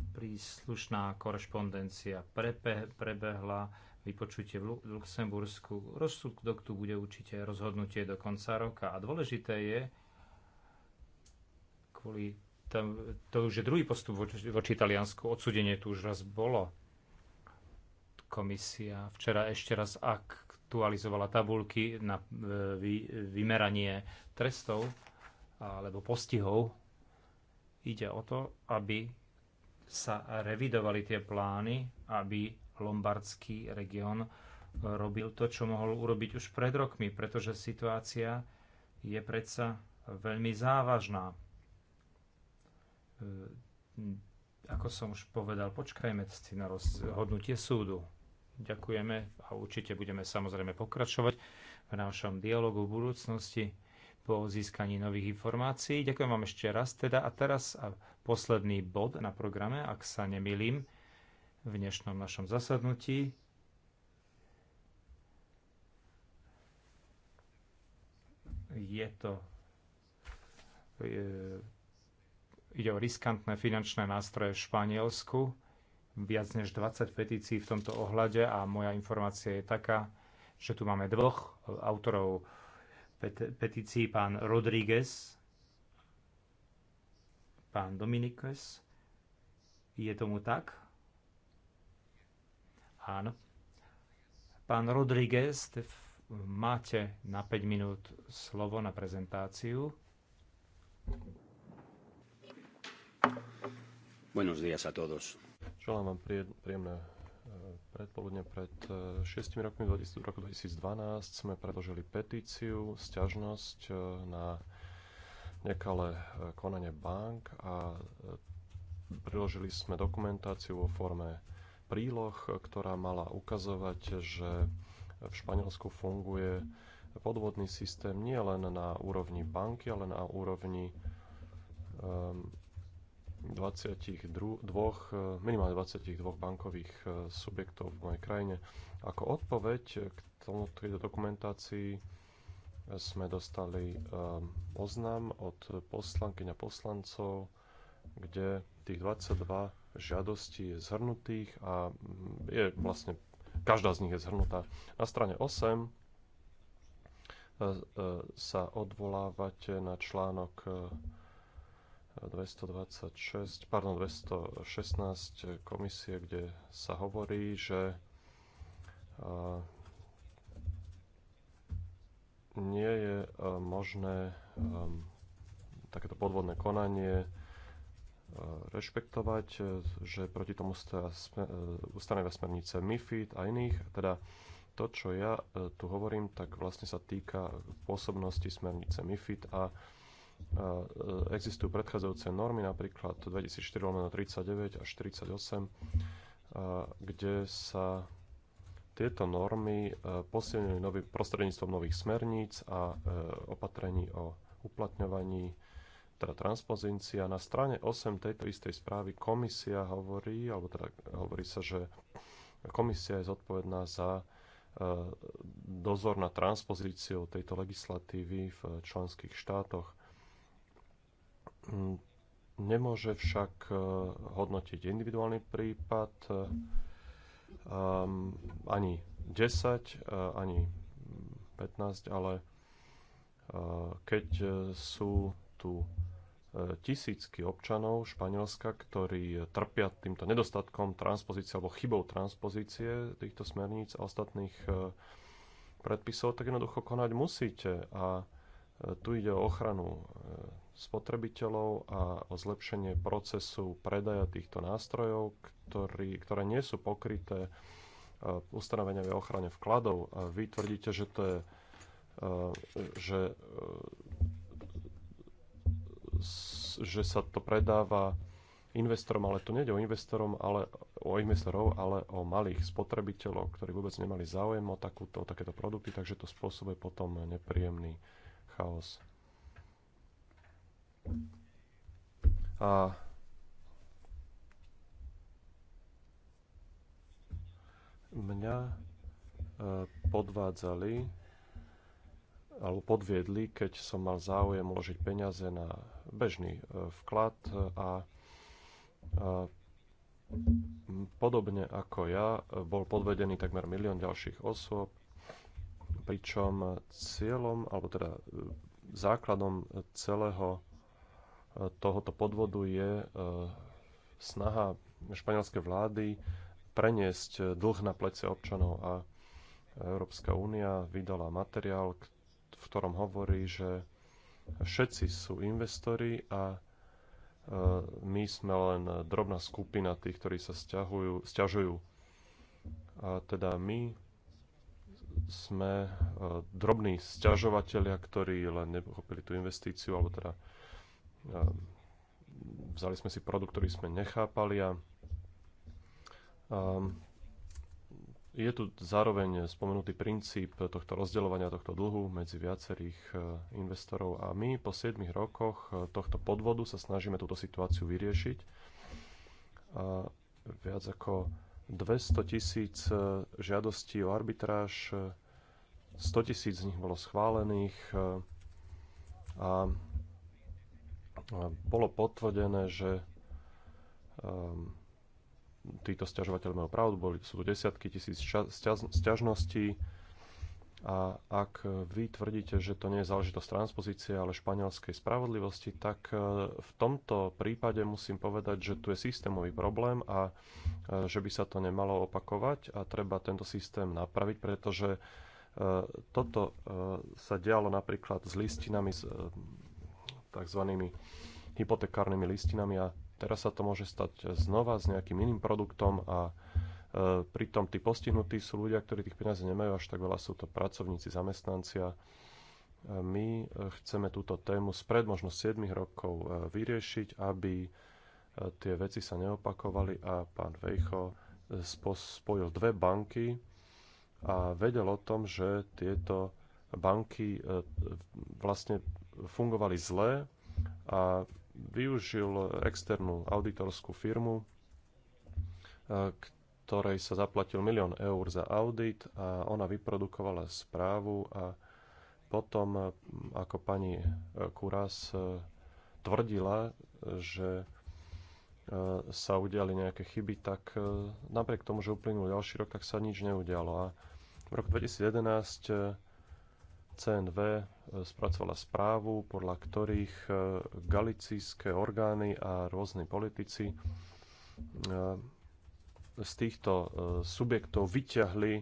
Príslušná korešpondencia prepe, prebehla, vypočutie v Luxembursku. Rozsudok tu bude určite rozhodnutie do konca roka. A dôležité je, kvôli tam, to už je druhý postup voči, voči Taliansku, odsudenie tu už raz bolo. Komisia včera ešte raz aktualizovala tabulky na e, vy, vymeranie trestov alebo postihov. Ide o to, aby sa revidovali tie plány, aby lombardský región robil to, čo mohol urobiť už pred rokmi, pretože situácia je predsa veľmi závažná. E, ako som už povedal, počkajme si na rozhodnutie súdu. Ďakujeme a určite budeme samozrejme pokračovať v našom dialogu v budúcnosti po získaní nových informácií. Ďakujem vám ešte raz teda a teraz a posledný bod na programe, ak sa nemilím, v dnešnom našom zasadnutí. Je to je, ide o riskantné finančné nástroje v Španielsku viac než 20 petícií v tomto ohľade a moja informácia je taká, že tu máme dvoch autorov pet- petícií, pán Rodriguez. pán Dominikes. Je tomu tak? Áno. Pán Rodriguez, máte na 5 minút slovo na prezentáciu. Buenos días a todos. Želám vám príjemné e, predpoludne pred 6 e, rokmi, v roku 2012 sme predložili petíciu, sťažnosť e, na nekalé konanie bank a priložili sme dokumentáciu vo forme príloh, ktorá mala ukazovať, že v Španielsku funguje podvodný systém nie len na úrovni banky, ale na úrovni um, 22, e, minimálne 22 bankových e, subjektov v mojej krajine. Ako odpoveď k tomu tejto dokumentácii e, sme dostali oznam od poslankyňa poslancov, kde tých 22 žiadostí je zhrnutých a mm, je vlastne, každá z nich je zhrnutá. Na strane 8 sa odvolávate na článok 226, pardon, 216 komisie, kde sa hovorí, že e, nie je e, možné e, takéto podvodné konanie rešpektovať, že proti tomu ustanovia smernice MIFID a iných. Teda to, čo ja tu hovorím, tak vlastne sa týka pôsobnosti smernice MIFID a E, existujú predchádzajúce normy, napríklad 2004-39 až 48, e, kde sa tieto normy e, posilňujú nový, prostredníctvom nových smerníc a opatrení o uplatňovaní teda transpozícia. Na strane 8 tejto istej správy komisia hovorí, alebo teda hovorí sa, že komisia je zodpovedná za dozor na transpozíciu tejto legislatívy v členských štátoch. Mm, nemôže však e, hodnotiť individuálny prípad um, ani 10, e, ani 15, ale keď sú tu tisícky občanov Španielska, ktorí trpia týmto nedostatkom transpozície alebo chybou transpozície týchto smerníc a ostatných predpisov, tak jednoducho konať musíte. A tu ide o ochranu spotrebiteľov a o zlepšenie procesu predaja týchto nástrojov, ktorý, ktoré nie sú pokryté e, ustanoveniami o ochrane vkladov. A vy tvrdíte, že to je e, že, e, že sa to predáva investorom, ale tu nejde o investorom, ale o investorov, ale o malých spotrebiteľov, ktorí vôbec nemali záujem o, takúto, o takéto produkty, takže to spôsobuje potom nepríjemný chaos. A mňa e, podvádzali alebo podviedli, keď som mal záujem uložiť peniaze na bežný e, vklad a, podobne ako ja bol podvedený takmer milión ďalších osôb, pričom cieľom, alebo teda e, základom celého tohoto podvodu je e, snaha španielskej vlády preniesť dlh na plece občanov a Európska únia vydala materiál, v ktorom hovorí, že všetci sú investori a e, my sme len drobná skupina tých, ktorí sa stiahujú, stiažujú. A teda my sme e, drobní stiažovateľia, ktorí len nepochopili tú investíciu, alebo teda Ehm, vzali sme si produkt, ktorý sme nechápali a ehm, je tu zároveň spomenutý princíp tohto rozdeľovania tohto dlhu medzi viacerých e, investorov a my po 7 rokoch e, tohto podvodu sa snažíme túto situáciu vyriešiť. A viac ako 200 tisíc e, žiadostí o arbitráž, 100 tisíc z nich bolo schválených a bolo potvrdené, že ehm, títo stiažovateľ majú pravdu, boli, sú tu desiatky tisíc stiažností a ak vy tvrdíte, že to nie je záležitosť transpozície, ale španielskej spravodlivosti, tak e, v tomto prípade musím povedať, že tu je systémový problém a e, že by sa to nemalo opakovať a treba tento systém napraviť, pretože e, toto sa dialo napríklad s listinami z tzv. hypotekárnymi listinami a teraz sa to môže stať znova s nejakým iným produktom a e, pritom tí postihnutí sú ľudia, ktorí tých peniazí nemajú až tak veľa, sú to pracovníci, zamestnanci a e, my e, chceme túto tému spred možno 7 rokov e, vyriešiť, aby tie veci sa neopakovali a pán Vejcho spojil dve banky a vedel o tom, že tieto banky vlastne fungovali zle a využil externú auditorskú firmu, ktorej sa zaplatil milión eur za audit a ona vyprodukovala správu a potom, ako pani e, Kuras e, tvrdila, že e, sa udiali nejaké chyby, tak napriek tomu, že uplynul ďalší rok, tak sa nič neudialo. A v roku 2011 CNV e, spracovala správu, podľa ktorých e, galicijské orgány a rôzni politici e, z týchto subjektov vyťahli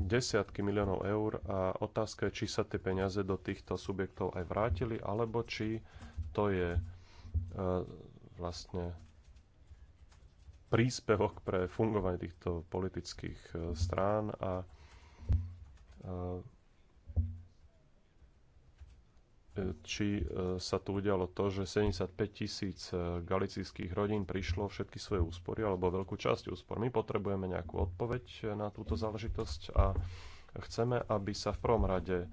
desiatky miliónov eur a otázka je, či sa tie peniaze do týchto subjektov aj vrátili, alebo či to je vlastne príspevok pre fungovanie týchto politických strán a E, či e, sa tu udialo to, že 75 tisíc e, galicijských rodín prišlo všetky svoje úspory alebo veľkú časť úspor. My potrebujeme nejakú odpoveď na túto záležitosť a chceme, aby sa v prvom rade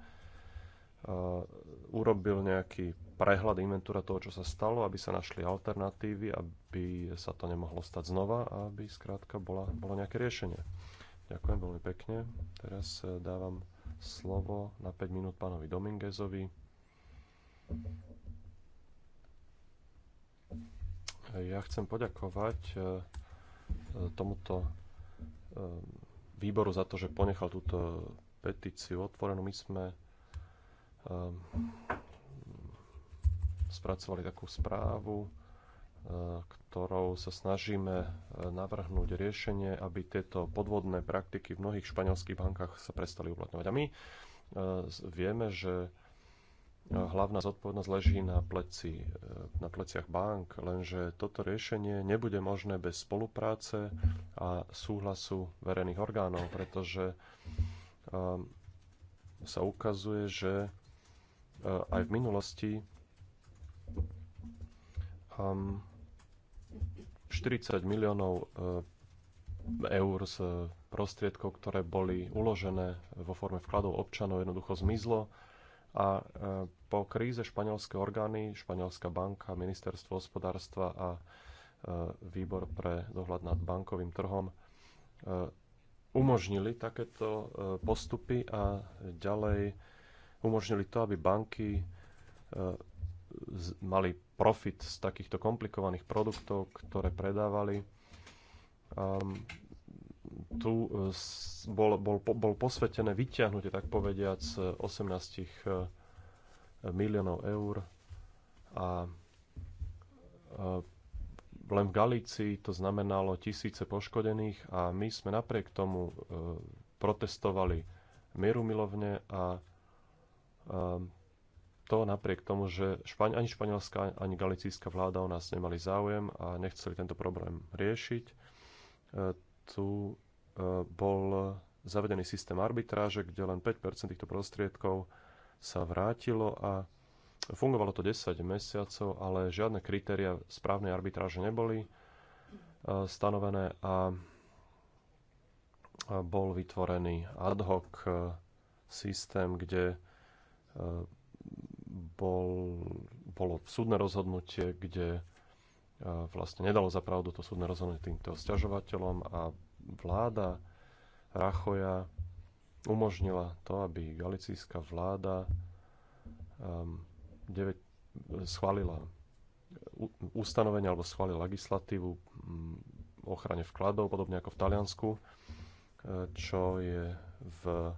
urobil nejaký prehľad inventúra toho, čo sa stalo, aby sa našli alternatívy, aby sa to nemohlo stať znova a aby skrátka bola, bolo nejaké riešenie. Ďakujem veľmi pekne. Teraz eh, dávam slovo na 5 minút pánovi Domingezovi. Ja chcem poďakovať eh, tomuto eh, výboru za to, že ponechal túto petíciu otvorenú. My sme mm, spracovali takú správu ktorou sa snažíme e, navrhnúť riešenie, aby tieto podvodné praktiky v mnohých španielských bankách sa prestali uplatňovať. A my e, vieme, že e, hlavná zodpovednosť leží na, pleci, na pleciach bank, lenže toto riešenie nebude možné bez spolupráce a súhlasu verejných orgánov, pretože sa ukazuje, že aj v minulosti um, 40 miliónov eh, eur z prostriedkov, ktoré boli uložené vo forme vkladov občanov, jednoducho zmizlo. A eh, po kríze španielské orgány, španielská banka, ministerstvo hospodárstva a eh, výbor pre dohľad nad bankovým trhom umožnili takéto postupy a ďalej umožnili to, aby banky mali profit z takýchto komplikovaných produktov, ktoré predávali. Um, tu e, bol, bol, bol posvetené vyťahnutie, tak povediac, 18 e, e, miliónov eur a len v Galícii to znamenalo tisíce poškodených a my sme napriek tomu protestovali mierumilovne a to napriek tomu, že Špaň, ani španielská, ani galicijská vláda o nás nemali záujem a nechceli tento problém riešiť. E, tu e, bol zavedený systém arbitráže, kde len 5 týchto prostriedkov sa vrátilo a fungovalo to 10 mesiacov, ale žiadne kritéria správnej arbitráže neboli e, stanovené a bol vytvorený ad hoc systém, kde bol, bolo súdne rozhodnutie, kde e, vlastne nedalo za pravdu to súdne rozhodnutie týmto sťažovateľom a vláda Rachoja umožnila to, aby galicijská vláda um, ehm, 9, schválila ustanovenie alebo schválila legislatívu mm, ochrane vkladov, podobne ako v Taliansku, e, čo je v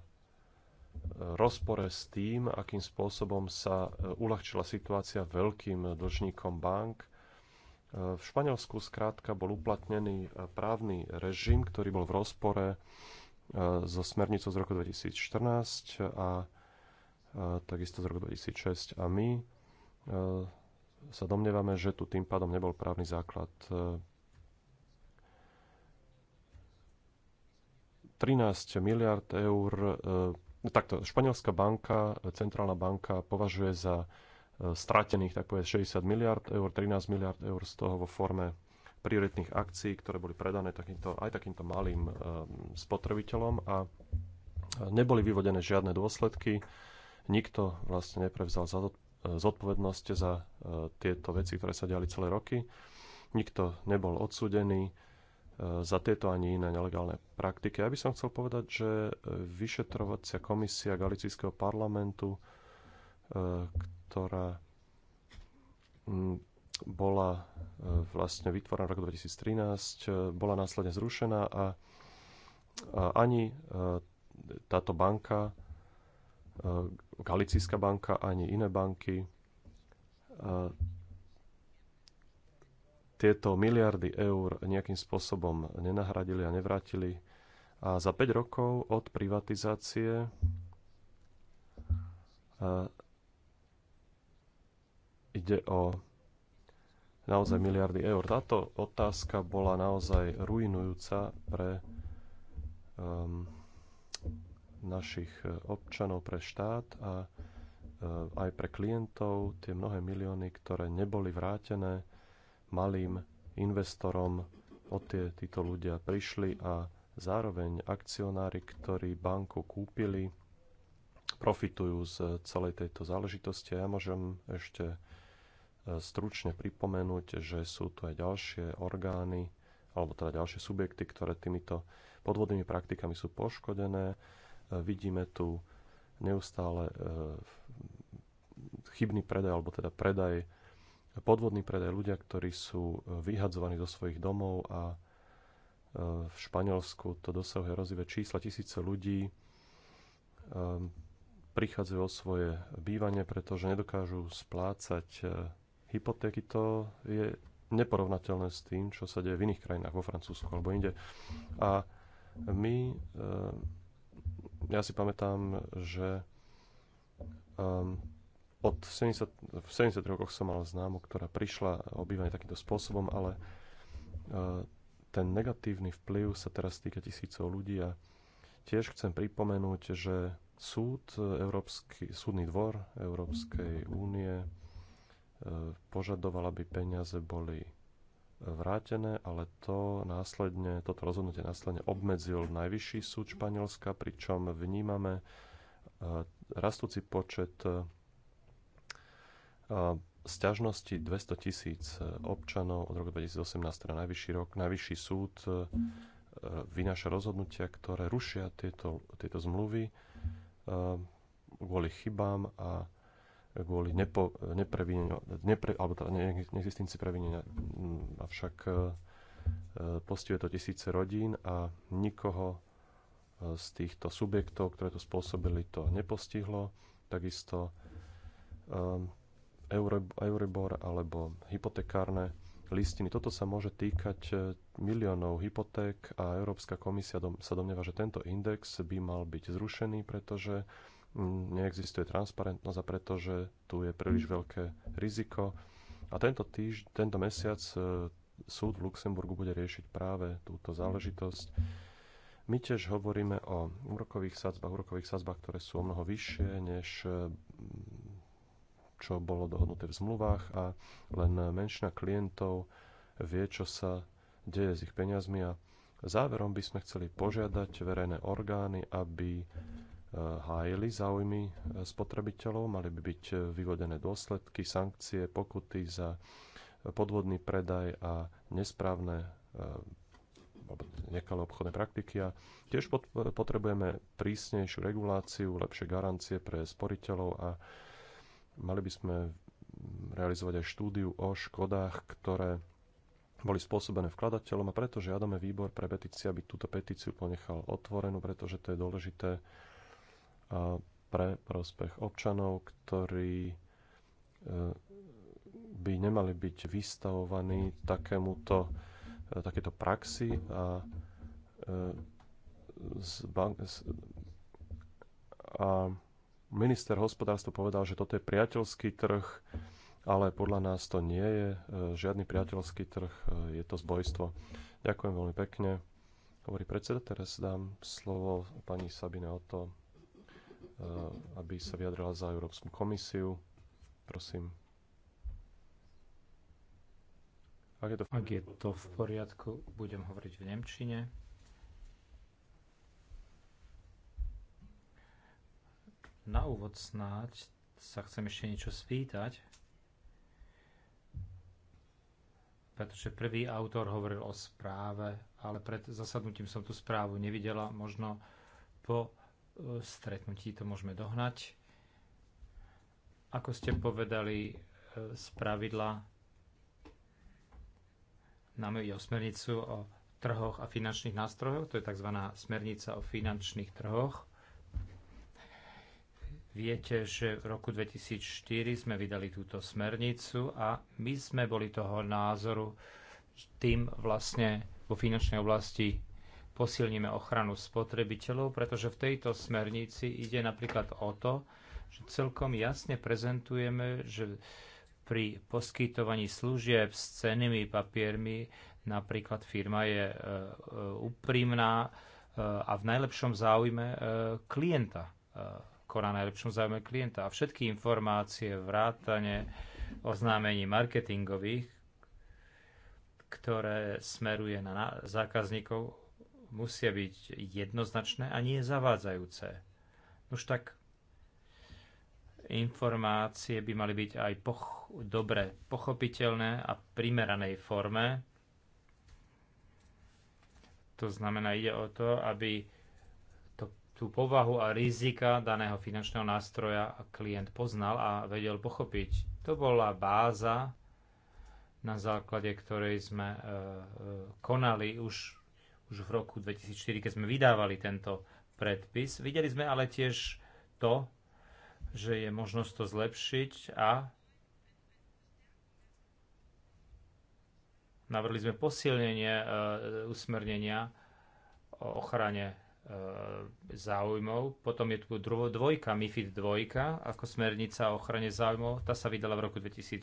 rozpore s tým, akým spôsobom sa e, uľahčila situácia veľkým e, dlžníkom bank. E, v Španielsku skrátka bol uplatnený právny režim, ktorý bol v rozpore so smernicou z roku 2014 a takisto z roku 2006 a my sa domnievame, že tu tým pádom nebol právny základ 13 miliard eur No takto, Španielská banka, centrálna banka považuje za e, stratených povedať, 60 miliard eur, 13 miliard eur z toho vo forme prioritných akcií, ktoré boli predané takýmto, aj takýmto malým e, spotrebiteľom a neboli vyvodené žiadne dôsledky. Nikto vlastne neprevzal e, zodpovednosť za tieto veci, ktoré sa diali celé roky. Nikto nebol odsúdený E, za tieto ani iné nelegálne praktiky. Ja by som chcel povedať, že e, vyšetrovacia komisia Galicijského parlamentu, e, ktorá bola vlastne vytvorená v roku 2013, bola následne zrušená a, ani táto banka, Galicijská banka, ani iné banky tieto miliardy eur nejakým spôsobom nenahradili a nevrátili. A za 5 rokov od privatizácie e, ide o naozaj miliardy eur. Táto otázka bola naozaj ruinujúca pre um, našich občanov, pre štát a uh, aj pre klientov. Tie mnohé milióny, ktoré neboli vrátené, malým investorom. O tie títo ľudia prišli a zároveň akcionári, ktorí banku kúpili, profitujú z celej tejto záležitosti. Ja môžem ešte e, stručne pripomenúť, že sú tu aj ďalšie orgány, alebo teda ďalšie subjekty, ktoré týmito podvodnými praktikami sú poškodené. E, vidíme tu neustále e, chybný predaj, alebo teda predaj podvodný predaj, ľudia, ktorí sú e, vyhadzovaní zo svojich domov a e, v Španielsku to dosahuje hrozivé čísla. Tisíce ľudí e, prichádzajú o svoje bývanie, pretože nedokážu splácať hypotéky. To je neporovnateľné s tým, čo sa deje v iných krajinách, vo Francúzsku alebo inde. A my, ja si pamätám, že od 70, v 70 rokoch som mal známu, ktorá prišla obývanie takýmto spôsobom, ale e, ten negatívny vplyv sa teraz týka tisícov ľudí a tiež chcem pripomenúť, že súd, Európsky, súdny dvor Európskej únie e, požadoval, aby peniaze boli vrátené, ale to následne, toto rozhodnutie následne obmedzil najvyšší súd Španielska, pričom vnímame e, rastúci počet Sťažnosti 200 tisíc e, občanov od roku 2018, teda najvyšší, rok, najvyšší súd e, e, vynáša rozhodnutia, ktoré rušia tieto, tieto zmluvy kvôli chybám a kvôli nepo, neprevineniu, nepre, alebo teda neexistencii previnenia. Mm, avšak postihuje to tisíce rodín a nikoho z týchto subjektov, ktoré to spôsobili, to nepostihlo. Takisto Euribor alebo hypotekárne listiny. Toto sa môže týkať e, miliónov hypoték a Európska komisia sa domnieva, že tento index by mal byť zrušený, pretože mm, neexistuje transparentnosť a pretože tu je príliš veľké riziko. A tento, týž, tento mesiac e, súd v Luxemburgu bude riešiť práve túto záležitosť. My tiež hovoríme o úrokových sadzbách, úrokových sadzbách, ktoré sú o mnoho vyššie, než e, čo bolo dohodnuté v zmluvách a len menšina klientov vie, čo sa deje s ich peniazmi a záverom by sme chceli požiadať verejné orgány, aby e, hájili záujmy e, spotrebiteľov, mali by byť e, vyvodené dôsledky, sankcie, pokuty za podvodný predaj a nesprávne nekalé obchodné praktiky a tiež potrebujeme prísnejšiu reguláciu, lepšie garancie pre sporiteľov a mali by sme realizovať aj štúdiu o škodách, ktoré boli spôsobené vkladateľom a preto žiadame výbor pre petície, aby túto petíciu ponechal otvorenú, pretože to je dôležité pre prospech občanov, ktorí e, by nemali byť vystavovaní takémuto, e, takéto praxi a, e, z bank, a minister hospodárstva povedal, že toto je priateľský trh, ale podľa nás to nie je e, žiadny priateľský trh, e, je to zbojstvo. Ďakujem veľmi pekne. Hovorí predseda, teraz dám slovo pani Sabine Oto, e, aby sa vyjadrala za Európsku komisiu. Prosím. Ak je to v poriadku, budem hovoriť v Nemčine. Na úvod snáď sa chcem ešte niečo spýtať, pretože prvý autor hovoril o správe, ale pred zasadnutím som tú správu nevidela. Možno po e, stretnutí to môžeme dohnať. Ako ste povedali, e, z pravidla nám ide o smernicu o trhoch a finančných nástrojoch, to je tzv. smernica o finančných trhoch. Viete, že v roku 2004 sme vydali túto smernicu a my sme boli toho názoru, tým vlastne vo finančnej oblasti posilníme ochranu spotrebiteľov, pretože v tejto smernici ide napríklad o to, že celkom jasne prezentujeme, že pri poskytovaní služieb s cennými papiermi napríklad firma je e, e, úprimná e, a v najlepšom záujme klienta koná najlepšom záujme klienta. A všetky informácie, vrátane oznámení marketingových, ktoré smeruje na zákazníkov, musia byť jednoznačné a nie zavádzajúce. Už tak informácie by mali byť aj poch- dobre pochopiteľné a primeranej forme. To znamená, ide o to, aby tú povahu a rizika daného finančného nástroja klient poznal a vedel pochopiť. To bola báza, na základe ktorej sme e, e, konali už, už v roku 2004, keď sme vydávali tento predpis. Videli sme ale tiež to, že je možnosť to zlepšiť a navrhli sme posilnenie e, usmernenia o ochrane E, záujmov. Potom je tu dvojka, MIFID 2, ako smernica o ochrane záujmov. Tá sa vydala v roku 2014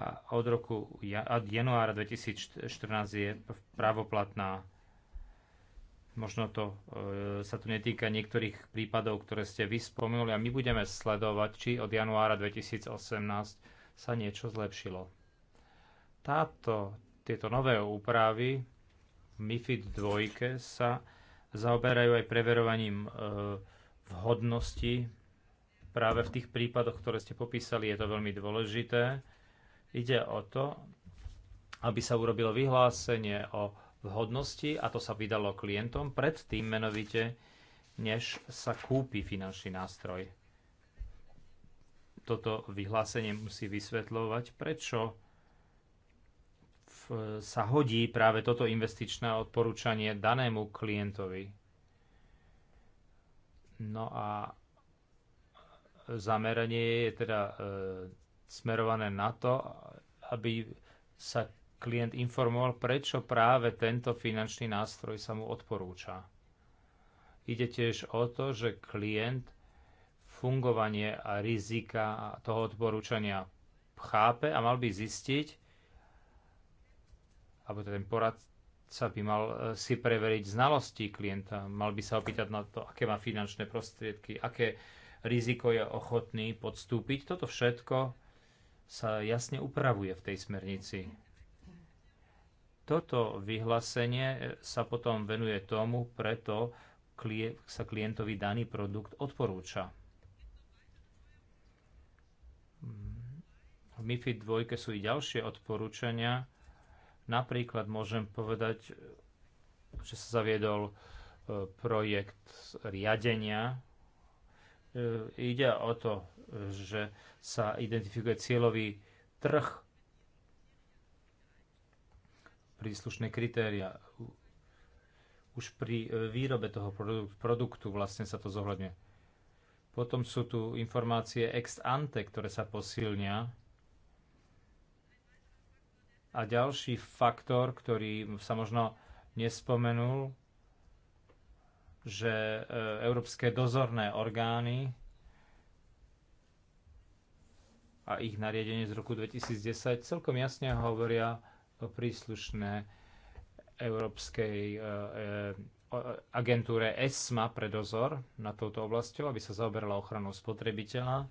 a od roku od januára 2014 je právoplatná. Možno to e, sa tu netýka niektorých prípadov, ktoré ste vy a my budeme sledovať, či od januára 2018 sa niečo zlepšilo. Táto, tieto nové úpravy MIFID 2 sa zaoberajú aj preverovaním e, vhodnosti práve v tých prípadoch, ktoré ste popísali, je to veľmi dôležité. Ide o to, aby sa urobilo vyhlásenie o vhodnosti a to sa vydalo klientom predtým menovite, než sa kúpi finančný nástroj. Toto vyhlásenie musí vysvetľovať, prečo sa hodí práve toto investičné odporúčanie danému klientovi. No a zameranie je teda e, smerované na to, aby sa klient informoval, prečo práve tento finančný nástroj sa mu odporúča. Ide tiež o to, že klient fungovanie a rizika toho odporúčania chápe a mal by zistiť, alebo teda ten poradca by mal e, si preveriť znalosti klienta, mal by sa opýtať na to, aké má finančné prostriedky, aké riziko je ochotný podstúpiť. Toto všetko sa jasne upravuje v tej smernici. Toto vyhlásenie e, sa potom venuje tomu, preto sa klientovi daný produkt odporúča. V MIFID 2 sú i ďalšie odporúčania, Napríklad môžem povedať, že sa zaviedol e, projekt riadenia. E, ide o to, že sa identifikuje cieľový trh, príslušné kritéria. Už pri e, výrobe toho produktu vlastne sa to zohľadne. Potom sú tu informácie ex ante, ktoré sa posilnia a ďalší faktor, ktorý sa možno nespomenul, že e, európske dozorné orgány a ich nariadenie z roku 2010 celkom jasne hovoria o príslušné Európskej e, e, agentúre ESMA pre dozor na touto oblasťou, aby sa zaoberala ochranou spotrebiteľa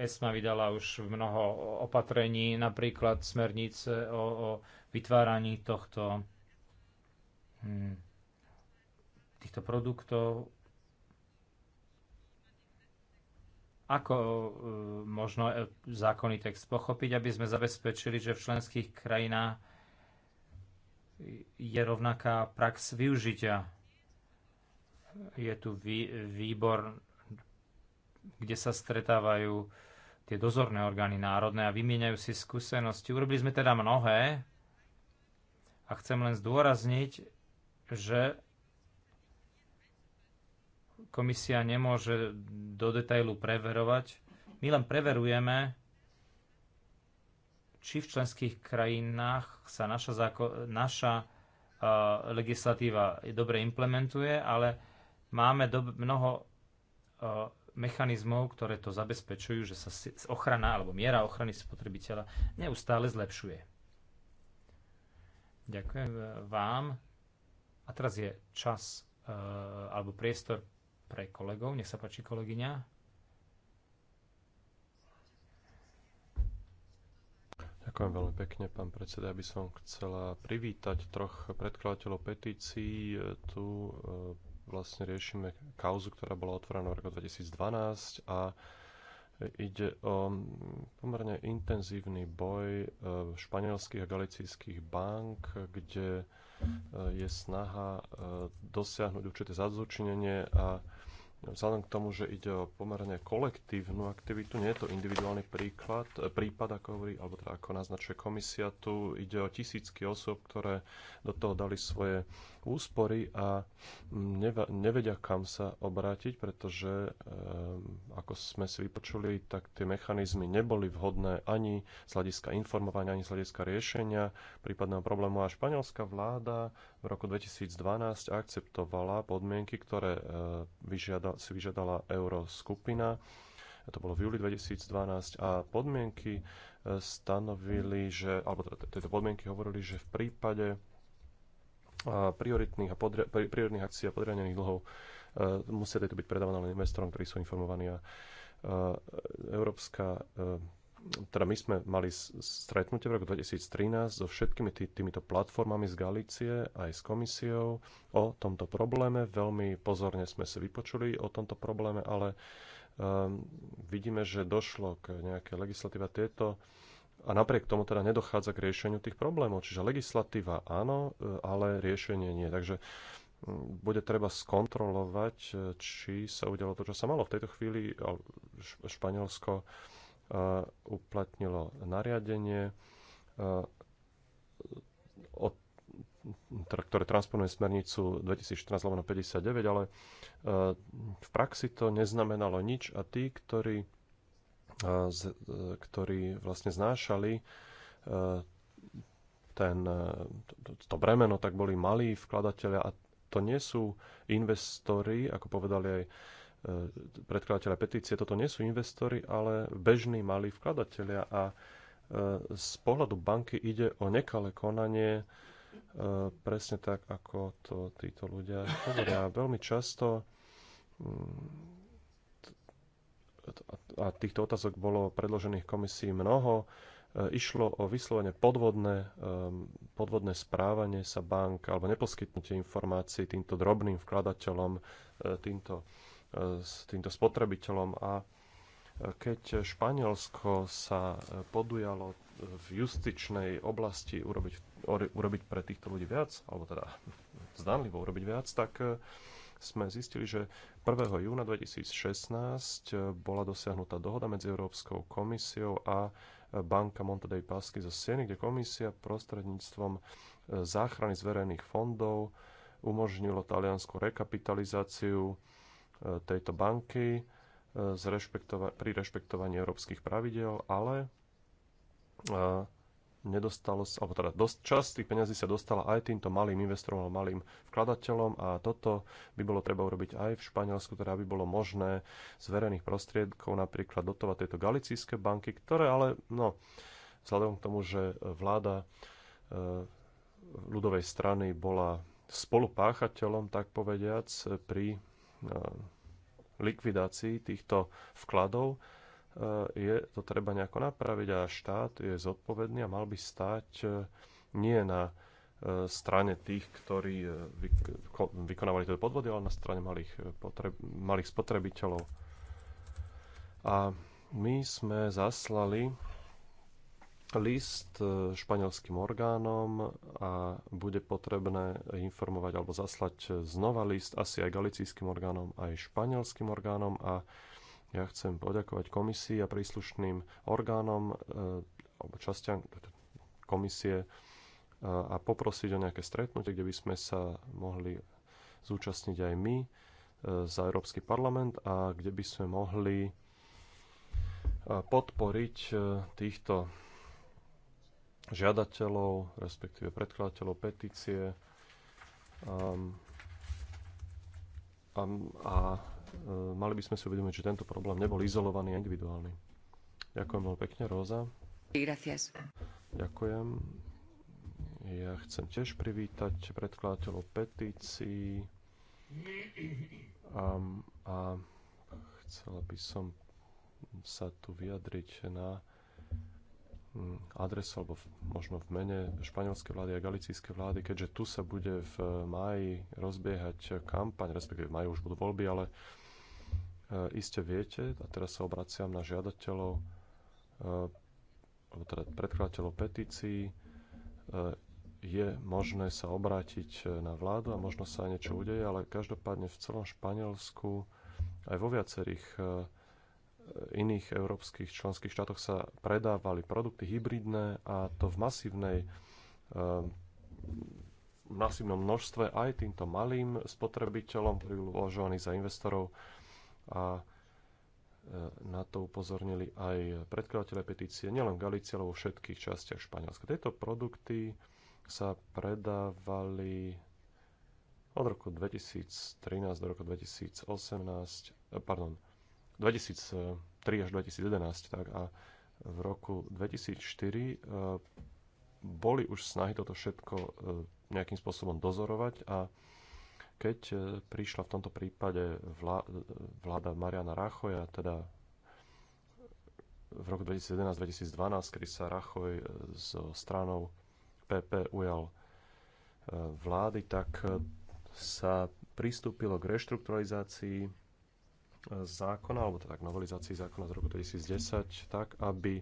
ESMA vydala už mnoho opatrení, napríklad smernice o, o vytváraní tohto hm, týchto produktov. Ako e, možno e, zákonný text pochopiť, aby sme zabezpečili, že v členských krajinách je rovnaká prax využitia. Je tu výbor, kde sa stretávajú tie dozorné orgány národné a vymieňajú si skúsenosti. Urobili sme teda mnohé a chcem len zdôrazniť, že komisia nemôže do detailu preverovať. My len preverujeme, či v členských krajinách sa naša, naša uh, legislatíva dobre implementuje, ale máme do- mnoho uh, mechanizmov, ktoré to zabezpečujú, že sa ochrana alebo miera ochrany spotrebiteľa neustále zlepšuje. Ďakujem e, vám. A teraz je čas e, alebo priestor pre kolegov. Nech sa páči, kolegyňa. Ďakujem veľmi pekne, pán predseda. Ja by som chcela privítať troch predkladateľov petícií e, tu vlastne riešime kauzu, ktorá bola otvorená v roku 2012 a ide o mm, pomerne intenzívny boj e, španielských a galicijských bank, kde e, je snaha e, dosiahnuť určité zadočinenie a vzhľadom k tomu, že ide o pomerne kolektívnu aktivitu, nie je to individuálny príklad, prípad, ako hovorí, alebo teda ako naznačuje komisia, tu ide o tisícky osôb, ktoré do toho dali svoje úspory a nevedia, kam sa obrátiť, pretože eh, ako sme si vypočuli, tak tie mechanizmy neboli vhodné ani z hľadiska informovania, ani z hľadiska riešenia prípadného problému. A španielská vláda v roku 2012 akceptovala podmienky, ktoré eh, vyžiada, si vyžiadala euroskupina. To bolo v júli 2012 a podmienky eh, stanovili, že, alebo teda, tieto podmienky hovorili, že v prípade a prioritných, a podri- prioritných akcií a podriadených dlhov e, musia tieto byť predávané len investorom, ktorí sú informovaní. A e, Európska e, teda my sme mali stretnutie v roku 2013 so všetkými tý, týmito platformami z Galície aj s komisiou o tomto probléme. Veľmi pozorne sme si vypočuli o tomto probléme, ale um, vidíme, že došlo k nejakej legislatíve. Tieto a napriek tomu teda nedochádza k riešeniu tých problémov. Čiže legislatíva áno, e, ale riešenie nie. Takže bude treba skontrolovať, e, či sa udialo to, čo sa malo. V tejto chvíli e, Španielsko uplatnilo nariadenie, ktoré transponuje smernicu 2014-59, ale v praxi to neznamenalo nič a tí, ktorí E, ktorí vlastne znášali e, ten, e, to, to bremeno, tak boli malí vkladatelia a to nie sú investori, ako povedali aj predkladateľa petície, toto nie sú investori, ale bežní malí vkladatelia a z pohľadu banky ide o nekalé konanie, presne tak, ako to títo ľudia hovoria. Veľmi často mm, a týchto otázok bolo predložených komisii mnoho, e, išlo o vyslovene podvodné, podvodné správanie sa bank alebo neposkytnutie informácií týmto drobným vkladateľom, e, týmto, e, týmto spotrebiteľom. A keď Španielsko sa podujalo v justičnej oblasti urobiť, urobiť pre týchto ľudí viac, alebo teda zdanlivo urobiť viac, tak sme zistili, že 1. júna 2016 eh, bola dosiahnutá dohoda medzi Európskou komisiou a eh, banka Monte dei Paschi zo Sieny, kde komisia prostredníctvom eh, záchrany z verejných fondov umožnilo taliansku rekapitalizáciu tejto banky pri rešpektovaní európskych pravidel, ale nedostalo alebo teda dosť, časť tých peňazí sa dostala aj týmto malým investorom a malým vkladateľom a toto by bolo treba urobiť aj v Španielsku, teda by bolo možné z verejných prostriedkov napríklad dotovať tieto galicijské banky, ktoré ale, no, vzhľadom k tomu, že vláda e, ľudovej strany bola spolupáchateľom, tak povediac, pri e, likvidácii týchto vkladov, Eh, je to treba nejako napraviť a štát je zodpovedný a mal by stať eh, nie na eh, strane tých, ktorí vykonávali tie podvody, ale na strane malých, potreb, malých spotrebiteľov. A my sme zaslali list španielským orgánom a bude potrebné informovať alebo zaslať znova list asi aj galicijským orgánom, aj španielským orgánom a ja chcem poďakovať komisii a príslušným orgánom e, alebo častiam komisie e, a poprosiť o nejaké stretnutie, kde by sme sa mohli zúčastniť aj my e, za Európsky parlament a kde by sme mohli podporiť týchto žiadateľov, respektíve predkladateľov petície a, a E, mali by sme si uvedomiť, že tento problém nebol izolovaný a individuálny. Ďakujem veľmi pekne, Róza. Gracias. Ďakujem. Ja chcem tiež privítať predkladateľov petícií a, a chcela by som sa tu vyjadriť na mm, adresu alebo v, možno v mene španielskej vlády a galicijskej vlády, keďže tu sa bude v máji rozbiehať kampaň, respektíve v máji už budú voľby, ale E, iste viete, a teraz sa obraciam na žiadateľov, e, alebo teda predkladateľov petícií, e, je možné sa obrátiť na vládu a možno sa aj niečo udeje, ale každopádne v celom Španielsku aj vo viacerých iných európskych členských štátoch sa predávali produkty hybridné a to v masívnej v masívnom množstve aj týmto malým spotrebiteľom, ktorí boli považovaní za investorov a e, na to upozornili aj predkladateľe petície, nielen v Galícii, ale vo všetkých častiach Španielska. Tieto produkty sa predávali od roku 2013 do roku 2018, e, pardon, 2003 až 2011, tak a v roku 2004 e, boli už snahy toto všetko nejakým spôsobom dozorovať a keď e, prišla v tomto prípade vláda Mariana Rachoja, teda v roku 2011-2012, kedy sa Rachoj e, so stranou PP ujal e, vlády, tak sa pristúpilo k reštrukturalizácii zákona, alebo teda k novelizácii zákona z roku 2010, tak aby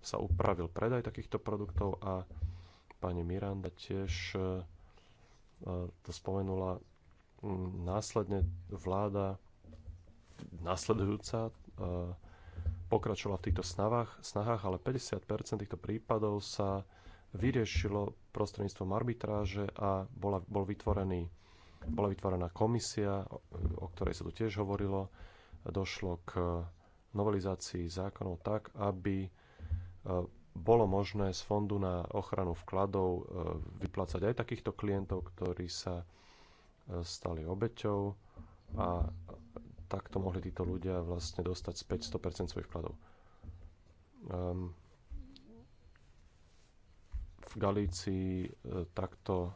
sa upravil predaj takýchto produktov a pani Miranda tiež to spomenula, následne vláda nasledujúca pokračovala v týchto snavách, snahách, ale 50% týchto prípadov sa vyriešilo prostredníctvom arbitráže a bola, bol vytvorený, bola vytvorená komisia, o ktorej sa tu tiež hovorilo. Došlo k novelizácii zákonov tak, aby bolo možné z Fondu na ochranu vkladov e, vyplácať aj takýchto klientov, ktorí sa e, stali obeťou a takto mohli títo ľudia vlastne dostať späť 100% svojich vkladov. Um, v Galícii e, takto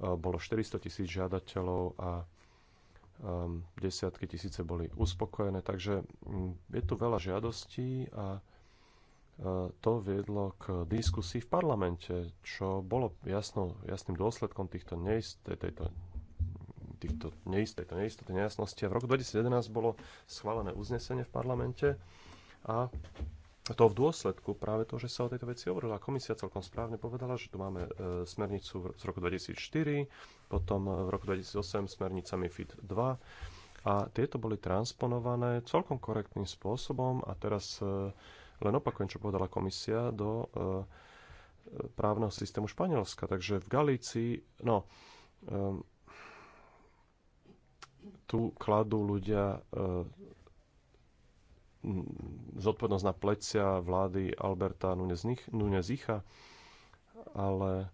bolo 400 tisíc žiadateľov a um, desiatky tisíce boli uspokojené. Takže um, je tu veľa žiadostí a to viedlo k diskusii v parlamente, čo bolo jasno, jasným dôsledkom týchto neisté tejto, týchto neistej, tejto neistoty, nejasnosti. A v roku 2011 bolo schválené uznesenie v parlamente a to v dôsledku práve to, že sa o tejto veci hovorilo. A komisia celkom správne povedala, že tu máme e, smernicu z roku 2004, potom e, v roku 2008 smernicami FIT 2 a tieto boli transponované celkom korektným spôsobom a teraz e, len opakujem, čo povedala komisia, do eh, právneho systému Španielska. Takže v Galícii, no, ehm, tu kladú ľudia eh, zodpovednosť na plecia vlády Alberta Nunez Icha, ale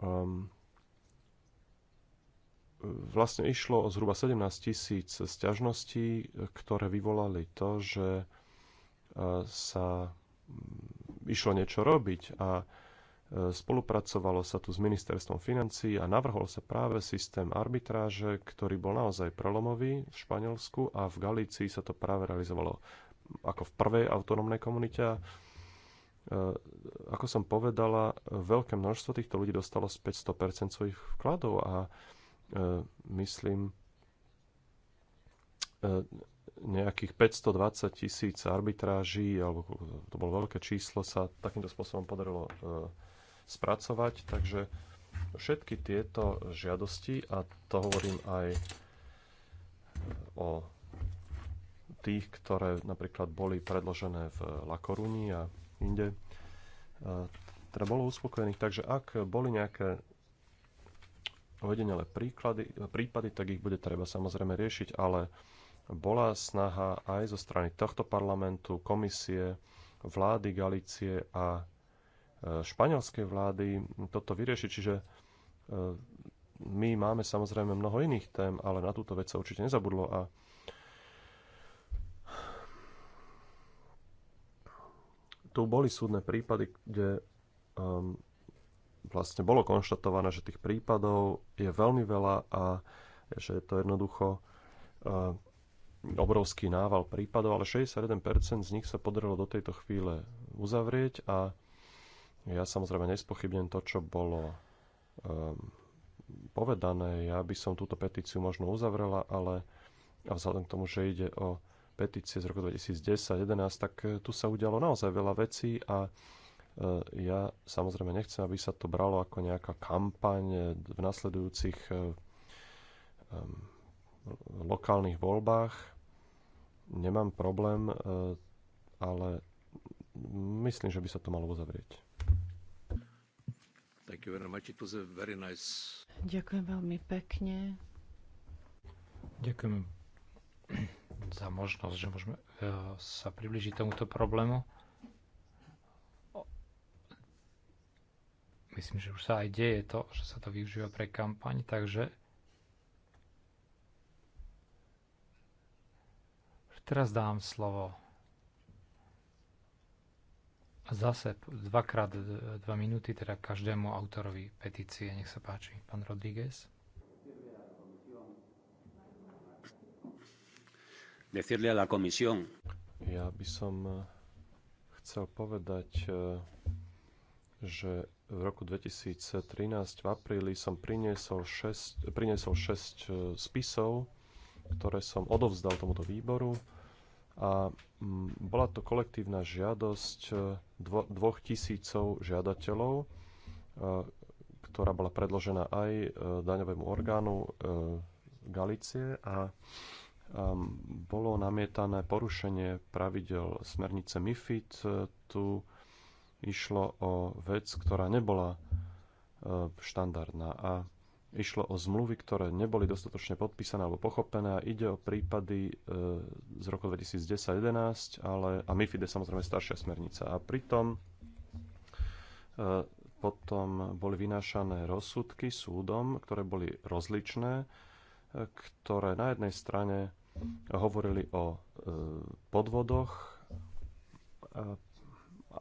um, vlastne išlo o zhruba 17 tisíc sťažností, ktoré vyvolali to, že sa mm, išlo niečo robiť a e, spolupracovalo sa tu s ministerstvom financí a navrhol sa práve systém arbitráže, ktorý bol naozaj prelomový v Španielsku a v Galícii sa to práve realizovalo ako v prvej autonómnej komunite. E, ako som povedala, veľké množstvo týchto ľudí dostalo späť 100% svojich vkladov a e, myslím, nejakých 520 tisíc arbitráží, alebo to bolo veľké číslo, sa takýmto spôsobom podarilo e, spracovať. Takže všetky tieto žiadosti, a to hovorím aj o tých, ktoré napríklad boli predložené v La Coruni a inde, e, teda bolo uspokojených. Takže ak boli nejaké uvedenelé príklady, prípady, tak ich bude treba samozrejme riešiť, ale bola snaha aj zo strany tohto parlamentu, komisie, vlády Galície a e, španielskej vlády toto vyriešiť. Čiže e, my máme samozrejme mnoho iných tém, ale na túto vec sa určite nezabudlo a tu boli súdne prípady, kde um, vlastne bolo konštatované, že tých prípadov je veľmi veľa a že je to jednoducho uh, obrovský nával prípadov, ale 61% z nich sa podarilo do tejto chvíle uzavrieť a ja samozrejme nespochybnem to, čo bolo um, povedané. Ja by som túto petíciu možno uzavrela, ale a vzhľadom k tomu, že ide o petície z roku 2010-2011, tak e, tu sa udialo naozaj veľa vecí a e, ja samozrejme nechcem, aby sa to bralo ako nejaká kampaň v nasledujúcich e, ehm, lokálnych voľbách nemám problém, e, ale myslím, že by sa to malo uzavrieť. Ďakujem veľmi pekne. Ďakujem za možnosť, že môžeme e, sa približiť tomuto problému. Myslím, že už sa aj deje to, že sa to využíva pre kampaň, takže Teraz dám slovo zase dvakrát e, dva minúty, teda každému autorovi petície. Nech sa páči, pán Rodríguez. Decirle a la Ja by som e, chcel povedať, e, že v roku 2013 v apríli som priniesol 6, priniesol 6 spisov, ktoré som odovzdal tomuto výboru a mm, bola to kolektívna žiadosť e, dvo, dvoch tisícov žiadateľov, e, ktorá bola predložená aj e, daňovému orgánu Galície a bolo namietané porušenie pravidel smernice MIFID. Tu išlo o vec, ktorá nebola štandardná. A Išlo o zmluvy, ktoré neboli dostatočne podpísané alebo pochopené a ide o prípady e, z roku 2010 2011 ale a MIFID je samozrejme staršia smernica. A pritom e, potom boli vynášané rozsudky súdom, ktoré boli rozličné, e, ktoré na jednej strane hovorili o e, podvodoch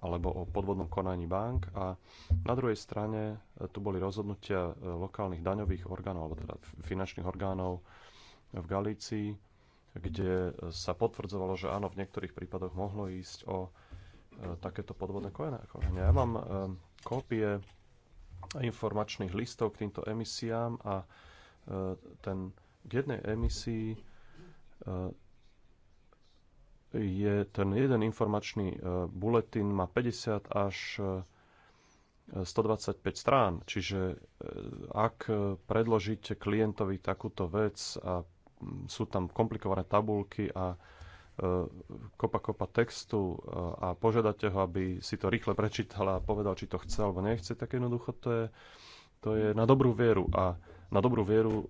alebo o podvodnom konaní bank a na druhej strane e, tu boli rozhodnutia e, lokálnych daňových orgánov, alebo teda finančných orgánov v Galícii, kde e, sa potvrdzovalo, že áno, v niektorých prípadoch mohlo ísť o takéto podvodné konanie. Ja mám kópie informačných listov k týmto emisiám a ten k jednej emisii je ten jeden informačný e, bulletin má 50 až 125 e, strán. Čiže e, ak predložíte klientovi takúto vec a sú tam komplikované tabulky a kopa kopa textu a požiadate ho, aby si to rýchle prečítal a povedal, či to chce alebo nechce, tak jednoducho to je, to je na dobrú vieru. A na dobrú vieru,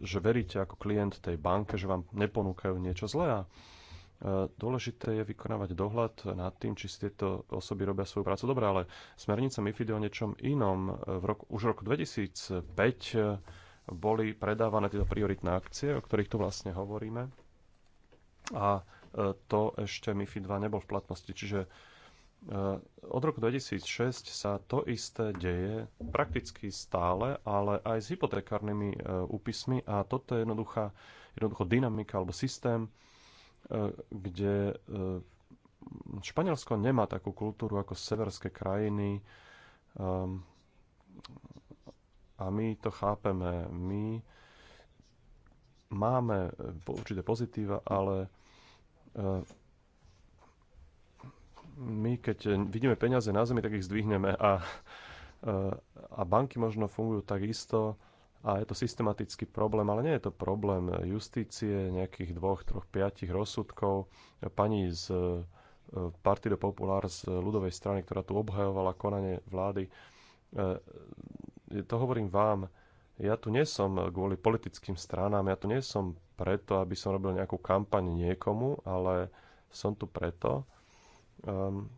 že veríte ako klient tej banke, že vám neponúkajú niečo zlé. A E, dôležité je vykonávať dohľad nad tým, či si tieto osoby robia svoju prácu dobre, ale smernica MIFID o niečom inom. V roku, už v roku 2005 e, boli predávané tieto prioritné akcie, o ktorých tu vlastne hovoríme. A e, to ešte MIFID 2 nebol v platnosti. Čiže od roku 2006 sa to isté deje prakticky stále, ale aj s hypotekárnymi úpismi a toto je jednoduchá, jednoducho dynamika alebo systém, E, kde e, Španielsko nemá takú kultúru ako severské krajiny ehm, a my to chápeme. My máme určité pozitíva, ale e, my keď vidíme peniaze na zemi, tak ich zdvihneme a, a banky možno fungujú takisto a je to systematický problém, ale nie je to problém justície, nejakých dvoch, troch, piatich rozsudkov. Pani z e, Partido Popular z ľudovej strany, ktorá tu obhajovala konanie vlády. E, to hovorím vám, ja tu nie som kvôli politickým stranám, ja tu nie som preto, aby som robil nejakú kampaň niekomu, ale som tu preto, ehm,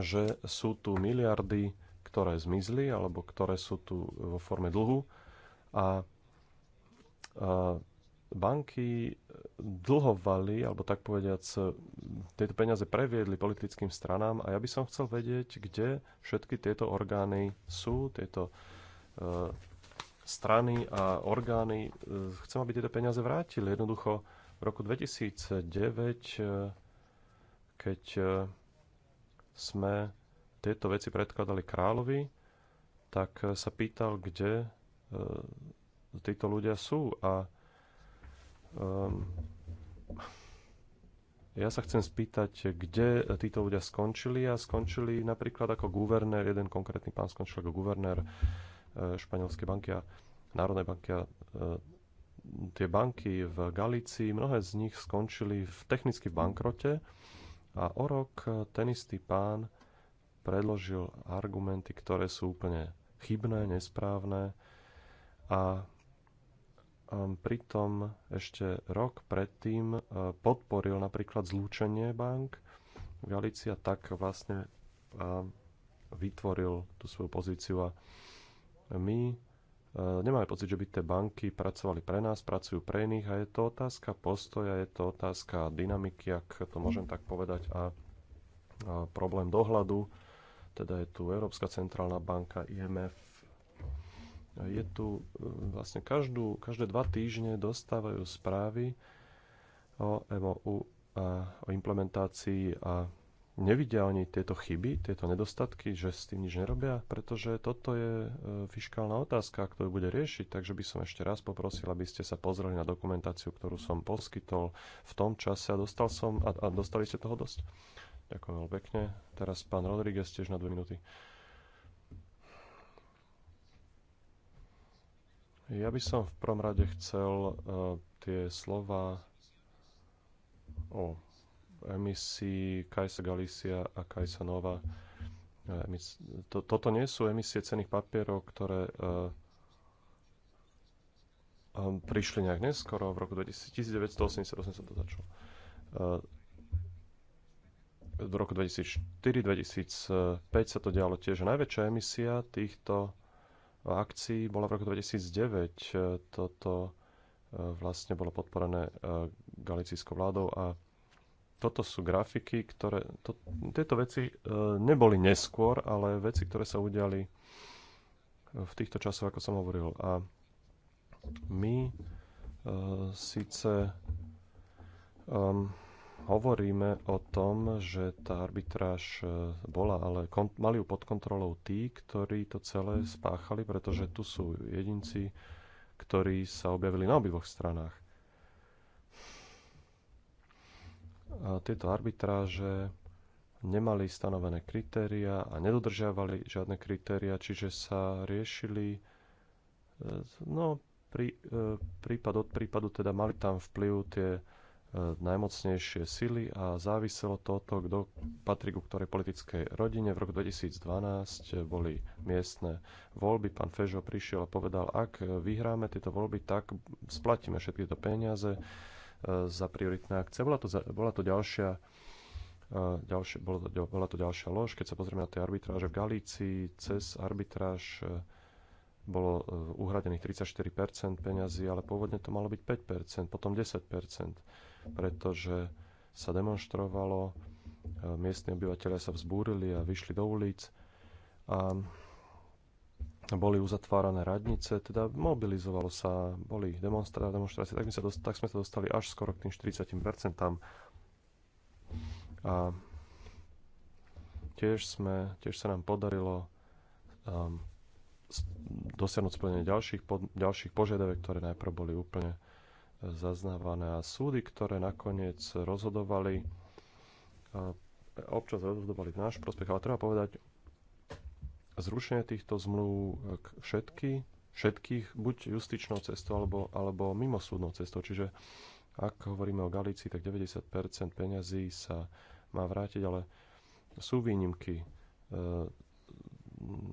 že sú tu miliardy ktoré zmizli alebo ktoré sú tu vo forme dlhu. A, a banky dlhovali, alebo tak povediac, tieto peniaze previedli politickým stranám a ja by som chcel vedieť, kde všetky tieto orgány sú, tieto e, strany a orgány. E, chcem, aby tieto peniaze vrátili. Jednoducho v roku 2009, e, keď e, sme tieto veci predkladali kráľovi, tak e, sa pýtal, kde e, títo ľudia sú. A um, ja sa chcem spýtať, kde títo ľudia skončili a skončili napríklad ako guvernér, jeden konkrétny pán skončil ako guvernér e, španielskej banky a Národnej banky a tie banky v Galícii, mnohé z nich skončili v, technicky v bankrote a o rok ten istý pán predložil argumenty, ktoré sú úplne chybné, nesprávne a um, pritom ešte rok predtým uh, podporil napríklad zlúčenie bank Galícia, tak vlastne um, vytvoril tú svoju pozíciu a my uh, nemáme pocit, že by tie banky pracovali pre nás, pracujú pre iných a je to otázka postoja, je to otázka dynamiky, ak to môžem tak povedať, a problém dohľadu teda je tu Európska centrálna banka, IMF. Je tu e, vlastne každú, každé dva týždne dostávajú správy o MOU a o implementácii a nevidia oni tieto chyby, tieto nedostatky, že s tým nič nerobia, pretože toto je e, fiskálna otázka, ktorú bude riešiť, takže by som ešte raz poprosil, aby ste sa pozreli na dokumentáciu, ktorú som poskytol v tom čase a, dostal som, a, a dostali ste toho dosť. Ďakujem veľmi pekne. Teraz pán Rodriguez tiež na dve minúty. Ja by som v prvom rade chcel uh, tie slova o emisii Kajsa Galicia a Kajsa Nova. E, to, toto nie sú emisie cených papierov, ktoré uh, prišli nejak neskoro, v roku 1988 sa to začalo. Uh, v roku 2004-2005 sa to dialo tiež. Najväčšia emisia týchto akcií bola v roku 2009. Toto e, vlastne bolo podporené e, galicijskou vládou a toto sú grafiky, ktoré... To, tieto veci e, neboli neskôr, ale veci, ktoré sa udiali v týchto časoch, ako som hovoril. A my síce um, hovoríme o tom, že tá arbitráž e, bola, ale mali ju pod kontrolou tí, ktorí to celé spáchali, pretože tu sú jedinci, ktorí sa objavili na obidvoch stranách. A tieto arbitráže nemali stanovené kritéria a nedodržiavali žiadne kritéria, čiže sa riešili e, no, prí, e, prípad od prípadu, teda mali tam vplyv tie najmocnejšie sily a záviselo to od toho, kto patrí ku ktorej politickej rodine. V roku 2012 boli miestne voľby. Pán Fežo prišiel a povedal, ak vyhráme tieto voľby, tak splatíme všetky tieto peniaze eh, za prioritné akcie. Bola to, bola to ďalšia eh, ďalšie, bola, to, bola to ďalšia lož. Keď sa pozrieme na tie arbitráže v Galícii, cez arbitráž eh, bolo uhradených 34% peňazí, ale pôvodne to malo byť 5%, potom 10% pretože sa demonstrovalo, e, miestni obyvateľia sa vzbúrili a vyšli do ulic a boli uzatvárané radnice, teda mobilizovalo sa, boli demonstra- demonstrácie, tak, my sa tak sme sa dostali až skoro k tým 40%. A tiež, sme, tiež sa nám podarilo um, dosiahnuť splnenie ďalších, po, ďalších požiadavek, ktoré najprv boli úplne zaznávané a súdy, ktoré nakoniec rozhodovali e, občas rozhodovali v náš prospech, ale treba povedať, zrušenie týchto zmluv k všetky, všetkých buď justičnou cestou alebo, alebo mimosúdnou cestou. Čiže ak hovoríme o Galícii, tak 90% peňazí sa má vrátiť, ale sú výnimky. E,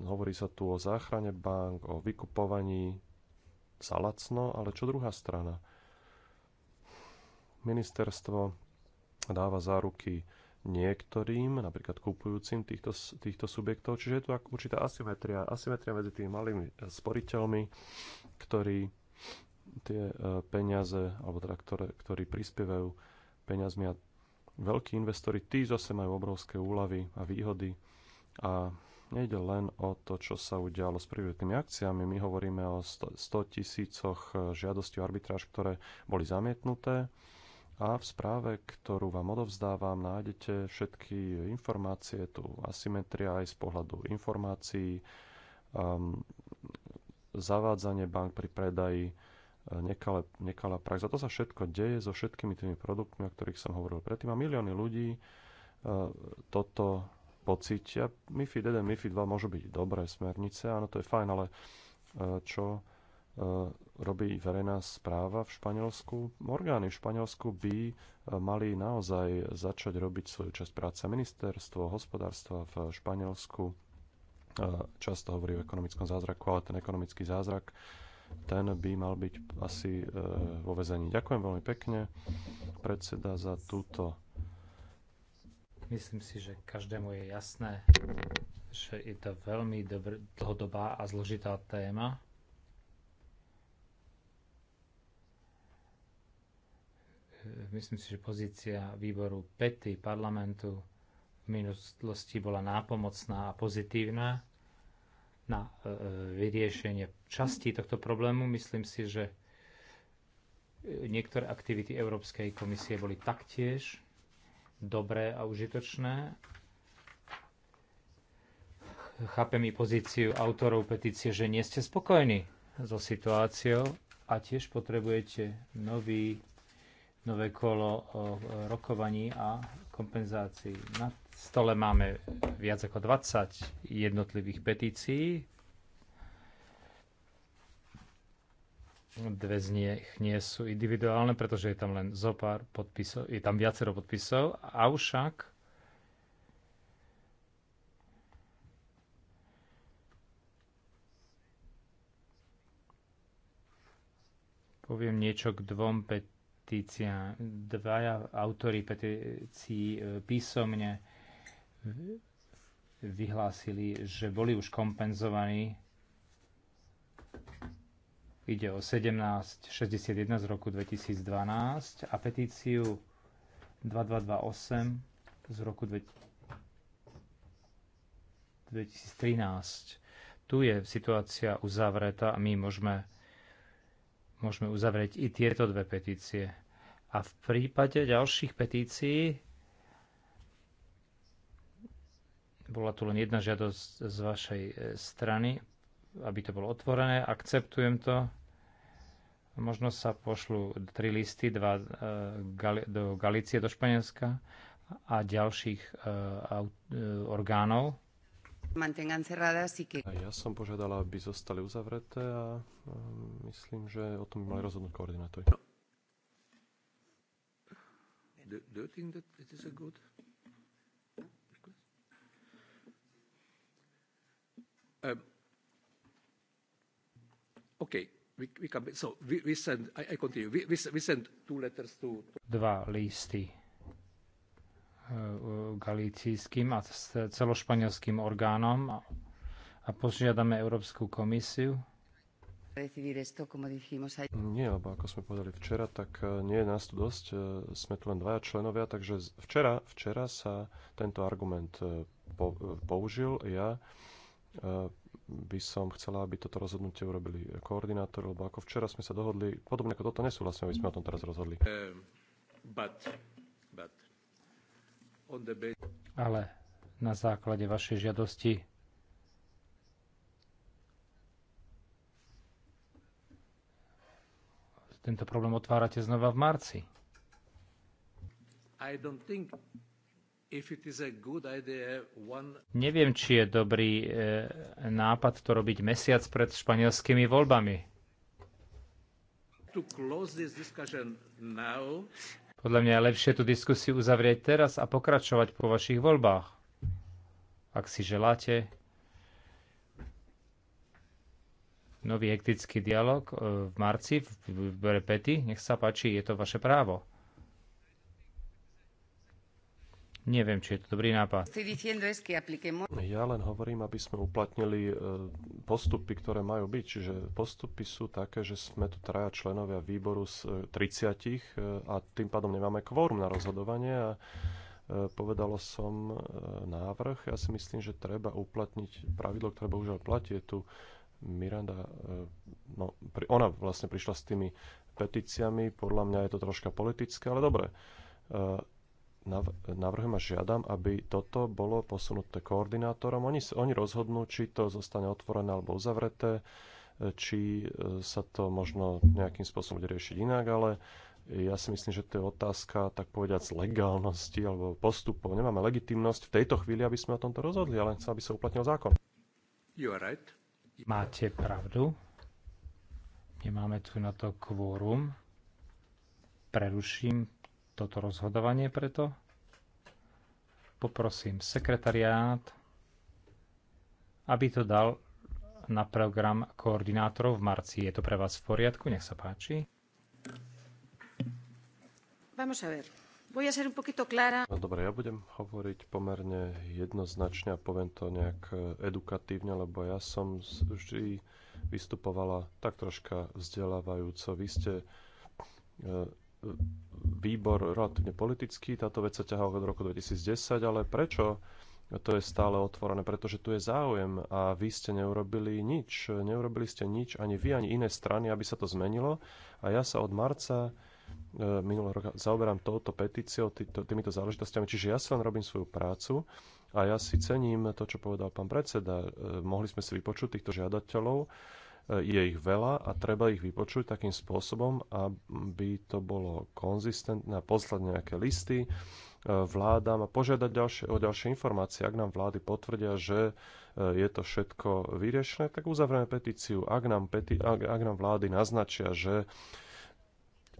hovorí sa tu o záchrane bank, o vykupovaní za lacno, ale čo druhá strana? Ministerstvo dáva záruky niektorým, napríklad kupujúcim týchto, týchto subjektov. Čiže je tu určitá asymetria, asymetria medzi tými malými eh, sporiteľmi, ktorí tie eh, peniaze, alebo teda ktoré, ktorí prispievajú peniazmi a veľkí investori, tí zase majú obrovské úlavy a výhody a nejde len o to, čo sa udialo s prioritnými akciami. My hovoríme o 100 tisícoch eh, žiadostí o arbitráž, ktoré boli zamietnuté a v správe, ktorú vám odovzdávam, nájdete všetky informácie, tu asymetria aj z pohľadu informácií, um, zavádzanie bank pri predaji, uh, nekale, nekalá prax. A to sa všetko deje so všetkými tými produktmi, o ktorých som hovoril predtým. A milióny ľudí uh, toto pocítia. MIFID 1, MIFID 2 môžu byť dobré smernice, áno, to je fajn, ale uh, čo E, robí verejná správa v Španielsku. Orgány v Španielsku by e, mali naozaj začať robiť svoju časť práce. Ministerstvo hospodárstva v Španielsku e, často hovorí o ekonomickom zázraku, ale ten ekonomický zázrak ten by mal byť asi vo vezení. Ďakujem veľmi pekne, predseda, za túto. Myslím si, že každému je jasné, že je to veľmi dobr- dlhodobá a zložitá téma myslím si, že pozícia výboru PETY parlamentu v minulosti bola nápomocná a pozitívna na e, e, vyriešenie časti tohto problému. Myslím si, že niektoré aktivity Európskej komisie boli taktiež dobré a užitočné. Chápem i pozíciu autorov petície, že nie ste spokojní so situáciou a tiež potrebujete nový nové kolo rokovaní a kompenzácií. Na stole máme viac ako 20 jednotlivých petícií. Dve z nich nie sú individuálne, pretože je tam len zo pár podpisov, je tam viacero podpisov, avšak poviem niečo k dvom petíciám petícia. Dvaja autory petícií e, písomne vyhlásili, že boli už kompenzovaní. Ide o 1761 z roku 2012 a petíciu 2228 z roku 2013. Tu je situácia uzavretá a my môžeme môžeme uzavrieť i tieto dve petície. A v prípade ďalších petícií bola tu len jedna žiadosť z vašej e, strany, aby to bolo otvorené. Akceptujem to. Možno sa pošlu tri listy, dva e, do Galície, do Španielska a ďalších e, orgánov a ja som požiadala, aby zostali uzavreté a mm, myslím, že o tom by mali rozhodnúť koordinátori. No. Do, do you think that it is a good Um, okay, we, we come. So we, we send. I, I continue. We, we, send two letters to. Dva listy Eh, galicijským a celošpanielským orgánom a požiadame Európsku komisiu. Nie, lebo ako sme povedali včera, tak eh, nie je nás tu dosť. Eh, sme tu len dvaja členovia, takže včera, včera sa tento argument použil. Ja by som chcela, aby toto rozhodnutie urobili koordinátor, lebo ako včera sme sa dohodli, podobne ako toto nesúhlasíme, aby sme o tom teraz rozhodli. Uh, but... Ale na základe vašej žiadosti tento problém otvárate znova v marci. One... Neviem, či je dobrý e, nápad to robiť mesiac pred španielskými voľbami. Now, podľa mňa je lepšie tú diskusiu uzavrieť teraz a pokračovať po vašich voľbách. Ak si želáte nový hektický dialog eh, v marci v Repeti, nech sa páči, je to vaše právo. Neviem, či je to dobrý nápad. Ja len hovorím, aby sme uplatnili e, postupy, ktoré majú byť. Čiže postupy sú také, že sme tu traja členovia výboru z 30 e, e, a tým pádom nemáme kvórum na rozhodovanie a povedalo som návrh. Ja si myslím, že treba uplatniť pravidlo, ktoré bohužiaľ platí. Je tu Miranda, no, ona vlastne prišla s tými petíciami, podľa mňa je to troška politické, ale dobre navrhujem a žiadam, aby toto bolo posunuté koordinátorom. Oni, oni rozhodnú, či to zostane otvorené alebo uzavreté, e, či e, sa to možno nejakým spôsobom bude riešiť inak, ale ja si myslím, že to je otázka, tak povedať, z legálnosti alebo postupov. Nemáme legitimnosť v tejto chvíli, aby sme o tomto rozhodli, ale chcem, aby sa uplatnil zákon. You are right. Máte pravdu. Nemáme tu na to kvórum. Preruším toto rozhodovanie preto. Poprosím sekretariát, aby to dal na program koordinátorov v marci. Je to pre vás v poriadku? Nech sa páči. Vamos a ver. Voy a ser un poquito clara. No dobre, ja budem hovoriť pomerne jednoznačne a poviem to nejak e, edukatívne, lebo ja som vždy vystupovala tak troška vzdelávajúco. Vy ste e, výbor relatívne politický. Táto vec sa ťahá od roku 2010, ale prečo to je stále otvorené? Pretože tu je záujem a vy ste neurobili nič. Neurobili ste nič, ani vy, ani iné strany, aby sa to zmenilo. A ja sa od marca e, minulého roka zaoberám touto petíciou, týmito záležitostiami, čiže ja si len robím svoju prácu a ja si cením to, čo povedal pán predseda. E, mohli sme si vypočuť týchto žiadateľov je ich veľa a treba ich vypočuť takým spôsobom, aby to bolo konzistentné a poslať nejaké listy e, vládam a požiadať ďalšie, o ďalšie informácie. Ak nám vlády potvrdia, že e, je to všetko vyriešené, tak uzavrieme petíciu. Ak nám, peti- ak, ak nám vlády naznačia, že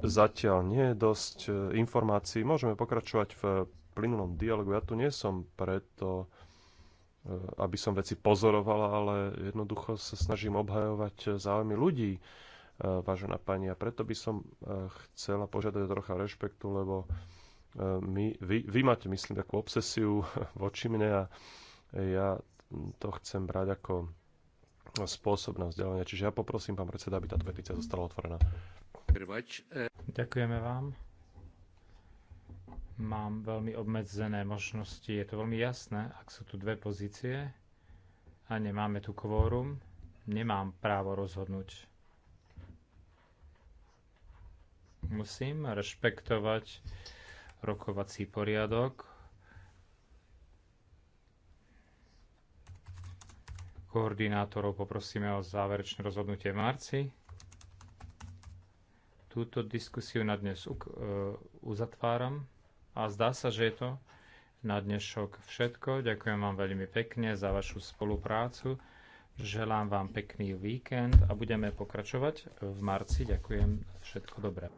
zatiaľ nie je dosť e, informácií, môžeme pokračovať v plynulom dialogu. Ja tu nie som preto, Eh, aby som veci pozorovala, ale jednoducho sa snažím obhajovať eh, záujmy ľudí, eh, vážená pani. A preto by som chcela požiadať trocha rešpektu, lebo my, vy, vy máte, myslím, takú obsesiu *laughs* voči mne a ja to chcem brať ako spôsob na vzdelanie. Čiže ja poprosím, pán predseda, aby táto petícia zostala otvorená. Ďakujeme vám mám veľmi obmedzené možnosti. Je to veľmi jasné, ak sú tu dve pozície a nemáme tu kvórum, nemám právo rozhodnúť. Musím rešpektovať rokovací poriadok. Koordinátorov poprosíme o záverečné rozhodnutie v marci. Túto diskusiu na dnes e, uzatváram. A zdá sa, že je to na dnešok všetko. Ďakujem vám veľmi pekne za vašu spoluprácu. Želám vám pekný víkend a budeme pokračovať v marci. Ďakujem všetko dobré.